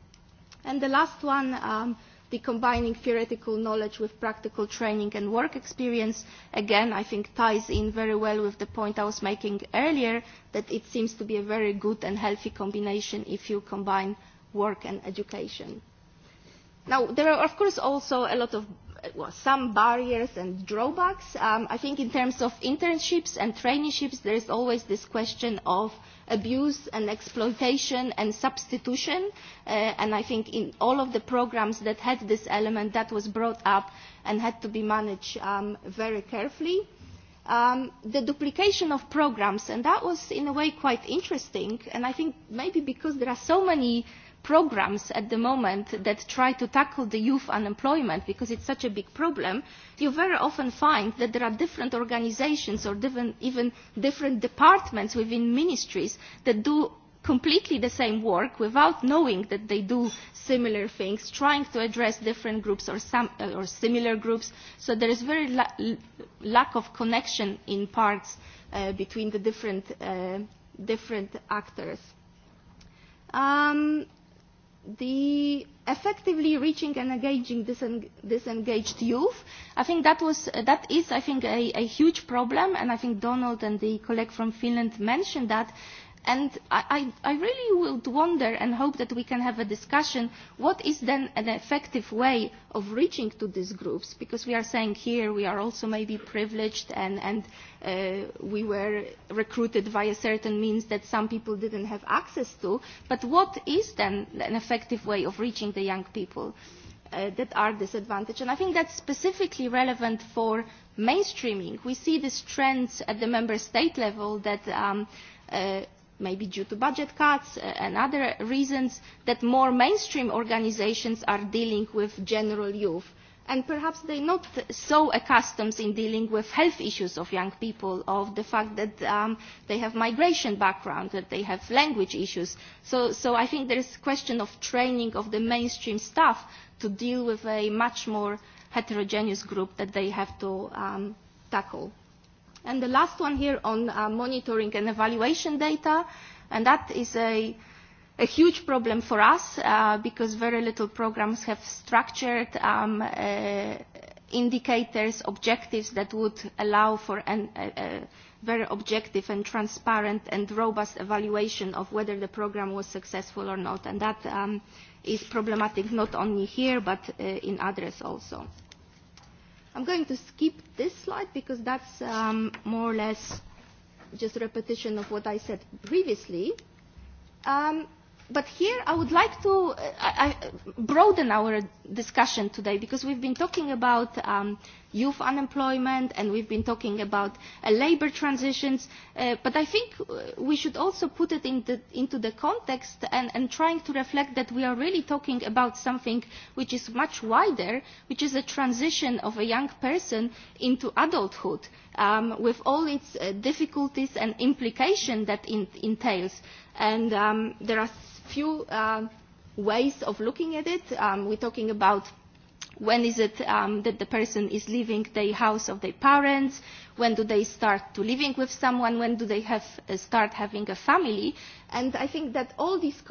And the last one, the combining theoretical knowledge with practical training and work experience, again, I think ties in very well with the point I was making earlier, that it seems to be a very good and healthy combination if you combine work and education. Now, there are, of course, also a lot of some barriers and drawbacks. I think in terms of internships and traineeships, there is always this question of abuse and exploitation and substitution. And I think in all of the programs that had this element, that was brought up and had to be managed very carefully. The duplication of programs, and that was in a way quite interesting. And I think maybe because there are so many programs at the moment that try to tackle the youth unemployment because it's such a big problem, you very often find that there are different organizations or even different departments within ministries that do completely the same work without knowing that they do similar things, trying to address different groups or similar groups. So there is very lack of connection in parts between the different actors the effectively reaching and engaging disengaged youth. I think that that is I think a huge problem and I think Donald and the colleague from Finland mentioned that And I really would wonder and hope that we can have a discussion what is then an effective way of reaching to these groups, because we are saying here we are also maybe privileged and we were recruited via certain means that some people didn't have access to, but what is then an effective way of reaching the young people? that are disadvantaged. And I think that's specifically relevant for mainstreaming. We see these trends at the member state level that maybe due to budget cuts and other reasons, that more mainstream organisations are dealing with general youth. And perhaps they are not so accustomed to dealing with health issues of young people, of the fact that they have migration background, that they have language issues. So I think there is a question of training of the mainstream staff to deal with a much more heterogeneous group that they have to tackle. And the last one here on monitoring and evaluation data, and that is a a huge problem for us because very little programs have structured indicators, objectives that would allow for a very objective and transparent and robust evaluation of whether the program was successful or not. And that is problematic not only here but in others also. I'm going to skip this slide because that's more or less just a repetition of what I said previously. But here I would like to broaden our discussion today because we've been talking about youth unemployment and we've been talking about labour transitions but i think we should also put it into the context and trying to reflect that we are really talking about something which is much wider which is a transition of a young person into adulthood with all its difficulties and implications that it entails and there are a few ways of looking at it we're talking about when is it that the person is leaving the house of their parents, when do they start to living with someone, when do they have start having a family. And I think that all these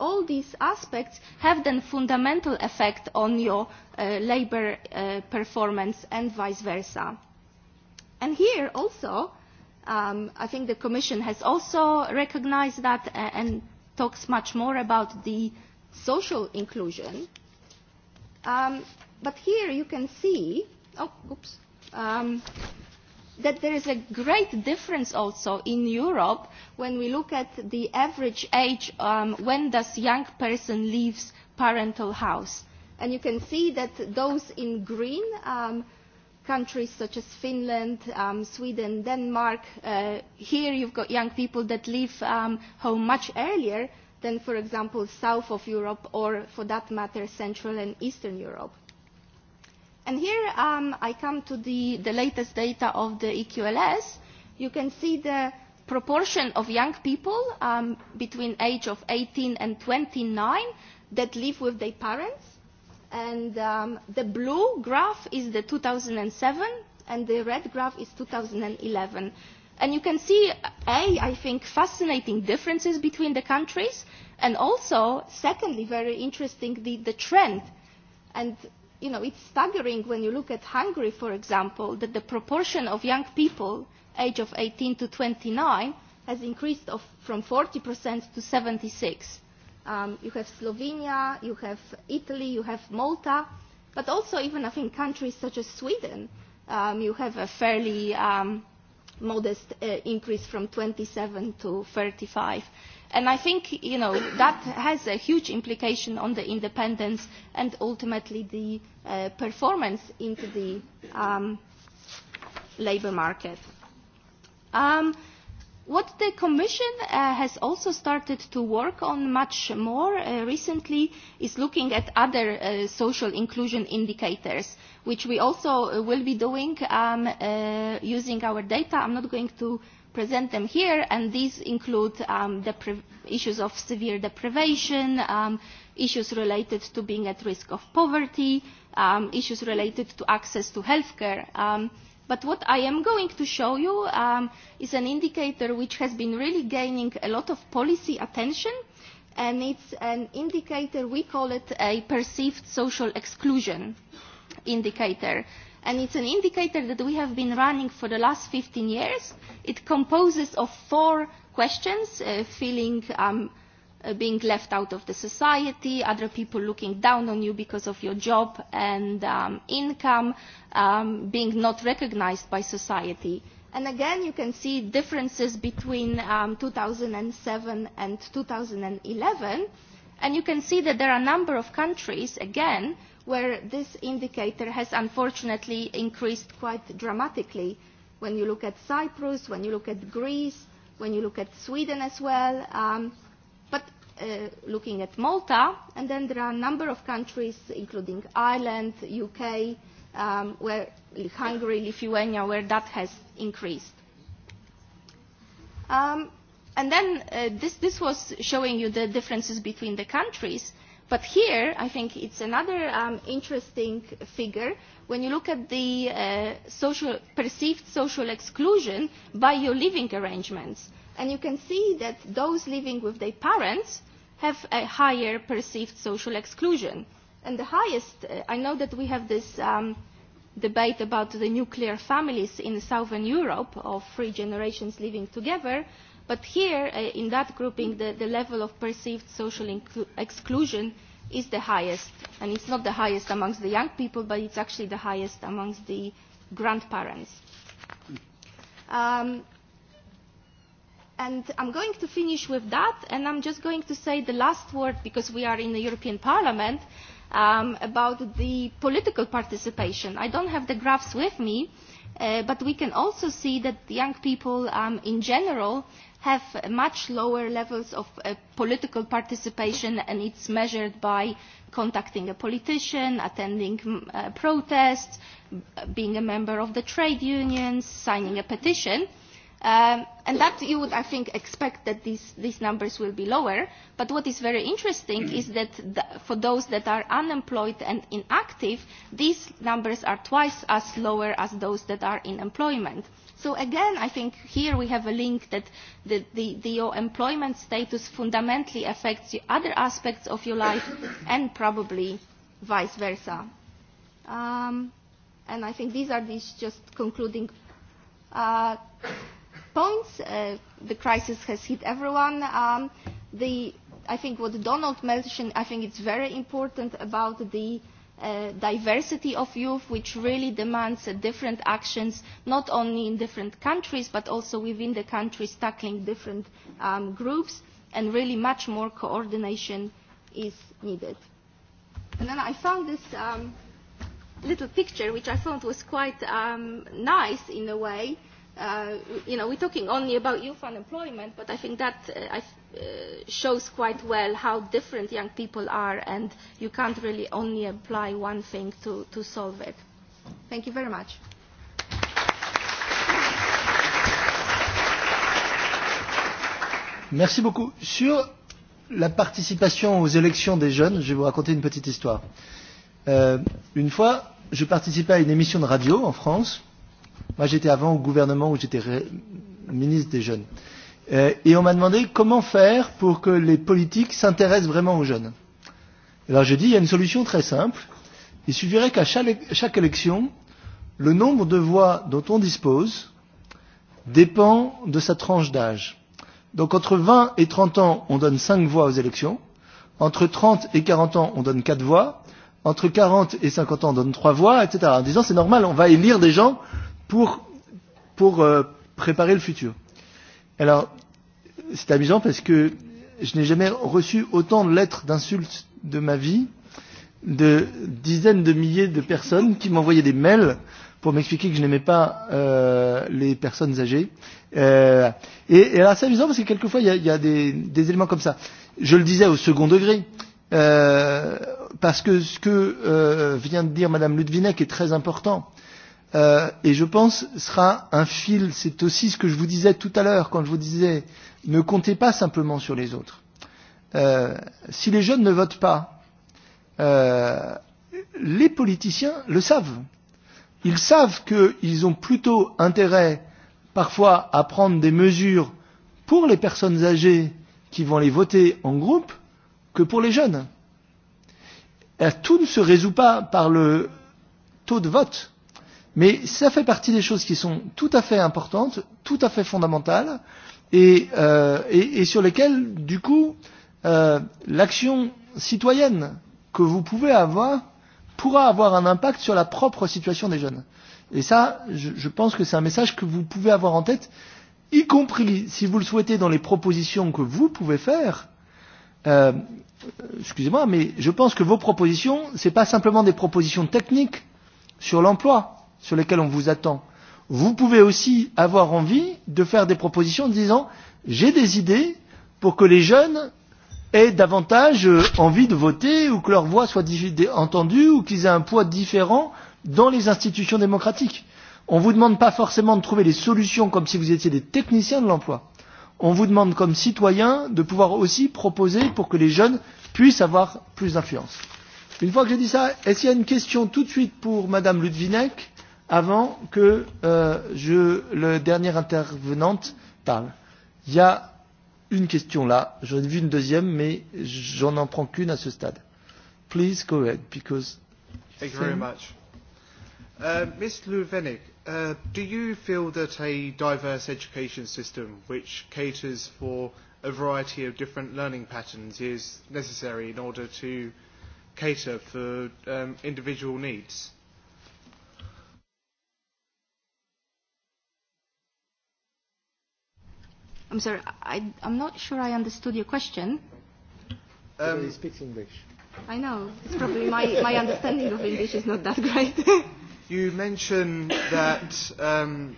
all these aspects have then fundamental effect on your labour performance and vice versa. And here also I think the Commission has also recognised that and talks much more about the social inclusion Um But here you can see that there is a great difference also in Europe when we look at the average age when does young person leaves parental house. And you can see that those in green countries such as Finland, Sweden, Denmark, here you've got young people that leave home much earlier than, for example, south of Europe or, for that matter, Central and Eastern Europe. And here I come to the latest data of the EQLS. You can see the proportion of young people between age of 18 and 29 that live with their parents. And the blue graph is the 2007 and the red graph is 2011. And you can see, A, I think, fascinating differences between the countries, and also, secondly, very interesting, the, trend. And, you know, it's staggering when you look at Hungary, for example, that the proportion of young people age of 18 to 29 has increased from 40% to 76. you have Slovenia, you have Italy, you have Malta, but also even, I think, countries such as Sweden. you have a fairly modest increase from 27 to 35. And I think, you know, that has a huge implication on the independence and ultimately the performance into the labour market. What the Commission has also started to work on much more recently is looking at other social inclusion indicators, which we also will be doing using our data. I'm not going to present them here, and these include the issues of severe deprivation, issues related to being at risk of poverty, issues related to access to healthcare. But what I am going to show you is an indicator which has been really gaining a lot of policy attention, and it's an indicator, we call it a perceived social exclusion indicator. And it's an indicator that we have been running for the last 15 years. It composes of four questions, feeling being left out of the society, other people looking down on you because of your job and income, being not recognized by society. And again, you can see differences between 2007 and 2011, and you can see that there are a number of countries, again, where this indicator has unfortunately increased quite dramatically. When you look at Cyprus, when you look at Greece, when you look at Sweden as well, looking at Malta, and then there are a number of countries, including Ireland, UK, where Hungary, Lithuania, where that has increased. And then this this was showing you the differences between the countries, but here I think it's another interesting figure when you look at the social perceived social exclusion by your living arrangements and you can see that those living with their parents have a higher perceived social exclusion. And the highest, I know that we have this debate about the nuclear families in southern Europe of three generations living together, but here in that grouping the level of perceived social exclusion is the highest. And it's not the highest amongst the young people, but it's actually the highest amongst the grandparents. Um, And I'm going to finish with that, and I'm just going to say the last word, because we are in the European Parliament, about the political participation. I don't have the graphs with me, but we can also see that young people in general have much lower levels of political participation, and it's measured by contacting a politician, attending protests, being a member of the trade unions, signing a petition. And that you would, I think, expect that these numbers will be lower. But what is very interesting is that for those that are unemployed and inactive, these numbers are twice as lower as those that are in employment. So again, I think here we have a link that your employment status fundamentally affects other aspects of your life and probably vice versa. And I think these are these just concluding points. The crisis has hit everyone. The I think what Donald mentioned, I think it's very important about the diversity of youth, which really demands different actions, not only in different countries, but also within the countries tackling different groups, and really much more coordination is needed. And then I found this little picture, which I thought was quite nice in a way uh, you know, we're talking only about youth unemployment, but I think that I, shows quite well how different young people are, and you can't really only apply one thing to, to solve it. Thank you very much. Merci beaucoup. Sur la participation aux élections des jeunes, je vais vous raconter une petite histoire. Euh, une fois, je participais à une émission de radio en France Moi, j'étais avant au gouvernement où j'étais ministre des Jeunes. Et on m'a demandé comment faire pour que les politiques s'intéressent vraiment aux jeunes. Alors j'ai dit, il y a une solution très simple. Il suffirait qu'à chaque élection, le nombre de voix dont on dispose dépend de sa tranche d'âge. Donc entre 20 et 30 ans, on donne 5 voix aux élections. Entre 30 et 40 ans, on donne 4 voix. Entre 40 et 50 ans, on donne 3 voix, etc. En disant, c'est normal, on va élire des gens pour, pour préparer le futur. Alors, c'est amusant parce que je n'ai jamais reçu autant de lettres d'insultes de ma vie de dizaines de milliers de personnes qui m'envoyaient des mails pour m'expliquer que je n'aimais pas les personnes âgées. et, et alors c'est amusant parce que quelquefois il y a, y a des, des éléments comme ça. Je le disais au second degré, parce que ce que vient de dire Madame Ludvinek est très important et je pense sera un fil c'est aussi ce que je vous disais tout à l'heure quand je vous disais ne comptez pas simplement sur les autres si les jeunes ne votent pas les politiciens le savent ils savent qu'ils ont plutôt intérêt parfois à prendre des mesures pour les personnes âgées qui vont les voter en groupe que pour les jeunes tout ne se résout pas par le taux de vote Mais ça fait partie des choses qui sont tout à fait importantes, tout à fait fondamentales, et, et, et sur lesquelles, du coup, l'action citoyenne que vous pouvez avoir pourra avoir un impact sur la propre situation des jeunes. Et ça, je, je pense que c'est un message que vous pouvez avoir en tête, y compris, si vous le souhaitez, dans les propositions que vous pouvez faire. Excusez-moi, mais je pense que vos propositions, ce n'est pas simplement des propositions techniques sur l'emploi sur lesquels on vous attend. Vous pouvez aussi avoir envie de faire des propositions en disant j'ai des idées pour que les jeunes aient davantage envie de voter ou que leur voix soit entendue ou qu'ils aient un poids différent dans les institutions démocratiques. On ne vous demande pas forcément de trouver des solutions comme si vous étiez des techniciens de l'emploi. On vous demande comme citoyens, de pouvoir aussi proposer pour que les jeunes puissent avoir plus d'influence. Une fois que j'ai dit ça, est-ce qu'il y a une question tout de suite pour Madame Ludvinek avant que je, le dernier intervenante parle. Il y a une question là. J'en ai vu une deuxième, mais j'en en prends qu'une à ce stade. Please go ahead, because... Thank you very much. Uh, Ms. Luvenik, uh, do you feel that a diverse education system which caters for a variety of different learning patterns is necessary in order to cater for um, individual needs? I'm sorry, I, I'm not sure I understood your question. Um, he speaks English. I know. It's probably my, my understanding of English is not that great. you mentioned that um,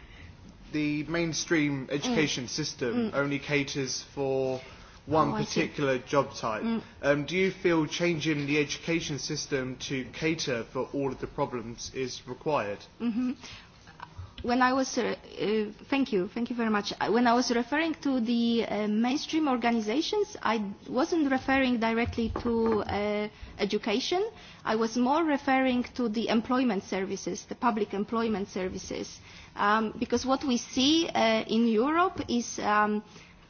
the mainstream education system only caters for one particular job type. Um, do you feel changing the education system to cater for all of the problems is required? when I was, thank you, thank you very much. When I was referring to the mainstream organizations, I wasn't referring directly to education. I was more referring to the employment services, the public employment services, because what we see in Europe is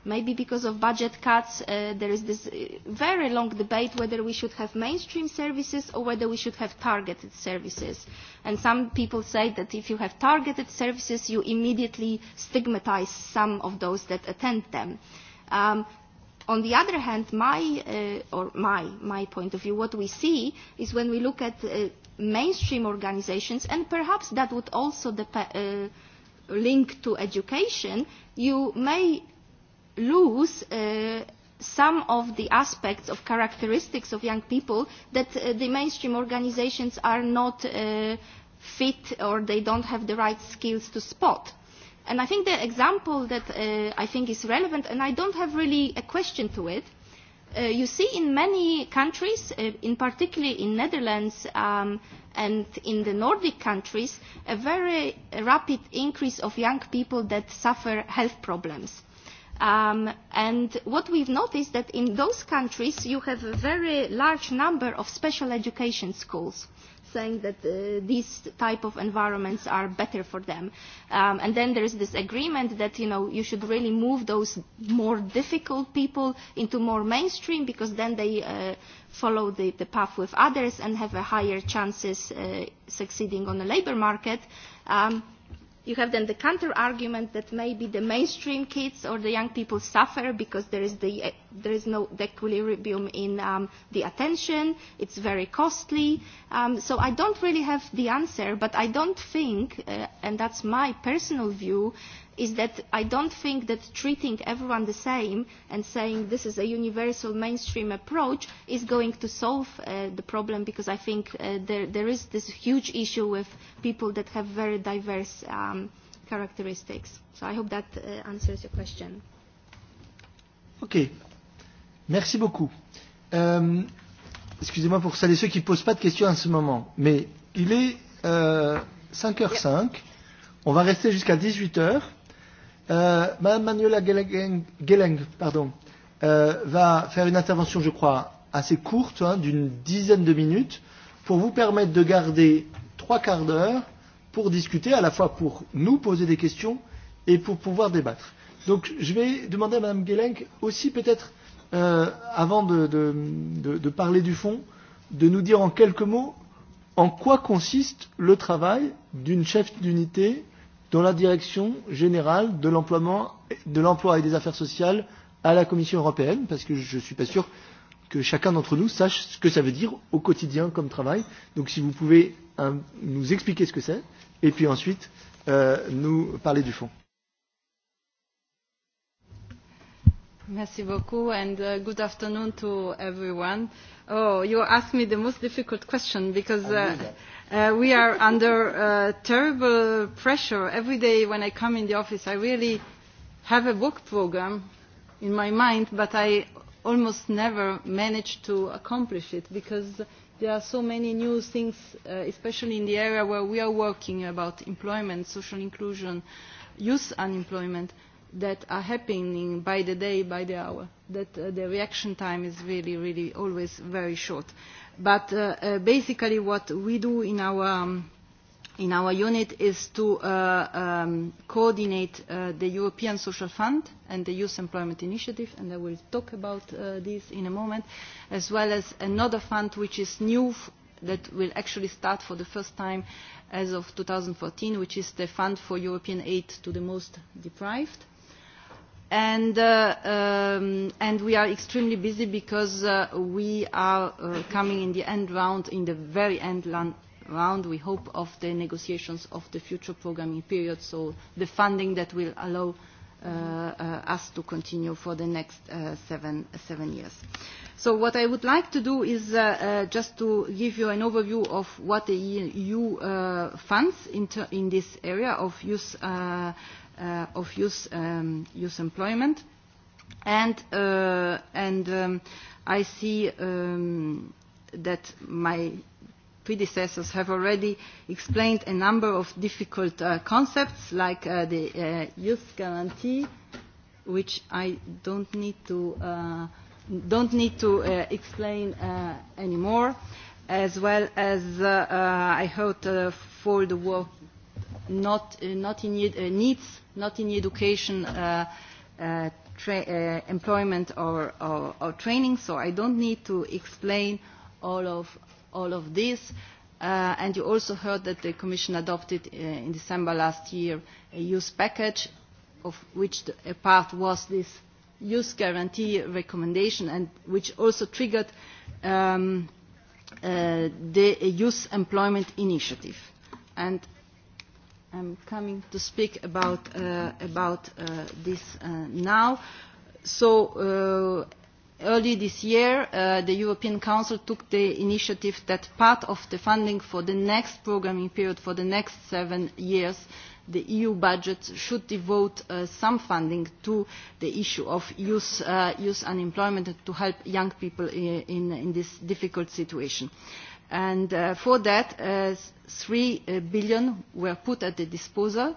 Maybe because of budget cuts, there is this very long debate whether we should have mainstream services or whether we should have targeted services. And some people say that if you have targeted services, you immediately stigmatize some of those that attend them. On the other hand, my or my my point of view, what we see is when we look at mainstream organizations, and perhaps that would also link to education, you may lose some of the aspects of characteristics of young people that the mainstream organizations are not fit or they don't have the right skills to spot. And I think the example that I think is relevant, and I don't have really a question to it, you see in many countries, in particular in Netherlands and in the Nordic countries, a very rapid increase of young people that suffer health problems And what we've noticed that in those countries you have a very large number of special education schools saying that these type of environments are better for them. And then there is this agreement that you know you should really move those more difficult people into more mainstream because then they follow the path with others and have a higher chances succeeding on the labour market. You have then the counter-argument that maybe the mainstream kids or the young people suffer because there is no equilibrium in the attention, it's very costly. So I don't really have the answer, but I don't think, and that's my personal view, is that I don't think that treating everyone the same and saying this is a universal mainstream approach is going to solve the problem because I think there is this huge issue with people that have very diverse characteristics. So I hope that answers your question. Okay, Merci beaucoup. Excusez-moi pour celles et ceux qui ne posent pas de questions en ce moment, mais il est 5h05. On va rester jusqu'à 18h Madame Manuela Geleng pardon, va faire une intervention, je crois, assez courte, d'une dizaine de minutes, pour vous permettre de garder trois quarts d'heure pour discuter, à la fois pour nous poser des questions et pour pouvoir débattre. Donc je vais demander à Madame Geleng aussi peut-être, avant de, de, de, de parler du fond, de nous dire en quelques mots en quoi consiste le travail d'une chef d'unité dans la direction générale de l'emploi de et des affaires sociales à la Commission européenne, parce que je ne suis pas sûr que chacun d'entre nous sache ce que ça veut dire au quotidien comme travail. Donc si vous pouvez nous expliquer ce que c'est, et puis ensuite nous parler du fond. Merci beaucoup and good afternoon to everyone. Oh, you asked me the most difficult question because We are under terrible pressure. Every day when I come in the office, I really have a work program in my mind, but I almost never manage to accomplish it because there are so many new things, especially in the area where we are working about employment, social inclusion, youth unemployment, that are happening by the day, by the hour. That the reaction time is really, really always very short. But basically what we do in our in our unit is to coordinate the European Social Fund and the Youth Employment Initiative, and I will talk about this in a moment, as well as another fund which is new that will actually start for the first time as of 2014, which is the Fund for European Aid to the Most Deprived and we are extremely busy because we are coming in the end round, in the very end round, we hope, of the negotiations of the future programming period, so the funding that will allow us to continue for the next seven years. So what I would like to do is just to give you an overview of what the EU funds in this area of youth of youth employment. And I see that my predecessors have already explained a number of difficult concepts like the youth guarantee, which I don't need to don't need to explain anymore, as well as I heard for the work not not in needs not in education employment or training so i don't need to explain all of this and you also heard that the commission adopted in december last year a youth package of which a part was this youth guarantee recommendation and which also triggered the youth employment initiative and I am coming to speak about this now. So early this year, the European Council took the initiative that part of the funding for the next programming period, for the next seven years, the EU budget should devote some funding to the issue of youth unemployment to help young people in this difficult situation. And for that, 3 billion were put at the disposal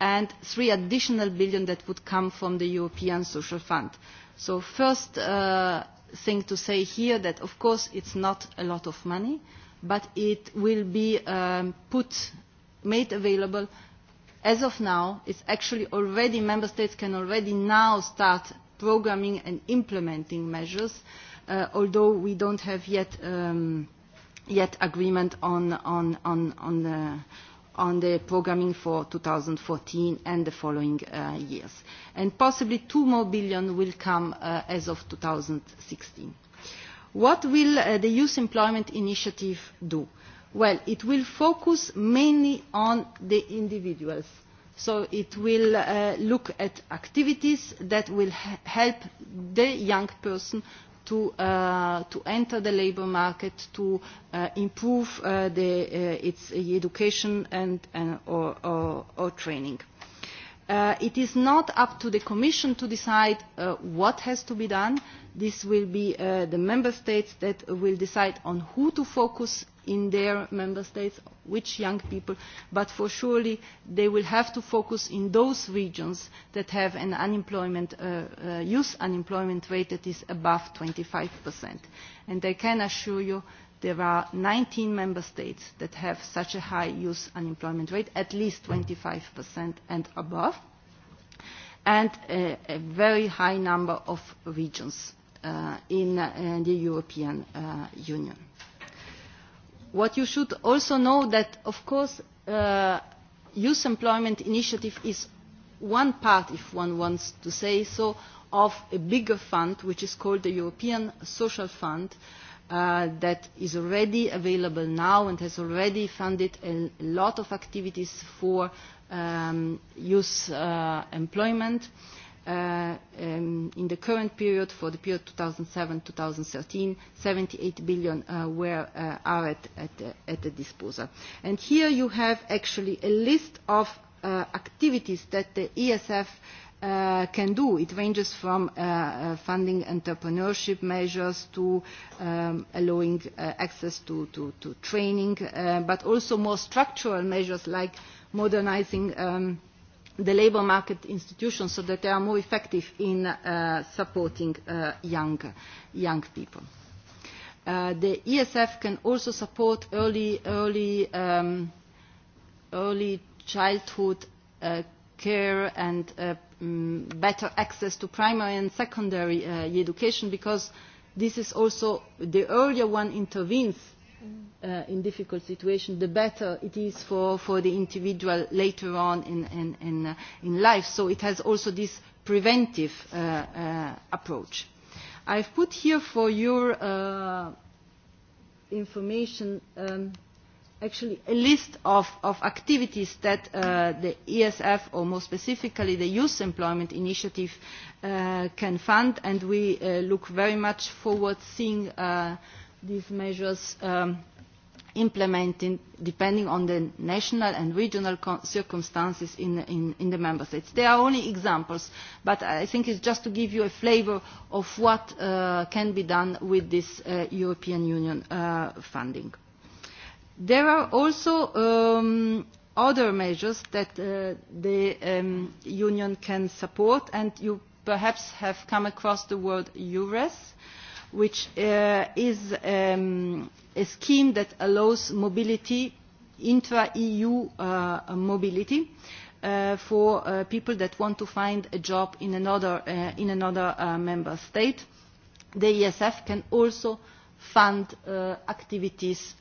and 3 additional billion that would come from the European Social Fund. So first thing to say here that, of course, it's not a lot of money, but it will be put, made available as of now. It's actually already, member states can already now start programming and implementing measures, although we don't have yet yet agreement on on on on the on the programming for 2014 and the following years. And possibly two more billion will come as of 2016. What will the Youth Employment Initiative do? Well, it will focus mainly on the individuals. So it will look at activities that will help the young person to enter the labour market, to improve its education and or training. It is not up to the Commission to decide what has to be done. This will be the Member States that will decide on who to focus in their Member States, which young people, but for surely they will have to focus in those regions that have an unemployment youth unemployment rate that is above 25%. And I can assure you there are 19 member states that have such a high youth unemployment rate, at least 25% and above, and a very high number of regions in the European Union. What you should also know that, of course, youth employment initiative is one part, if one wants to say so, of a bigger fund, which is called the European Social Fund, that is already available now and has already funded a lot of activities for youth employment in the current period for the period 2007-2013 78 billion were are at at the disposal and here you have actually a list of activities that the ESF can do. It ranges from funding entrepreneurship measures to allowing access to training, but also more structural measures like modernizing the labour market institutions so that they are more effective in supporting young people. The ESF can also support early childhood care and better access to primary and secondary education because this is also the earlier one intervenes in difficult situations, the better it is for for the individual later on in life. So it has also this preventive approach. I've put here for your information actually a list of activities that the ESF, or more specifically the Youth Employment Initiative, can fund, and we look very much forward to seeing these measures implemented depending on the national and regional circumstances in the member states. They are only examples, but I think it's just to give you a flavour of what can be done with this European Union funding. There are also other measures that the Union can support, and you perhaps have come across the word EURES, which is a scheme that allows mobility, intra-EU mobility, for people that want to find a job in another member state. The ESF can also fund activities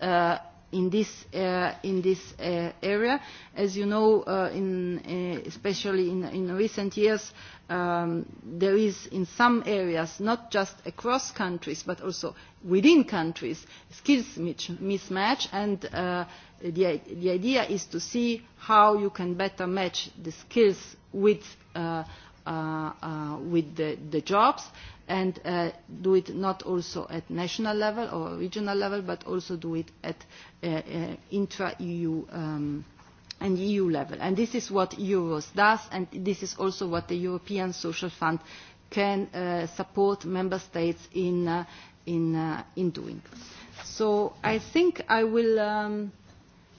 in this in this area as you know in especially in in recent years there is in some areas not just across countries but also within countries skills mismatch and the idea is to see how you can better match the skills with with the jobs and do it not also at national level or regional level, but also do it at intra-EU and EU level. And this is what Euros does, and this is also what the European Social Fund can support member states in doing. So I think I will,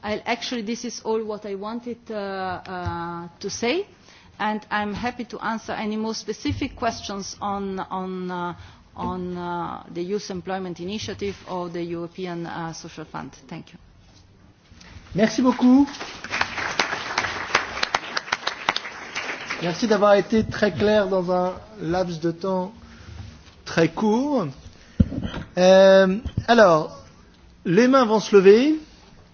actually this is all what I wanted to say and I'm happy to answer any more specific questions on the Youth Employment Initiative or the European Social Fund. Thank you. Merci beaucoup. Merci d'avoir été très clair dans un laps de temps très court. Euh, alors, les mains vont se lever.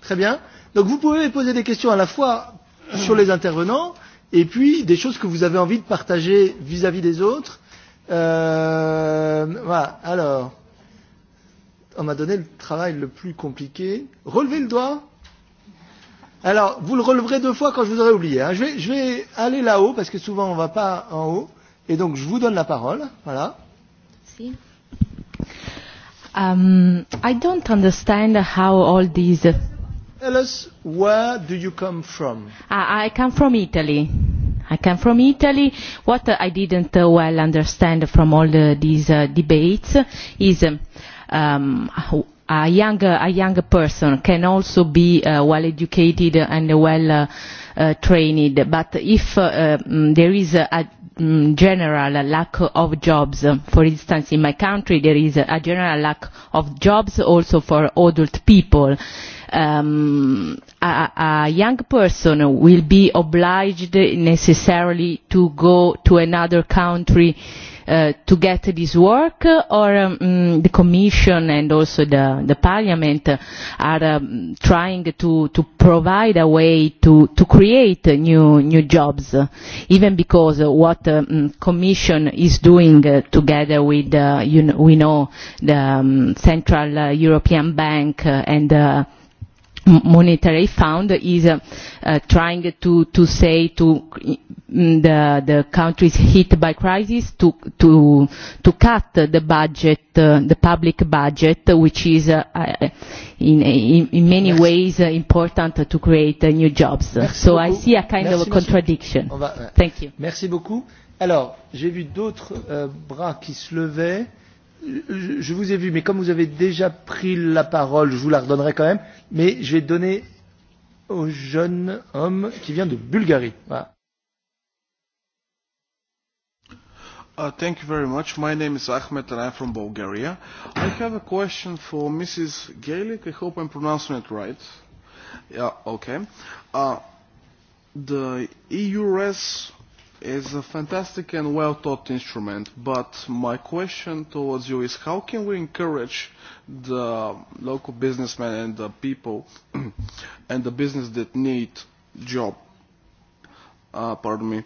Très bien. Donc vous pouvez poser des questions à la fois sur les intervenants, et puis des choses que vous avez envie de partager vis-à-vis des autres. Euh, voilà, alors, on m'a donné le travail le plus compliqué. Relevez le doigt. Alors, vous le releverez deux fois quand je vous aurai oublié. Hein. Je, vais, je vais aller là-haut, parce que souvent on ne va pas en haut. Et donc, je vous donne la parole. Voilà. Um, I don't understand how all these Tell us, where do you come from? I come from Italy. I come from Italy. What I didn't well understand from all these debates is a young a young person can also be well educated and well trained, but if there is a general lack of jobs, for instance, in my country there is a general lack of jobs also for adult people a young person will be obliged necessarily to go to another country to get this work or the commission and also the parliament are trying to provide a way to create new new jobs even because what the commission is doing together with we know the central european bank and monetary fund is uh trying to to say to the the countries hit by crisis to to to cut the budget uh the public budget which is uh in in in many ways uh important to create new jobs so i see a kind of a contradiction thank you merci beaucoup alors j'ai vu d'autres bras qui se levaient je vous ai vu, mais comme vous avez déjà pris la parole, je vous la redonnerai quand même, mais je vais donner au jeune homme qui vient de Bulgarie. Voilà. Uh, thank you very much. My name is Ahmed and I'm from Bulgaria. I have a question for Mrs. Gaelic. I hope I'm pronouncing it right. Yeah, okay. Uh, the eu is a fantastic and well-taught instrument, but my question towards you is how can we encourage the local businessmen and the people and the business that need job, uh, pardon me,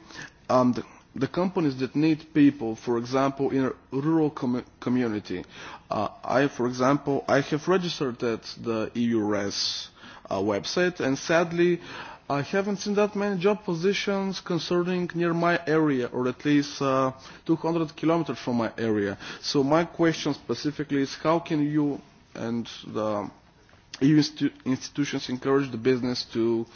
and the companies that need people, for example, in a rural community. Uh, I, for example, I have registered at the EU-RES website, and sadly, I haven't seen that many job positions concerning near my area, or at least 200 kilometers from my area. So my question specifically is how can you and the EU institutions encourage the business to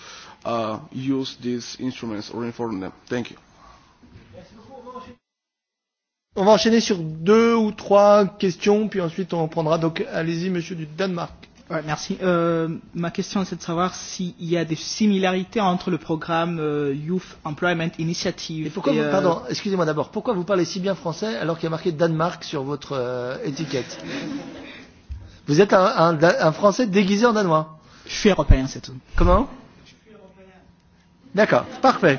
use these instruments or inform them? Thank you. On va enchaîner sur deux ou trois questions, puis ensuite on prendra. Donc allez-y, monsieur du Danemark. Merci. Ma question, c'est de savoir s'il y a des similarités entre le programme Youth Employment Initiative. Pardon, excusez-moi d'abord. Pourquoi vous parlez si bien français alors qu'il y a marqué Danemark sur votre étiquette Vous êtes un Français déguisé en Danois. Je suis européen, c'est tout. Comment Je suis européen. D'accord, parfait.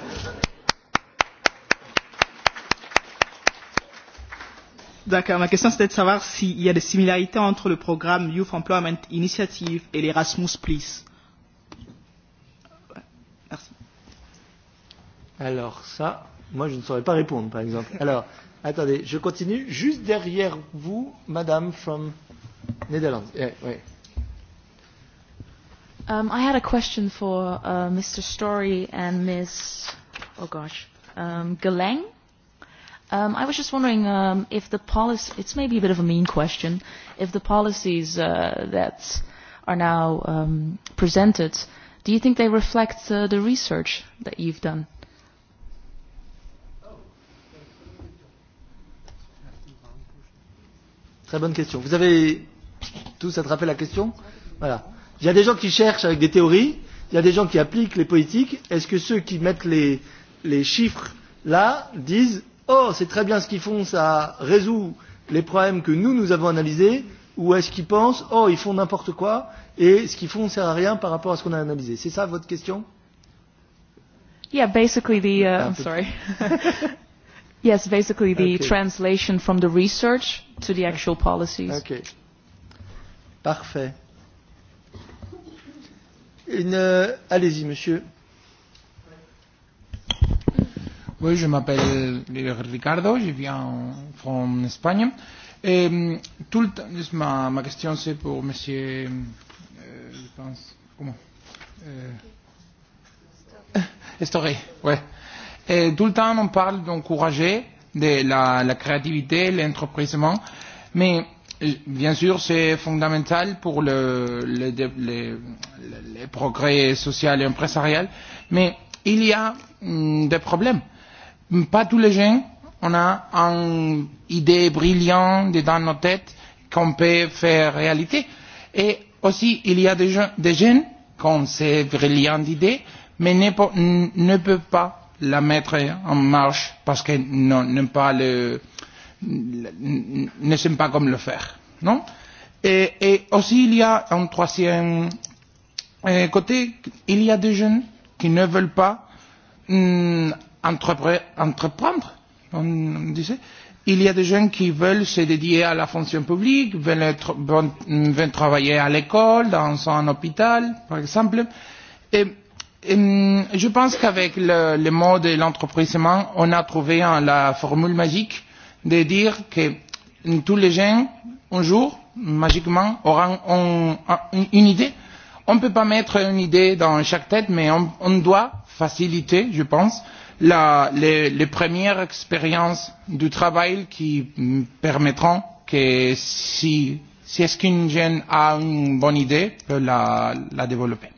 D'accord. Ma question, c'était de savoir s'il y a des similarités entre le programme Youth Employment Initiative et l'Erasmus+. Merci. Alors, ça, moi, je ne saurais pas répondre, par exemple. Alors, attendez, je continue. Juste derrière vous, Madame from Netherlands. Um, I had a question for uh, Mr. Story and Ms. Oh gosh, um, I was just wondering if the policy, it's maybe a bit of a mean question, if the policies uh that are now presented, do you think they reflect uh the research that you've done? Très bonne question. Vous avez tous attrapé la question Voilà. Il y a des gens qui cherchent avec des théories, il y a des gens qui appliquent les politiques. Est-ce que ceux qui mettent les, les chiffres là disent Oh, c'est très bien ce qu'ils font, ça résout les problèmes que nous, nous avons analysés, ou est-ce qu'ils pensent, oh, ils font n'importe quoi, et ce qu'ils font ne sert à rien par rapport à ce qu'on a analysé. C'est ça votre question Yeah, basically the, uh, I'm sorry. yes, basically the translation from the research to the actual policies. Ok. Parfait. Une, allez-y, monsieur. Oui, je m'appelle Ricardo, je viens en Espagne. ma, question c'est pour Monsieur, je pense, comment euh, Estoré, ouais. Et tout le temps on parle d'encourager de la, la créativité, l'entreprisement, mais bien sûr c'est fondamental pour le, le, le, le, progrès social et empresarial, mais il y a des problèmes pas tous les gens, on a une idée brillante dans nos têtes qu'on peut faire réalité. Et aussi, il y a des, gens, des jeunes ont ces brillantes idées, mais ne, ne peuvent pas la mettre en marche parce qu'ils ne savent pas comment le faire. Non et, et aussi, il y a un troisième côté, il y a des jeunes qui ne veulent pas entreprendre, on disait. Il y a des gens qui veulent se dédier à la fonction publique, veulent travailler à l'école, dans un hôpital, par exemple. Et je pense qu'avec le mot de l'entreprisement, on a trouvé la formule magique de dire que tous les gens, un jour, magiquement, auront une idée. On ne peut pas mettre une idée dans chaque tête, mais on doit faciliter, je pense, les premières expériences du travail qui permettront que si si est-ce qu'une jeune a une bonne idée, peut la développer.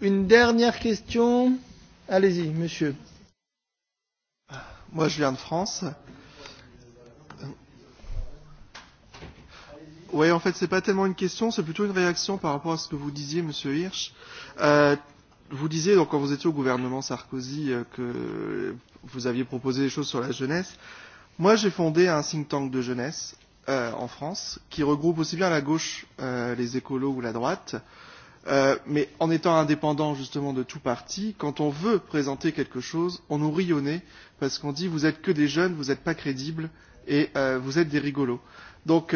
Une dernière question. Allez-y, monsieur. Moi, je viens de France. Oui, en fait, ce n'est pas tellement une question, c'est plutôt une réaction par rapport à ce que vous disiez, monsieur Hirsch. Vous disiez, donc, quand vous étiez au gouvernement Sarkozy, que vous aviez proposé des choses sur la jeunesse. Moi, j'ai fondé un think tank de jeunesse en France, qui regroupe aussi bien la gauche, les écolos ou la droite. Mais en étant indépendant, justement, de tout parti, quand on veut présenter quelque chose, on nous rit parce qu'on dit, vous êtes que des jeunes, vous n'êtes pas crédibles, et vous êtes des rigolos. Donc,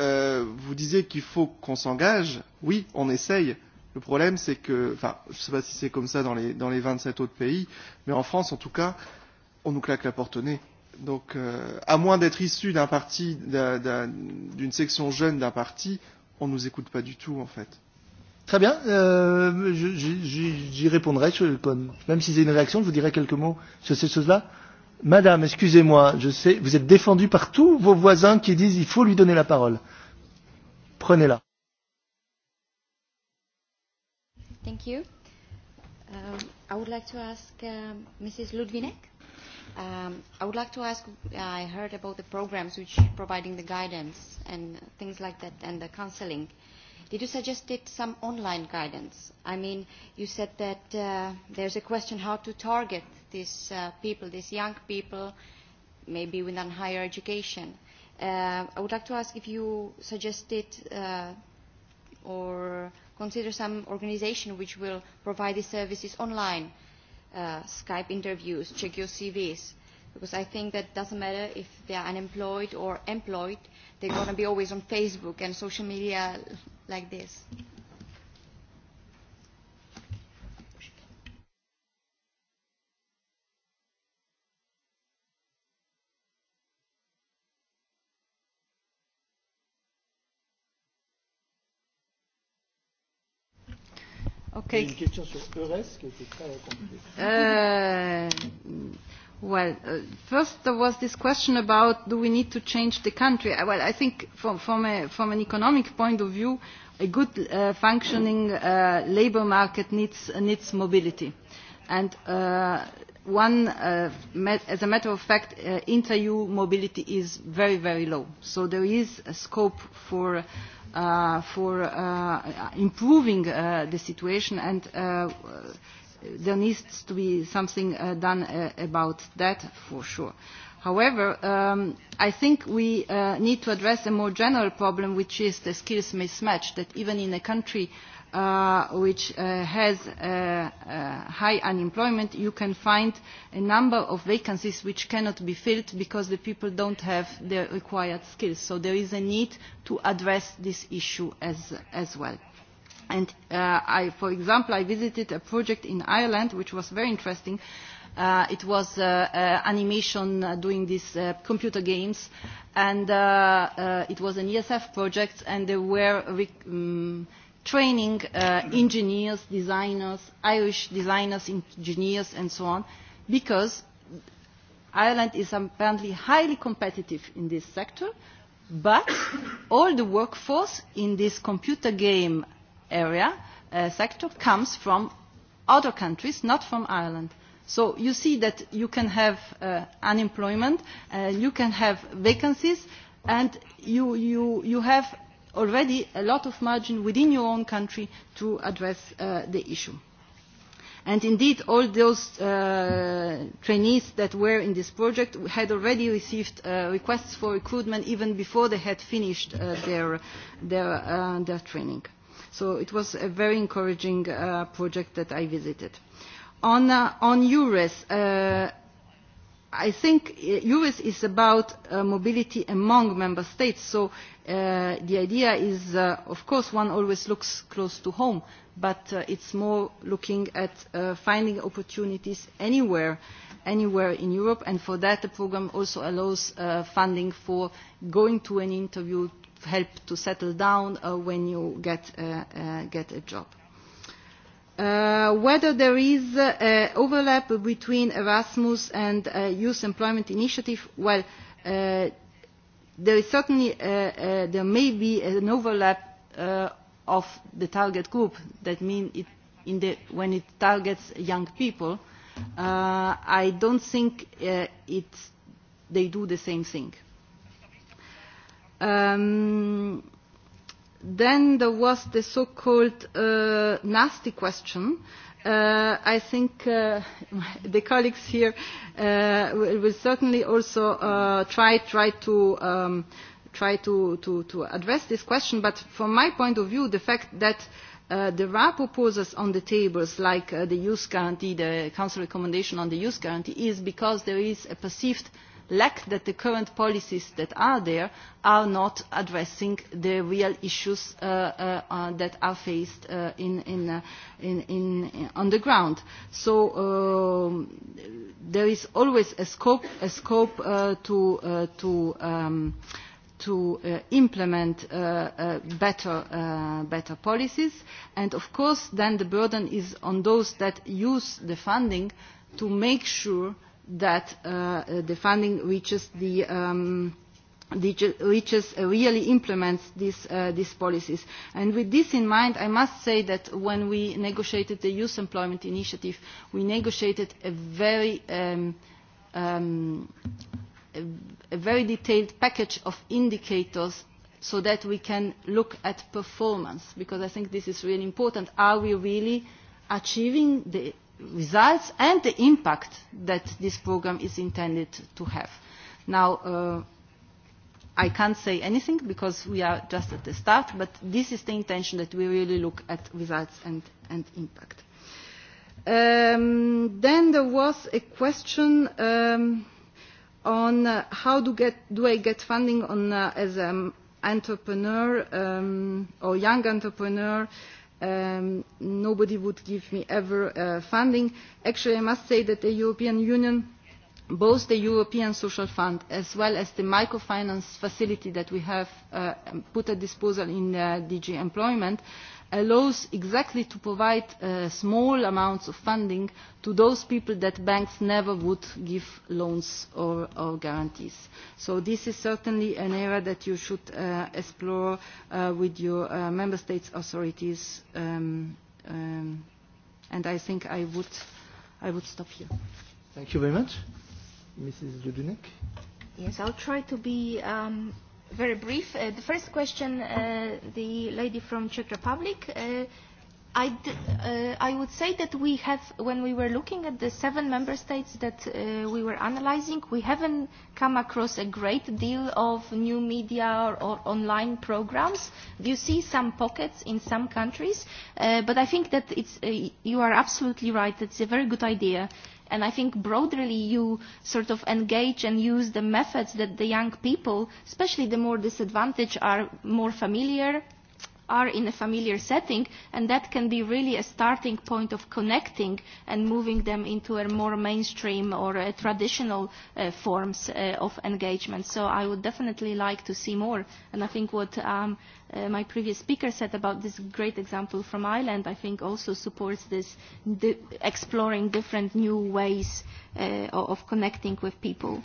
vous disiez qu'il faut qu'on s'engage. Oui, on essaye. Le problème, c'est que, enfin, je ne sais pas si c'est comme ça dans les, dans les 27 autres pays, mais en France, en tout cas, on nous claque la porte au nez. Donc, à moins d'être issu d'un parti, d'une section jeune d'un parti, on ne nous écoute pas du tout, en fait. Très bien, euh, j'y répondrai, même si c'est une réaction, je vous dirai quelques mots sur ces choses-là. Madame, excusez-moi, je sais, vous êtes défendu par tous vos voisins qui disent il faut lui donner la parole. Prenez-la. Thank you. Um I would like to ask Mrs. Ludvinek. I would like to ask, I heard about the programs which providing the guidance and things like that and the counseling. Did you suggest it some online guidance? I mean, you said that there's a question how to target these people, these young people, maybe with a higher education. I would like to ask if you suggested or consider some organisation which will provide these services online, Skype interviews, check your CVs, because I think that doesn't matter if they are unemployed or employed, they're going to be always on Facebook and social media like this. Okay. Une Well, first there was this question about do we need to change the country. Well, I think from from an economic point of view, a good functioning labour market needs needs mobility, and one, as a matter of fact, inter-EU mobility is very, very low. So there is a scope for improving the situation and there needs to be something done about that for sure. However, I think we need to address a more general problem, which is the skills mismatch, that even in a country which has high unemployment, you can find a number of vacancies which cannot be filled because the people don't have the required skills. So there is a need to address this issue as well. And I, for example, I visited a project in Ireland which was very interesting. It was animation doing these computer games, and it was an ESF project, and there were training engineers, designers, Irish designers, engineers and so on, because Ireland is apparently highly competitive in this sector, but all the workforce in this computer game area sector comes from other countries, not from Ireland. So you see that you can have unemployment, you can have vacancies, and you have already a lot of margin within your own country to address the issue. And indeed, all those trainees that were in this project had already received requests for recruitment even before they had finished their their training. So it was a very encouraging project that I visited. On on EURES, I think EURES is about mobility among member states, so the idea is, of course, one always looks close to home, but it's more looking at finding opportunities anywhere, anywhere in Europe, and for that the programme also allows funding for going to an interview, to help to settle down when you get a job whether there is an overlap between Erasmus and Youth Employment Initiative, well, there is certainly there may be an overlap of the target group. That means when it targets young people, I don't think they do the same thing. Then there was the so-called nasty question. I think the colleagues here will certainly also try try to try to address this question. But from my point of view, the fact that there are proposals on the tables like the youth guarantee, the Council recommendation on the youth guarantee, is because there is a perceived lack that the current policies that are there are not addressing the real issues that are faced on the ground. So there is always a scope to to implement better policies and of course then the burden is on those that use the funding to make sure that the funding reaches the reaches really implements these policies. And with this in mind, I must say that when we negotiated the Youth Employment Initiative, we negotiated a a very detailed package of indicators so that we can look at performance, because I think this is really important. Are we really achieving the results and the impact that this program is intended to have. Now, I can't say anything because we are just at the start, but this is the intention that we really look at results and impact. Then there was a question on how do I get funding as an entrepreneur or young entrepreneur nobody would give me ever funding. Actually, I must say that the European Union, both the European Social Fund as well as the microfinance facility that we have put at disposal in DG Employment, allows exactly to provide small amounts of funding to those people that banks never would give loans or guarantees. So this is certainly an area that you should explore with your member states authorities and I think I would I would stop here. Thank you very much. Mrs. Yes, I'll try to be Very brief. The first question, the lady from Czech Republic. I I would say that we have, when we were looking at the seven member states that we were analyzing, we haven't come across a great deal of new media or online programs. You see some pockets in some countries, but I think that you are absolutely right. It's a very good idea And I think broadly you sort of engage and use the methods that the young people, especially the more disadvantaged, are more familiar are in a familiar setting and that can be really a starting point of connecting and moving them into a more mainstream or traditional forms of engagement. So I would definitely like to see more and I think what my previous speaker said about this great example from Ireland I think also supports this exploring different new ways of connecting with people.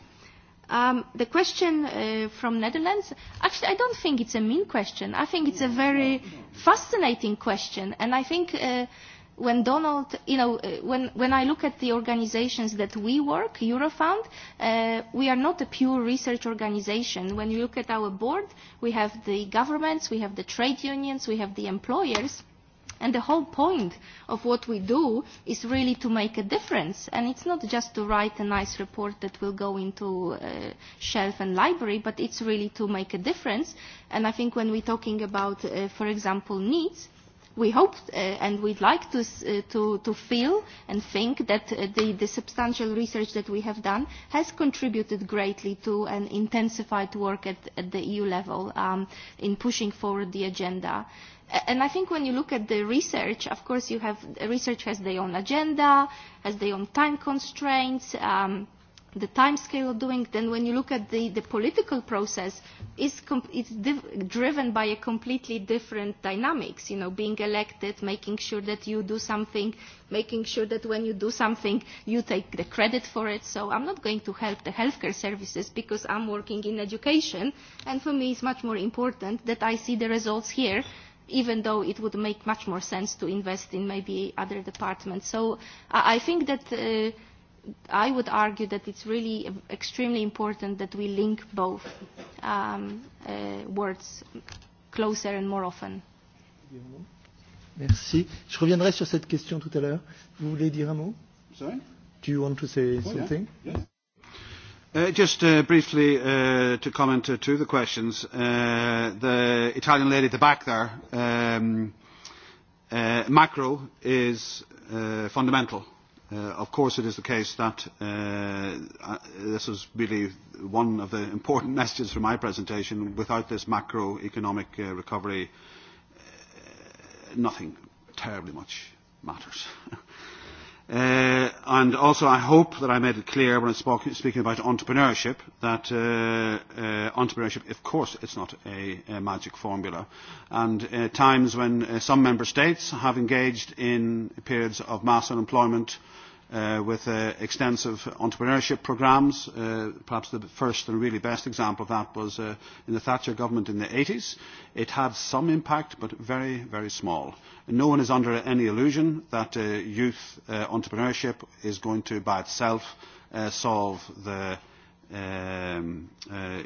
The question from Netherlands, actually I don't think it's a mean question. I think it's a very fascinating question, and I think when Donald, you know, when when I look at the organisations that we work, Eurofound, we are not a pure research organisation. When you look at our board, we have the governments, we have the trade unions, we have the employers. And the whole point of what we do is really to make a difference. And it's not just to write a nice report that will go into shelf and library, but it's really to make a difference. And I think when we're talking about, for example, needs, we hope and we'd like to feel and think that the the substantial research that we have done has contributed greatly to an intensified work at the eu level in pushing forward the agenda And I think when you look at the research, of course, you have research has their own agenda, has their own time constraints, the time scale of doing. Then when you look at the political process, is it's driven by a completely different dynamics. You know, being elected, making sure that you do something, making sure that when you do something, you take the credit for it. So I'm not going to help the healthcare services because I'm working in education, and for me it's much more important that I see the results here even though it would make much more sense to invest in maybe other departments. So I think that I would argue that it's really extremely important that we link both um words closer and more often. Merci. Je reviendrai sur cette question tout à l'heure. Vous voulez dire un mot? Sorry? Do you want to say something? Just briefly to comment to the questions. The Italian lady at the back there, macro is fundamental. Of course it is the case that this is really one of the important messages from my presentation. Without this macroeconomic recovery, nothing terribly much matters And also I hope that I made it clear when I spoke speaking about entrepreneurship that entrepreneurship, of course, it's not a magic formula. And times when some member states have engaged in periods of mass unemployment with extensive entrepreneurship programmes. Perhaps the first and really best example of that was in the Thatcher government in the 80s. It had some impact, but very, very small. No one is under any illusion that youth entrepreneurship is going to, by itself, solve the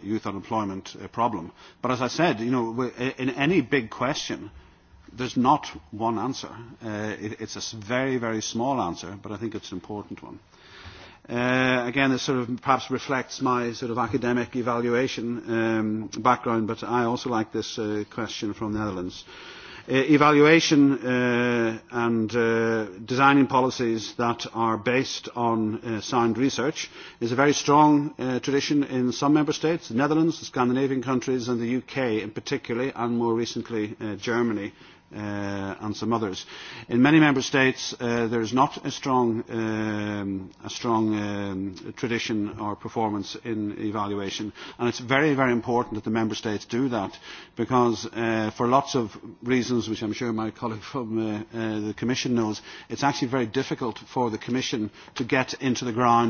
youth unemployment problem. But as I said, in any big question, There's not one answer. It's a very, very small answer, but I think it's an important one. Again, this sort of perhaps reflects my sort of academic evaluation background, but I also like this question from the Netherlands. Evaluation and designing policies that are based on sound research is a very strong tradition in some member states, the Netherlands, the Scandinavian countries and the UK in particular, and more recently Germany and some others. In many member states there is not a strong tradition or performance in evaluation and it's very, very important that the member states do that because for lots of reasons which I'm sure my colleague from the Commission knows, it's actually very difficult for the Commission to get into the ground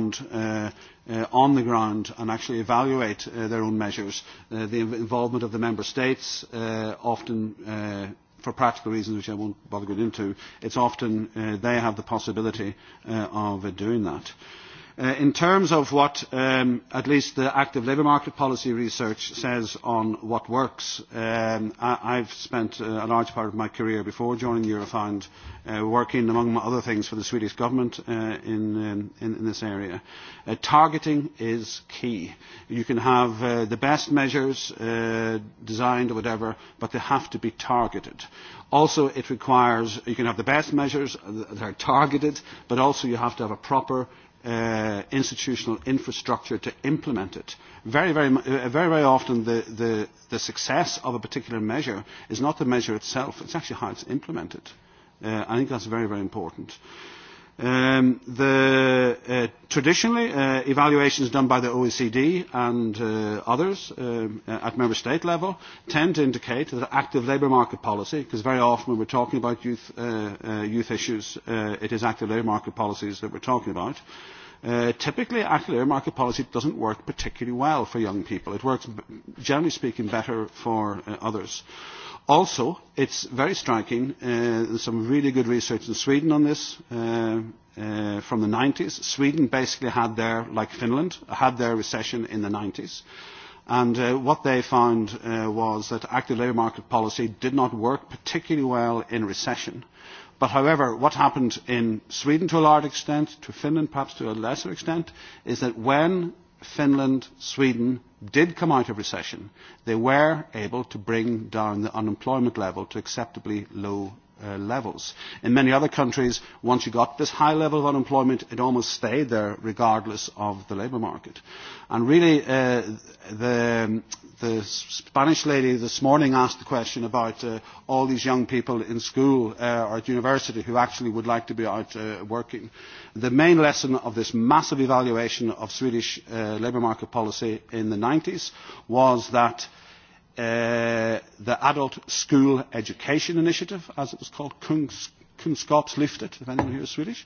on the ground and actually evaluate their own measures. The involvement of the Member States often for practical reasons which I won't bother going into, it's often they have the possibility of doing that. In terms of what at least the active labour market policy research says on what works, I I've spent a large part of my career before joining Eurofound working among other things for the Swedish government in this area. Targeting is key. You can have the best measures designed or whatever, but they have to be targeted. Also, it requires you can have the best measures that are targeted, but also you have to have a proper institutional infrastructure to implement it. Very, very often the success of a particular measure is not the measure itself, it's actually how it's implemented. I think that's very, very important. The traditionally evaluations done by the OECD and others at member state level tend to indicate that active labour market policy, because very often when we're talking about youth youth issues, it is active labour market policies that we're talking about. Typically, active labour market policy doesn't work particularly well for young people. It works, generally speaking, better for others. Also, it's very striking, there's some really good research in Sweden on this from the 90s. Sweden basically had their, like Finland, had their recession in the 90s. And what they found was that active labour market policy did not work particularly well in recession. But however, what happened in Sweden to a large extent, to Finland perhaps to a lesser extent, is that when Finland, Sweden did come out of recession, they were able to bring down the unemployment level to acceptably low levels. In many other countries, once you got this high level of unemployment, it almost stayed there regardless of the labour market. And really, the Spanish lady this morning asked the question about all these young people in school or at university who actually would like to be out working. The main lesson of this massive evaluation of Swedish labour market policy in the 90s was that the Adult School Education Initiative, as it was called, Kunskapslyftet, if anyone here is Swedish,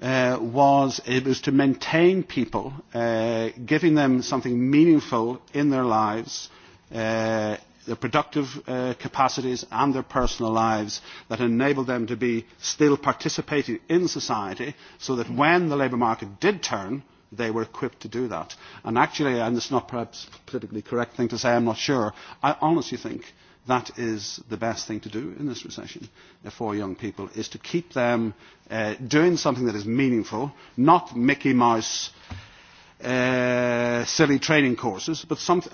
was it was to maintain people, giving them something meaningful in their lives, their productive capacities and their personal lives that enabled them to be still participating in society so that when the labour market did turn, they were equipped to do that. And actually, and it's not perhaps a politically correct thing to say, I'm not sure, I honestly think that is the best thing to do in this recession for young people, is to keep them doing something that is meaningful, not Mickey Mouse silly training courses, but something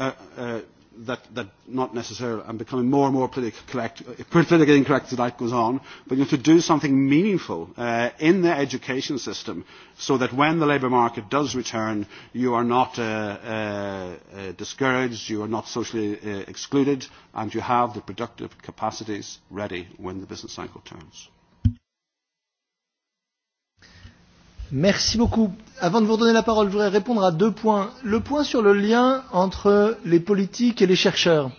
that not necessarily I'm becoming more and more politically incorrect as that goes on, but you have to do something meaningful in the education system so that when the labour market does return, you are not discouraged, you are not socially excluded, and you have the productive capacities ready when the business cycle turns. Merci beaucoup. Avant de vous donner la parole, je voudrais répondre à deux points. Le point sur le lien entre les politiques et les chercheurs.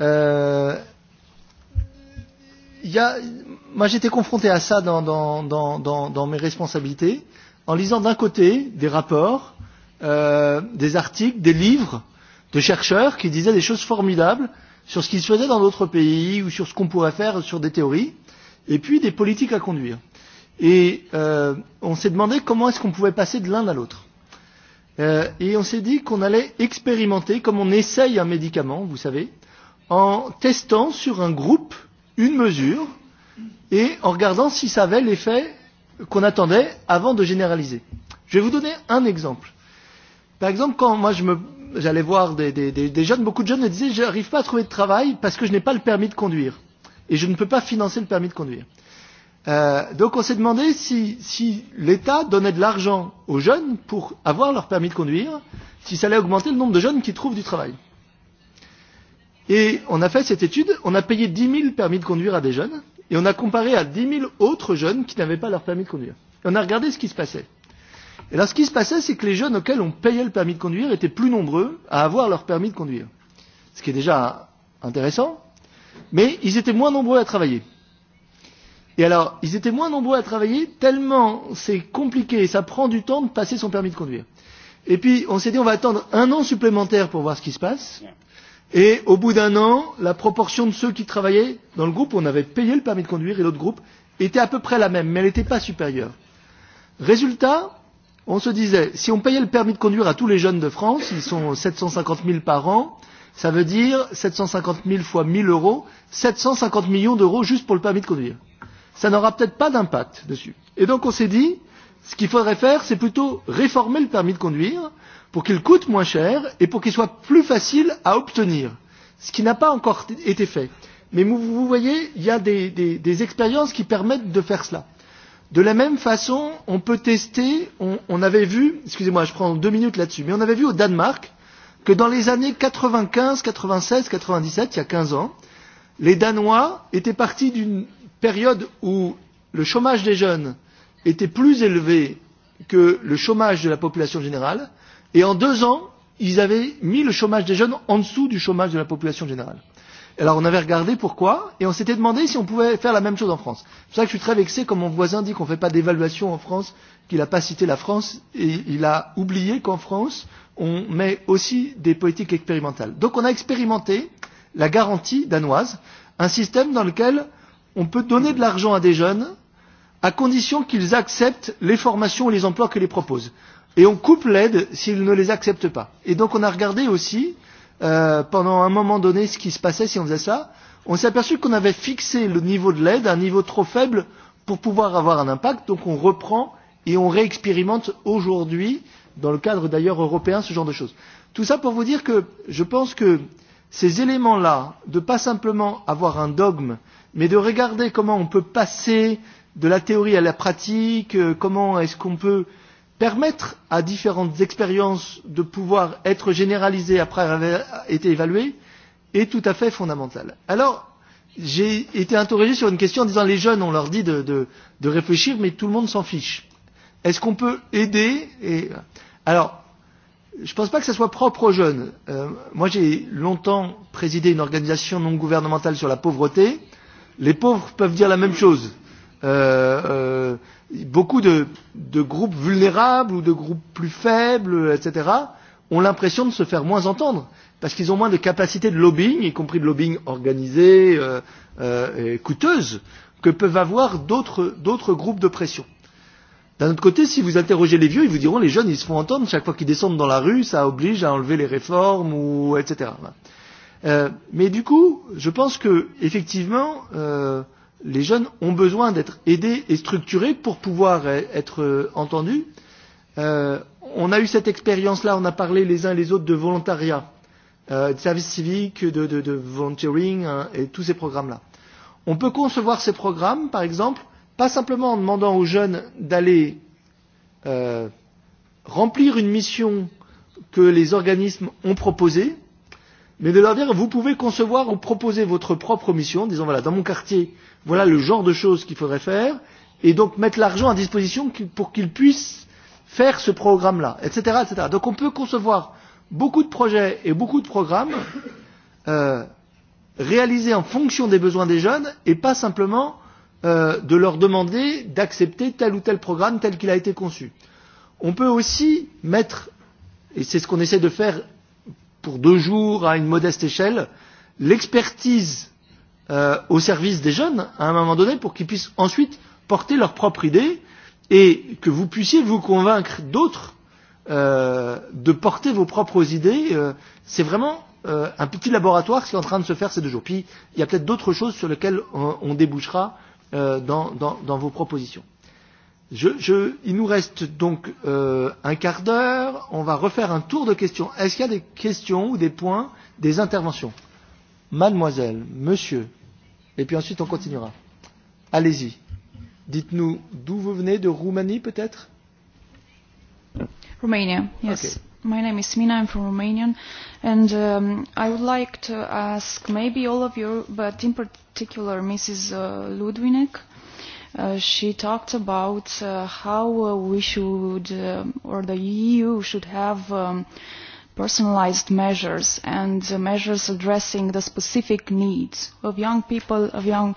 Euh, y a, moi, j'étais confronté à ça dans, dans, dans, dans, dans mes responsabilités, en lisant d'un côté des rapports, euh, des articles, des livres de chercheurs qui disaient des choses formidables sur ce qu'ils faisaient dans d'autres pays ou sur ce qu'on pourrait faire sur des théories, et puis des politiques à conduire. Et on s'est demandé comment est-ce qu'on pouvait passer de l'un à l'autre. Et on s'est dit qu'on allait expérimenter, comme on essaye un médicament, vous savez, en testant sur un groupe une mesure et en regardant si ça avait l'effet qu'on attendait avant de généraliser. Je vais vous donner un exemple. Par exemple, quand moi j'allais voir des, des, des, des jeunes, beaucoup de jeunes me disaient « n'arrive pas à trouver de travail parce que je n'ai pas le permis de conduire et je ne peux pas financer le permis de conduire » donc on s'est demandé si, si l'État donnait de l'argent aux jeunes pour avoir leur permis de conduire, si ça allait augmenter le nombre de jeunes qui trouvent du travail. Et on a fait cette étude, on a payé 10 000 permis de conduire à des jeunes, et on a comparé à 10 000 autres jeunes qui n'avaient pas leur permis de conduire. Et on a regardé ce qui se passait. Et là, ce qui se passait, c'est que les jeunes auxquels on payait le permis de conduire étaient plus nombreux à avoir leur permis de conduire. Ce qui est déjà intéressant, mais ils étaient moins nombreux à travailler. Et alors, ils étaient moins nombreux à travailler, tellement c'est compliqué et ça prend du temps de passer son permis de conduire. Et puis, on s'est dit, on va attendre un an supplémentaire pour voir ce qui se passe. Et au bout d'un an, la proportion de ceux qui travaillaient dans le groupe, on avait payé le permis de conduire et l'autre groupe, était à peu près la même, mais elle n'était pas supérieure. Résultat, on se disait, si on payait le permis de conduire à tous les jeunes de France, ils sont 750 000 par an, ça veut dire 750 000 fois 1000 euros, 750 millions d'euros juste pour le permis de conduire ça n'aura peut-être pas d'impact dessus. Et donc on s'est dit, ce qu'il faudrait faire, c'est plutôt réformer le permis de conduire pour qu'il coûte moins cher et pour qu'il soit plus facile à obtenir, ce qui n'a pas encore été fait. Mais vous voyez, il y a des expériences qui permettent de faire cela. De la même façon, on peut tester, on avait vu, excusez-moi, je prends deux minutes là-dessus, mais on avait vu au Danemark que dans les années 95, 96, 97, il y a 15 ans, les Danois étaient partis d'une période où le chômage des jeunes était plus élevé que le chômage de la population générale, et en deux ans, ils avaient mis le chômage des jeunes en dessous du chômage de la population générale. Alors on avait regardé pourquoi, et on s'était demandé si on pouvait faire la même chose en France. C'est pour ça que je suis très vexé quand mon voisin dit qu'on ne fait pas d'évaluation en France, qu'il n'a pas cité la France, et il a oublié qu'en France, on met aussi des politiques expérimentales. Donc on a expérimenté la garantie danoise, un système dans lequel on peut donner de l'argent à des jeunes à condition qu'ils acceptent les formations et les emplois que les proposent. Et on coupe l'aide s'ils ne les acceptent pas. Et donc on a regardé aussi, euh, pendant un moment donné, ce qui se passait si on faisait ça. On s'est aperçu qu'on avait fixé le niveau de l'aide à un niveau trop faible pour pouvoir avoir un impact. Donc on reprend et on réexpérimente aujourd'hui, dans le cadre d'ailleurs européen, ce genre de choses. Tout ça pour vous dire que je pense que ces éléments-là, de pas simplement avoir un dogme, mais de regarder comment on peut passer de la théorie à la pratique, comment est-ce qu'on peut permettre à différentes expériences de pouvoir être généralisées après avoir été évaluées est tout à fait fondamental. Alors, j'ai été interrogé sur une question en disant les jeunes, on leur dit de, de, de réfléchir, mais tout le monde s'en fiche. Est-ce qu'on peut aider et... Alors, je ne pense pas que ce soit propre aux jeunes. moi, j'ai longtemps présidé une organisation non gouvernementale sur la pauvreté. Les pauvres peuvent dire la même chose. Beaucoup de groupes vulnérables ou de groupes plus faibles, etc., ont l'impression de se faire moins entendre, parce qu'ils ont moins de capacités de lobbying, y compris de lobbying organisé et coûteuse, que peuvent avoir d'autres groupes de pression. D'un autre côté, si vous interrogez les vieux, ils vous diront les jeunes, ils se font entendre, chaque fois qu'ils descendent dans la rue, ça oblige à enlever les réformes, ou etc mais du coup, je pense que effectivement, les jeunes ont besoin d'être aidés et structurés pour pouvoir être entendus. On a eu cette expérience-là, on a parlé les uns et les autres de volontariat, de service civique, de volunteering et tous ces programmes-là. On peut concevoir ces programmes, par exemple, pas simplement en demandant aux jeunes d'aller remplir une mission que les organismes ont proposée, mais de leur dire vous pouvez concevoir ou proposer votre propre mission en disant voilà dans mon quartier voilà le genre de choses qu'il faudrait faire et donc mettre l'argent à disposition pour qu'ils puissent faire ce programme là etc etc donc on peut concevoir beaucoup de projets et beaucoup de programmes euh, réalisés en fonction des besoins des jeunes et pas simplement euh, de leur demander d'accepter tel ou tel programme tel qu'il a été conçu on peut aussi mettre et c'est ce qu'on essaie de faire pour deux jours à une modeste échelle l'expertise au service des jeunes à un moment donné pour qu'ils puissent ensuite porter leurs propres idées et que vous puissiez vous convaincre d'autres de porter vos propres idées. C'est vraiment un petit laboratoire qui est en train de se faire ces deux jours. Puis il y a peut-être d'autres choses sur lesquelles on débouchera dans vos propositions je il nous reste donc un quart d'heure on va refaire un tour de questions est-ce qu'il y a des questions ou des points des interventions mademoiselle monsieur et puis ensuite on continuera allez-y dites-nous d'où vous venez de Roumanie peut-être Romania yes my name is Mina I'm from Romania, and I would like to ask maybe all of you but in particular Mrs Ludwinek she talked about how we should, or the EU should have personalized measures and measures addressing the specific needs of young people of young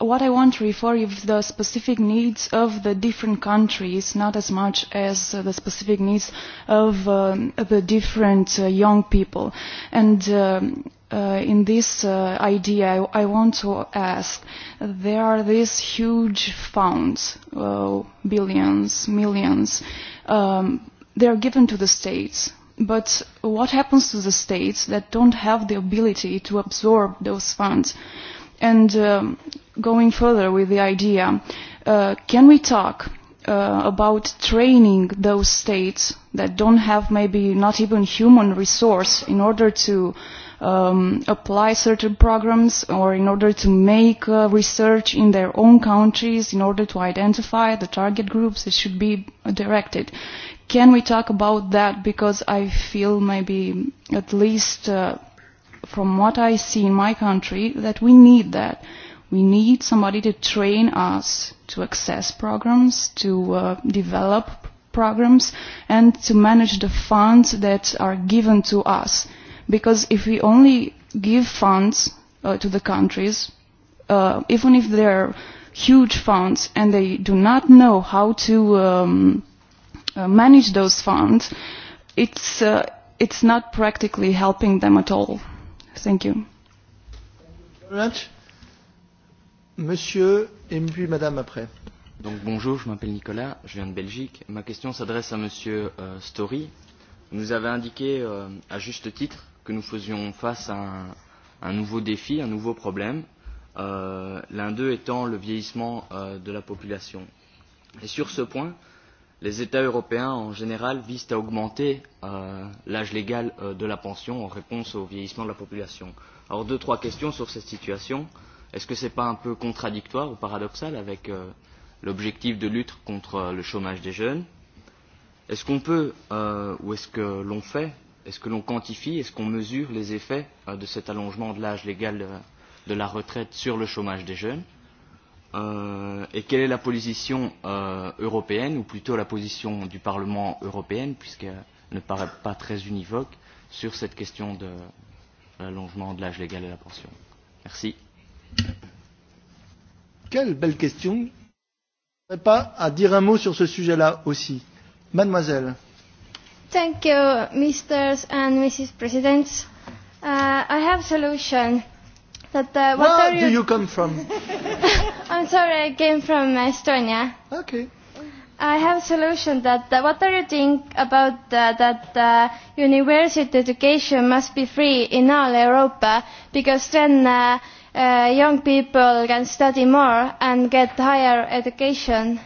what i want to refer is the specific needs of the different countries not as much as the specific needs of the different young people and in this idea i want to ask there are these huge funds billions millions they are given to the states But what happens to the states that don't have the ability to absorb those funds? And going further with the idea, can we talk about training those states that don't have maybe not even human resource in order to apply certain programs or in order to make research in their own countries in order to identify the target groups that should be directed. Can we talk about that? Because I feel maybe, at least from what I see in my country, that we need that. We need somebody to train us to access programs, to develop programs, and to manage the funds that are given to us. Because if we only give funds to the countries, even if they are huge funds and they do not know how to manage those funds, it's it's not practically helping them at all. Thank you. very much. Monsieur et puis Madame après. Donc bonjour, je m'appelle Nicolas, je viens de Belgique. Ma question s'adresse à Monsieur Story. Nous avez indiqué à juste titre que nous faisions face à un nouveau défi, un nouveau problème, l'un d'eux étant le vieillissement de la population. Et sur ce point, les États européens, en général, visent à augmenter l'âge légal de la pension en réponse au vieillissement de la population. Alors, deux, trois questions sur cette situation. Est-ce que ce n'est pas un peu contradictoire ou paradoxal avec l'objectif de lutte contre le chômage des jeunes Est-ce qu'on peut, ou est-ce que l'on fait, est-ce que l'on quantifie, est-ce qu'on mesure les effets de cet allongement de l'âge légal de la retraite sur le chômage des jeunes et quelle est la position européenne, ou plutôt la position du Parlement européen, puisqu'elle ne paraît pas très univoque, sur cette question de l'allongement de l'âge légal et la pension. Merci. Quelle belle question. Je ne pas à dire un mot sur ce sujet-là aussi. Mademoiselle. Thank you, Mr. and Mrs. President. I have solution what Where are you... do you come from? I'm sorry, I came from Estonia. Okay. I have a solution that what do you think about that university education must be free in all Europa because then uh, uh, young people can study more and get higher education.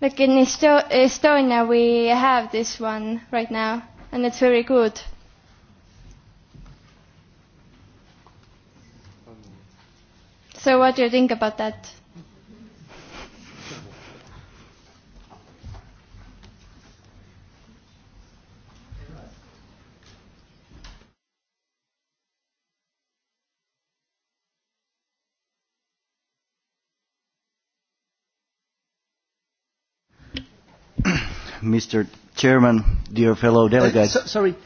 Like in Estonia we have this one right now and it's very good. So what do you think about that? Mr. Chairman, dear fellow delegates. Sorry,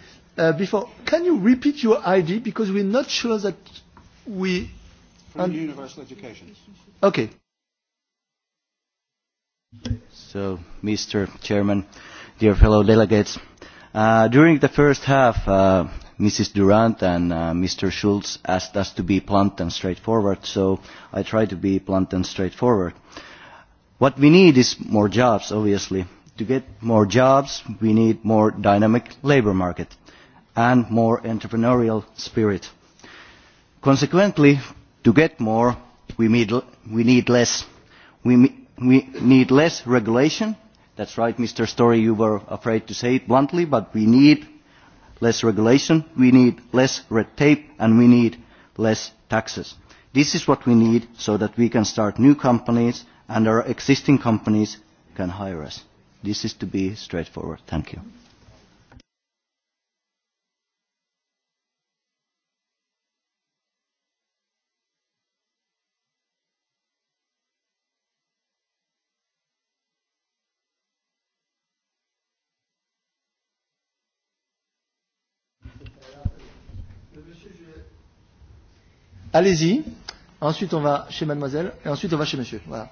before, can you repeat your ID because we're not sure that we and universal education. Okay. So, Mr. Chairman, dear fellow delegates, uh during the first half, Mrs. Durant and Mr. Schulz asked us to be blunt and straightforward, so I try to be blunt and straightforward. What we need is more jobs, obviously. To get more jobs, we need more dynamic labor market and more entrepreneurial spirit. Consequently, To get more, we need less. We need less regulation. That's right, Mr. Story, you were afraid to say it bluntly, but we need less regulation, we need less red tape, and we need less taxes. This is what we need so that we can start new companies and our existing companies can hire us. This is to be straightforward. Thank you. Allez-y. Ensuite, on va chez mademoiselle et ensuite, on va chez monsieur. Voilà.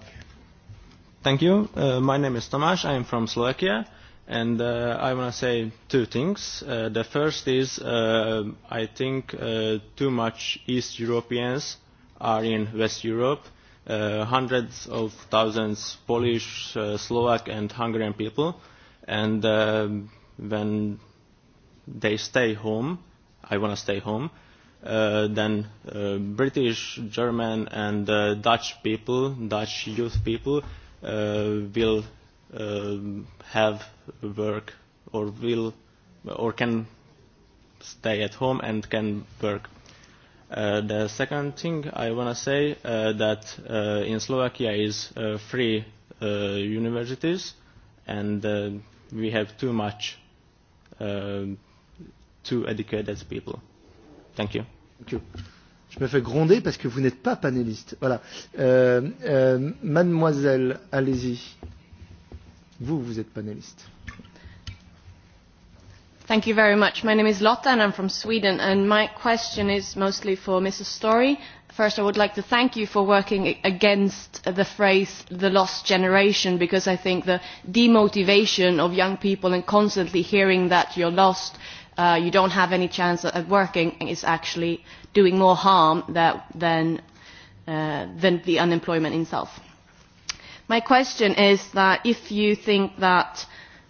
Thank you. my name is Tomas. I am from Slovakia. And I want to say two things. The first is I think too much East Europeans are in West Europe. Hundreds of thousands Polish, Slovak and Hungarian people. And when they stay home, I want to stay home Then British, German and Dutch people, Dutch youth people will have work or will or can stay at home and can work. The second thing I want to say that in Slovakia is free universities and we have too much too educated people. Thank you. Thank you. Je me fais gronder parce que vous n'êtes pas panéliste. Voilà. Euh, euh, mademoiselle, allez-y. Vous, vous êtes panéliste. Thank you very much. My name is Lotta and I'm from Sweden and my question is mostly for Mrs. Story. First, I would like to thank you for working against the phrase the lost generation because I think the demotivation of young people and constantly hearing that you're lost you don't have any chance of working is actually doing more harm than the unemployment itself. My question is that if you think that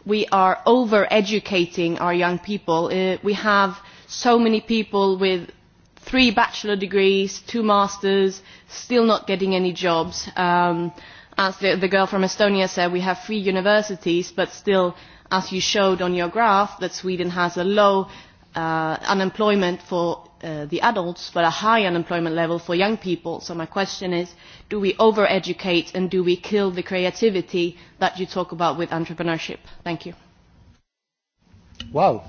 we are over educating our young people, we have so many people with three bachelor degrees, two masters, still not getting any jobs. As the girl from Estonia said, we have free universities, but still as you showed on your graph, that Sweden has a low unemployment for the adults, but a high unemployment level for young people. So my question is, do we over-educate and do we kill the creativity that you talk about with entrepreneurship? Thank you. Wow.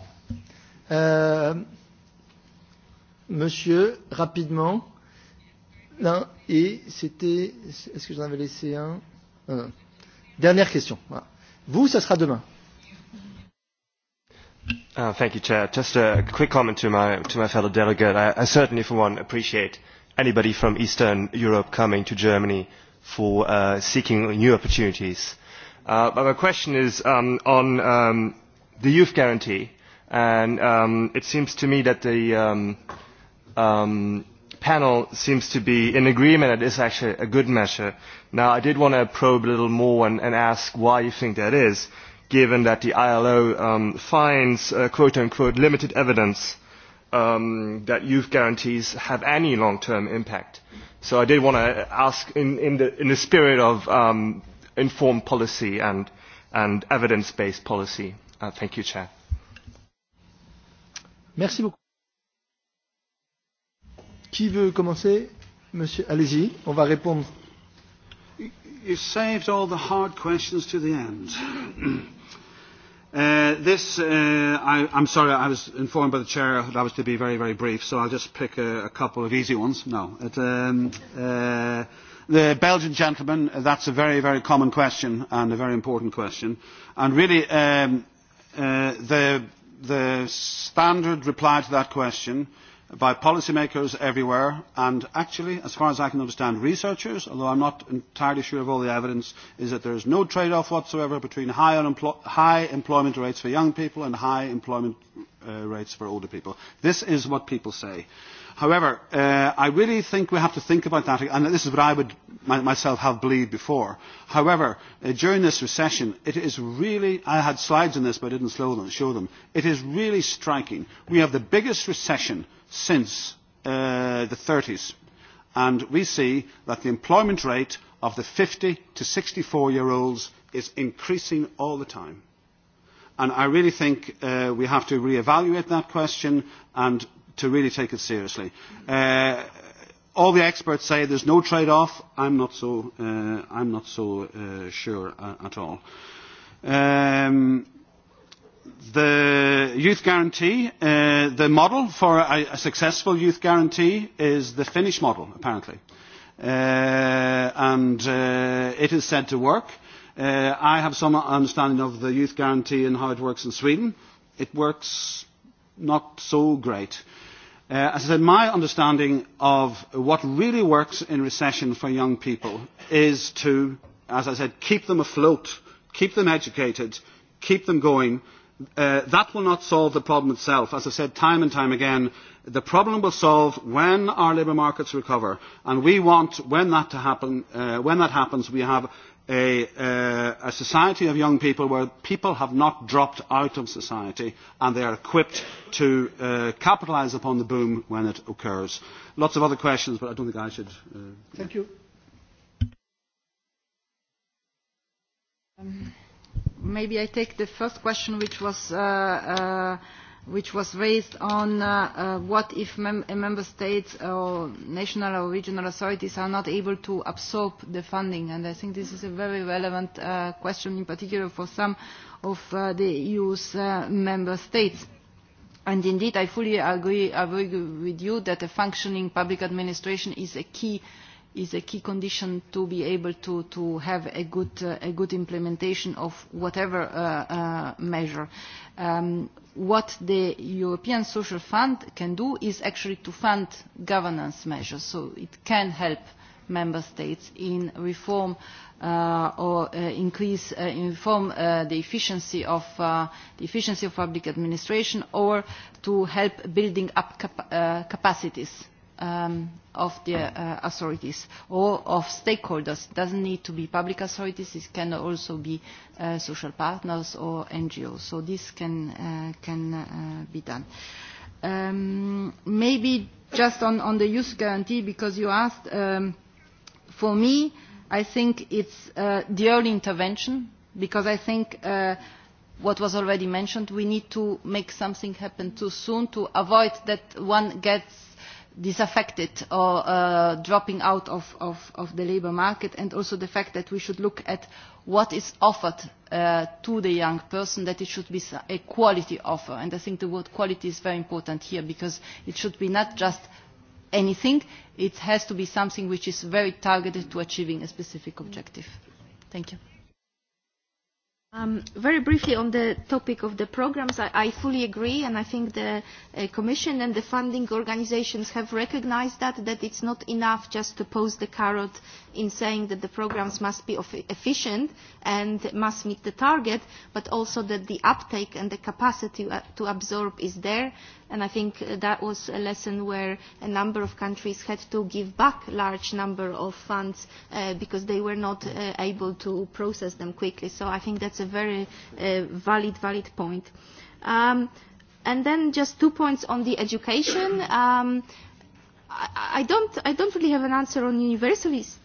Monsieur, rapidement. Non, et c'était... Est-ce que j'en avais laissé un Dernière question. Vous, ça sera demain. Thank you, Chair. Just a quick comment to my to my fellow delegate. I certainly, for one, appreciate anybody from Eastern Europe coming to Germany for seeking new opportunities. But my question is on the youth guarantee, and it seems to me that the panel seems to be in agreement that it is actually a good measure. Now, I did want to probe a little more and ask why you think that is given that the ILO finds quote-unquote limited evidence that youth guarantees have any long-term impact. So I did want to ask, in the spirit of informed policy and evidence-based policy. Thank you, Chair. Merci beaucoup. Qui veut commencer Monsieur, allez-y, on va répondre. You saved all the hard questions to the end. This, I'm sorry, I was informed by the chair that I was to be very, very brief, so I'll just pick a couple of easy ones. No, the Belgian gentleman, that's a very, very common question and a very important question. And really, the standard reply to that question by policymakers everywhere and actually, as far as I can understand, researchers, although I am not entirely sure of all the evidence, is that there is no trade-off whatsoever between high employment rates for young people and high employment rates for older people. This is what people say. However, I really think we have to think about that, and this is what I would myself have believed before. However, during this recession, it is really, I had slides on this but I didn't show them, it is really striking. We have the biggest recession since the 30s. And we see that the employment rate of the 50 to 64-year-olds is increasing all the time. And I really think we have to reevaluate that question and to really take it seriously. All the experts say there's no trade-off. I'm not so sure at all. The youth guarantee, the model for a successful youth guarantee is the Finnish model, apparently, and it is said to work. I have some understanding of the youth guarantee and how it works in Sweden. It works not so great. As I said, my understanding of what really works in recession for young people is to, as I said, keep them afloat, keep them educated, keep them going that will not solve the problem itself. As I said time and time again, the problem will solve when our labour markets recover. And we want, when that happens, we have a society of young people where people have not dropped out of society and they are equipped to capitalise upon the boom when it occurs. Lots of other questions, but I don't think I should. Thank you. Maybe I take the first question, which was which was raised on what if member states or national or regional authorities are not able to absorb the funding. And I think this is a very relevant question, in particular for some of the EU's member states. And indeed, I fully agree with you that a functioning public administration is a key is a key condition to be able to to have a good a good implementation of whatever measure what the european social fund can do is actually to fund governance measures so it can help member states in reform or increase inform the efficiency of the efficiency of public administration or to help building up capacities of the authorities or of stakeholders. It doesn't need to be public authorities. It can also be social partners or NGOs. So this can can be done. Maybe just on the youth guarantee, because you asked, for me, I think it's the early intervention, because I think what was already mentioned, we need to make something happen too soon to avoid that one gets disaffected or dropping out of the labour market and also the fact that we should look at what is offered to the young person, that it should be a quality offer. And I think the word quality is very important here because it should be not just anything, it has to be something which is very targeted to achieving a specific objective. Thank you. Very briefly on the topic of the programmes, I fully agree and I think the Commission and the funding organisations have recognised that that it's not enough just to pose the carrot in saying that the programmes must be efficient and must meet the target, but also that the uptake and the capacity to absorb is there and I think that was a lesson where a number of countries had to give back large number of funds because they were not able to process them quickly. So I think that's a very valid, valid point. And then just two points on the education. I don't I don't really have an answer on universities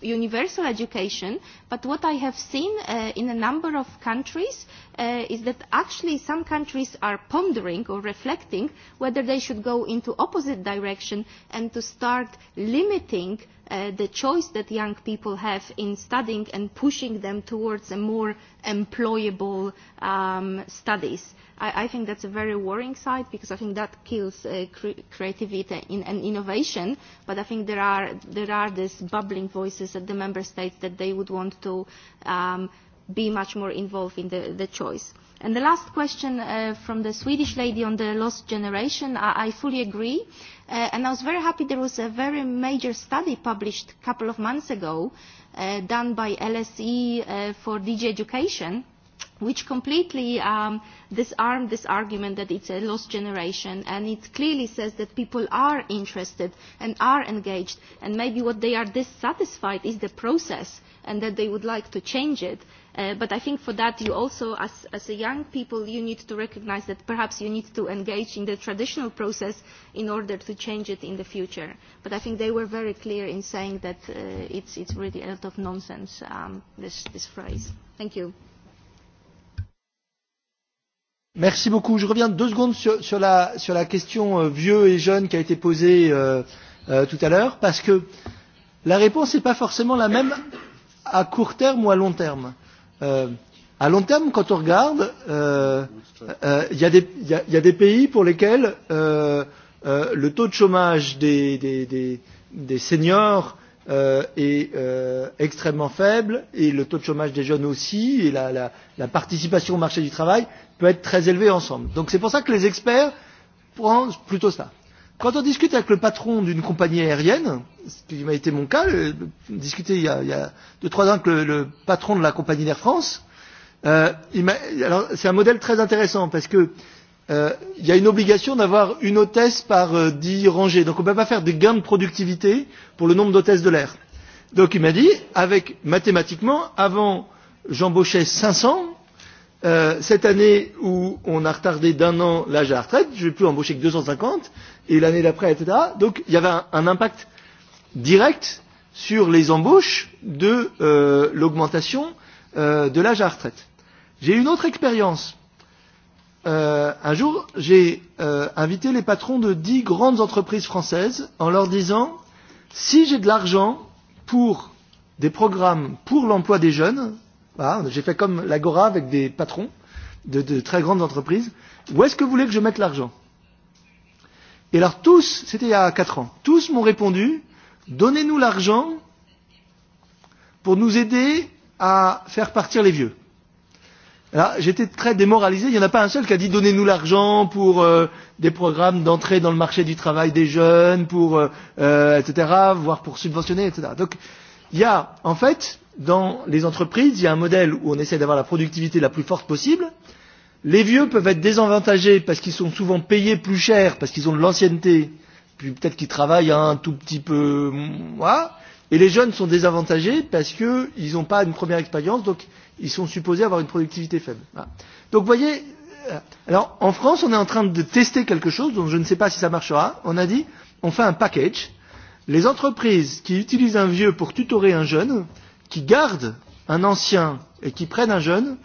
universal education, but what I have seen in a number of countries is that actually some countries are pondering or reflecting whether they should go into opposite direction and to start limiting the choice that young people have in studying and pushing them towards more employable studies. I think that's a very worrying side because I think that kills creativity and innovation. But I think there are there are these bubbling voices at the member states that they would want to be much more involved in the choice. And the last question from the Swedish lady on the lost generation, I fully agree. And I was very happy there was a very major study published a couple of months ago done by LSE for DG Education, which completely disarmed this argument that it's a lost generation. And it clearly says that people are interested and are engaged. And maybe what they are dissatisfied is the process and that they would like to change it But I think for that you also, as a young people, you need to recognize that perhaps you need to engage in the traditional process in order to change it in the future. But I think they were very clear in saying that it's really a lot of nonsense, this phrase. Thank you. Merci beaucoup. Je reviens deux secondes sur la question vieux et jeune qui a été posée tout à l'heure, parce que la réponse n'est pas forcément la même à court terme ou à long terme à long terme, quand on regarde, il y a des pays pour lesquels le taux de chômage des seniors est extrêmement faible et le taux de chômage des jeunes aussi et la participation au marché du travail peut être très élevé ensemble. Donc c'est pour ça que les experts pensent plutôt ça. Quand on discute avec le patron d'une compagnie aérienne, ce qui m'a été mon cas, discuté il y a, il y a deux, trois ans avec le, patron de la compagnie d'Air France, euh, c'est un modèle très intéressant parce que il y a une obligation d'avoir une hôtesse par dix rangées. Donc on ne peut pas faire des gains de productivité pour le nombre d'hôtesses de l'air. Donc il m'a dit, avec, mathématiquement, avant j'embauchais 500, cette année où on a retardé d'un an l'âge à la retraite, je ne vais plus embaucher que 250, et l'année d'après, etc. Donc il y avait un impact direct sur les embauches de l'augmentation de l'âge à la retraite. J'ai une autre expérience. Un jour, j'ai invité les patrons de dix grandes entreprises françaises en leur disant, si j'ai de l'argent pour des programmes pour l'emploi des jeunes, Voilà, j'ai fait comme l'Agora avec des patrons de, très grandes entreprises. Où est-ce que vous voulez que je mette l'argent Et alors tous, c'était il y a 4 ans, tous m'ont répondu, donnez-nous l'argent pour nous aider à faire partir les vieux. J'étais très démoralisé, il n'y en a pas un seul qui a dit donnez-nous l'argent pour des programmes d'entrée dans le marché du travail des jeunes, pour, etc., voire pour subventionner, etc. Donc, il y a, en fait, dans les entreprises, il y a un modèle où on essaie d'avoir la productivité la plus forte possible. Les vieux peuvent être désavantagés parce qu'ils sont souvent payés plus cher, parce qu'ils ont de l'ancienneté, puis peut-être qu'ils travaillent un tout petit peu moins. Et les jeunes sont désavantagés parce qu'ils n'ont pas une première expérience, donc ils sont supposés avoir une productivité faible. Donc vous voyez, alors en France, on est en train de tester quelque chose dont je ne sais pas si ça marchera. On a dit, on fait un package. Les entreprises qui utilisent un vieux pour tutorer un jeune, qui gardent un ancien et qui prennent un jeune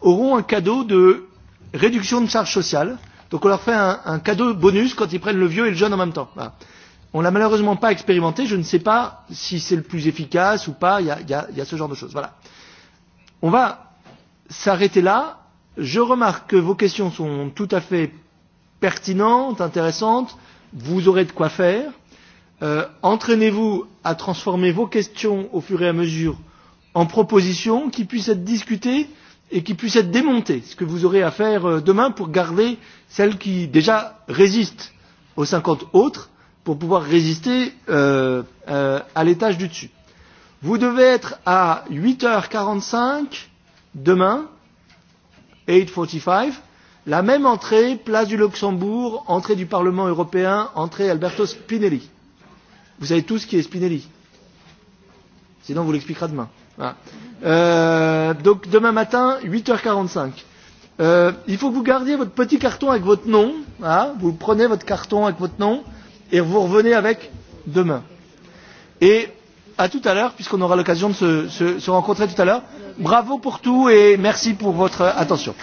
auront un cadeau de réduction de charges sociales. Donc on leur fait un, cadeau bonus quand ils prennent le vieux et le jeune en même temps. Voilà. On l'a malheureusement pas expérimenté. Je ne sais pas si c'est le plus efficace ou pas. Il y a, y a, il y a ce genre de choses. Voilà. On va s'arrêter là. Je remarque que vos questions sont tout à fait pertinentes, intéressantes. Vous aurez de quoi faire entraînez-vous à transformer vos questions au fur et à mesure en propositions qui puissent être discutées et qui puissent être démontées, ce que vous aurez à faire demain pour garder celles qui déjà résistent aux cinquante autres, pour pouvoir résister à l'étage du dessus. Vous devez être à 8h45 demain, 8h45, la même entrée, place du Luxembourg, entrée du Parlement européen, entrée Alberto Spinelli Vous savez tous qui est Spinelli. Sinon, vous l'expliquera demain. Euh, donc, demain matin, 8h45. Euh, il faut que vous gardiez votre petit carton avec votre nom. Hein, vous prenez votre carton avec votre nom et vous revenez avec demain. Et à tout à l'heure, puisqu'on aura l'occasion de se, se rencontrer tout à l'heure. Bravo pour tout et merci pour votre attention.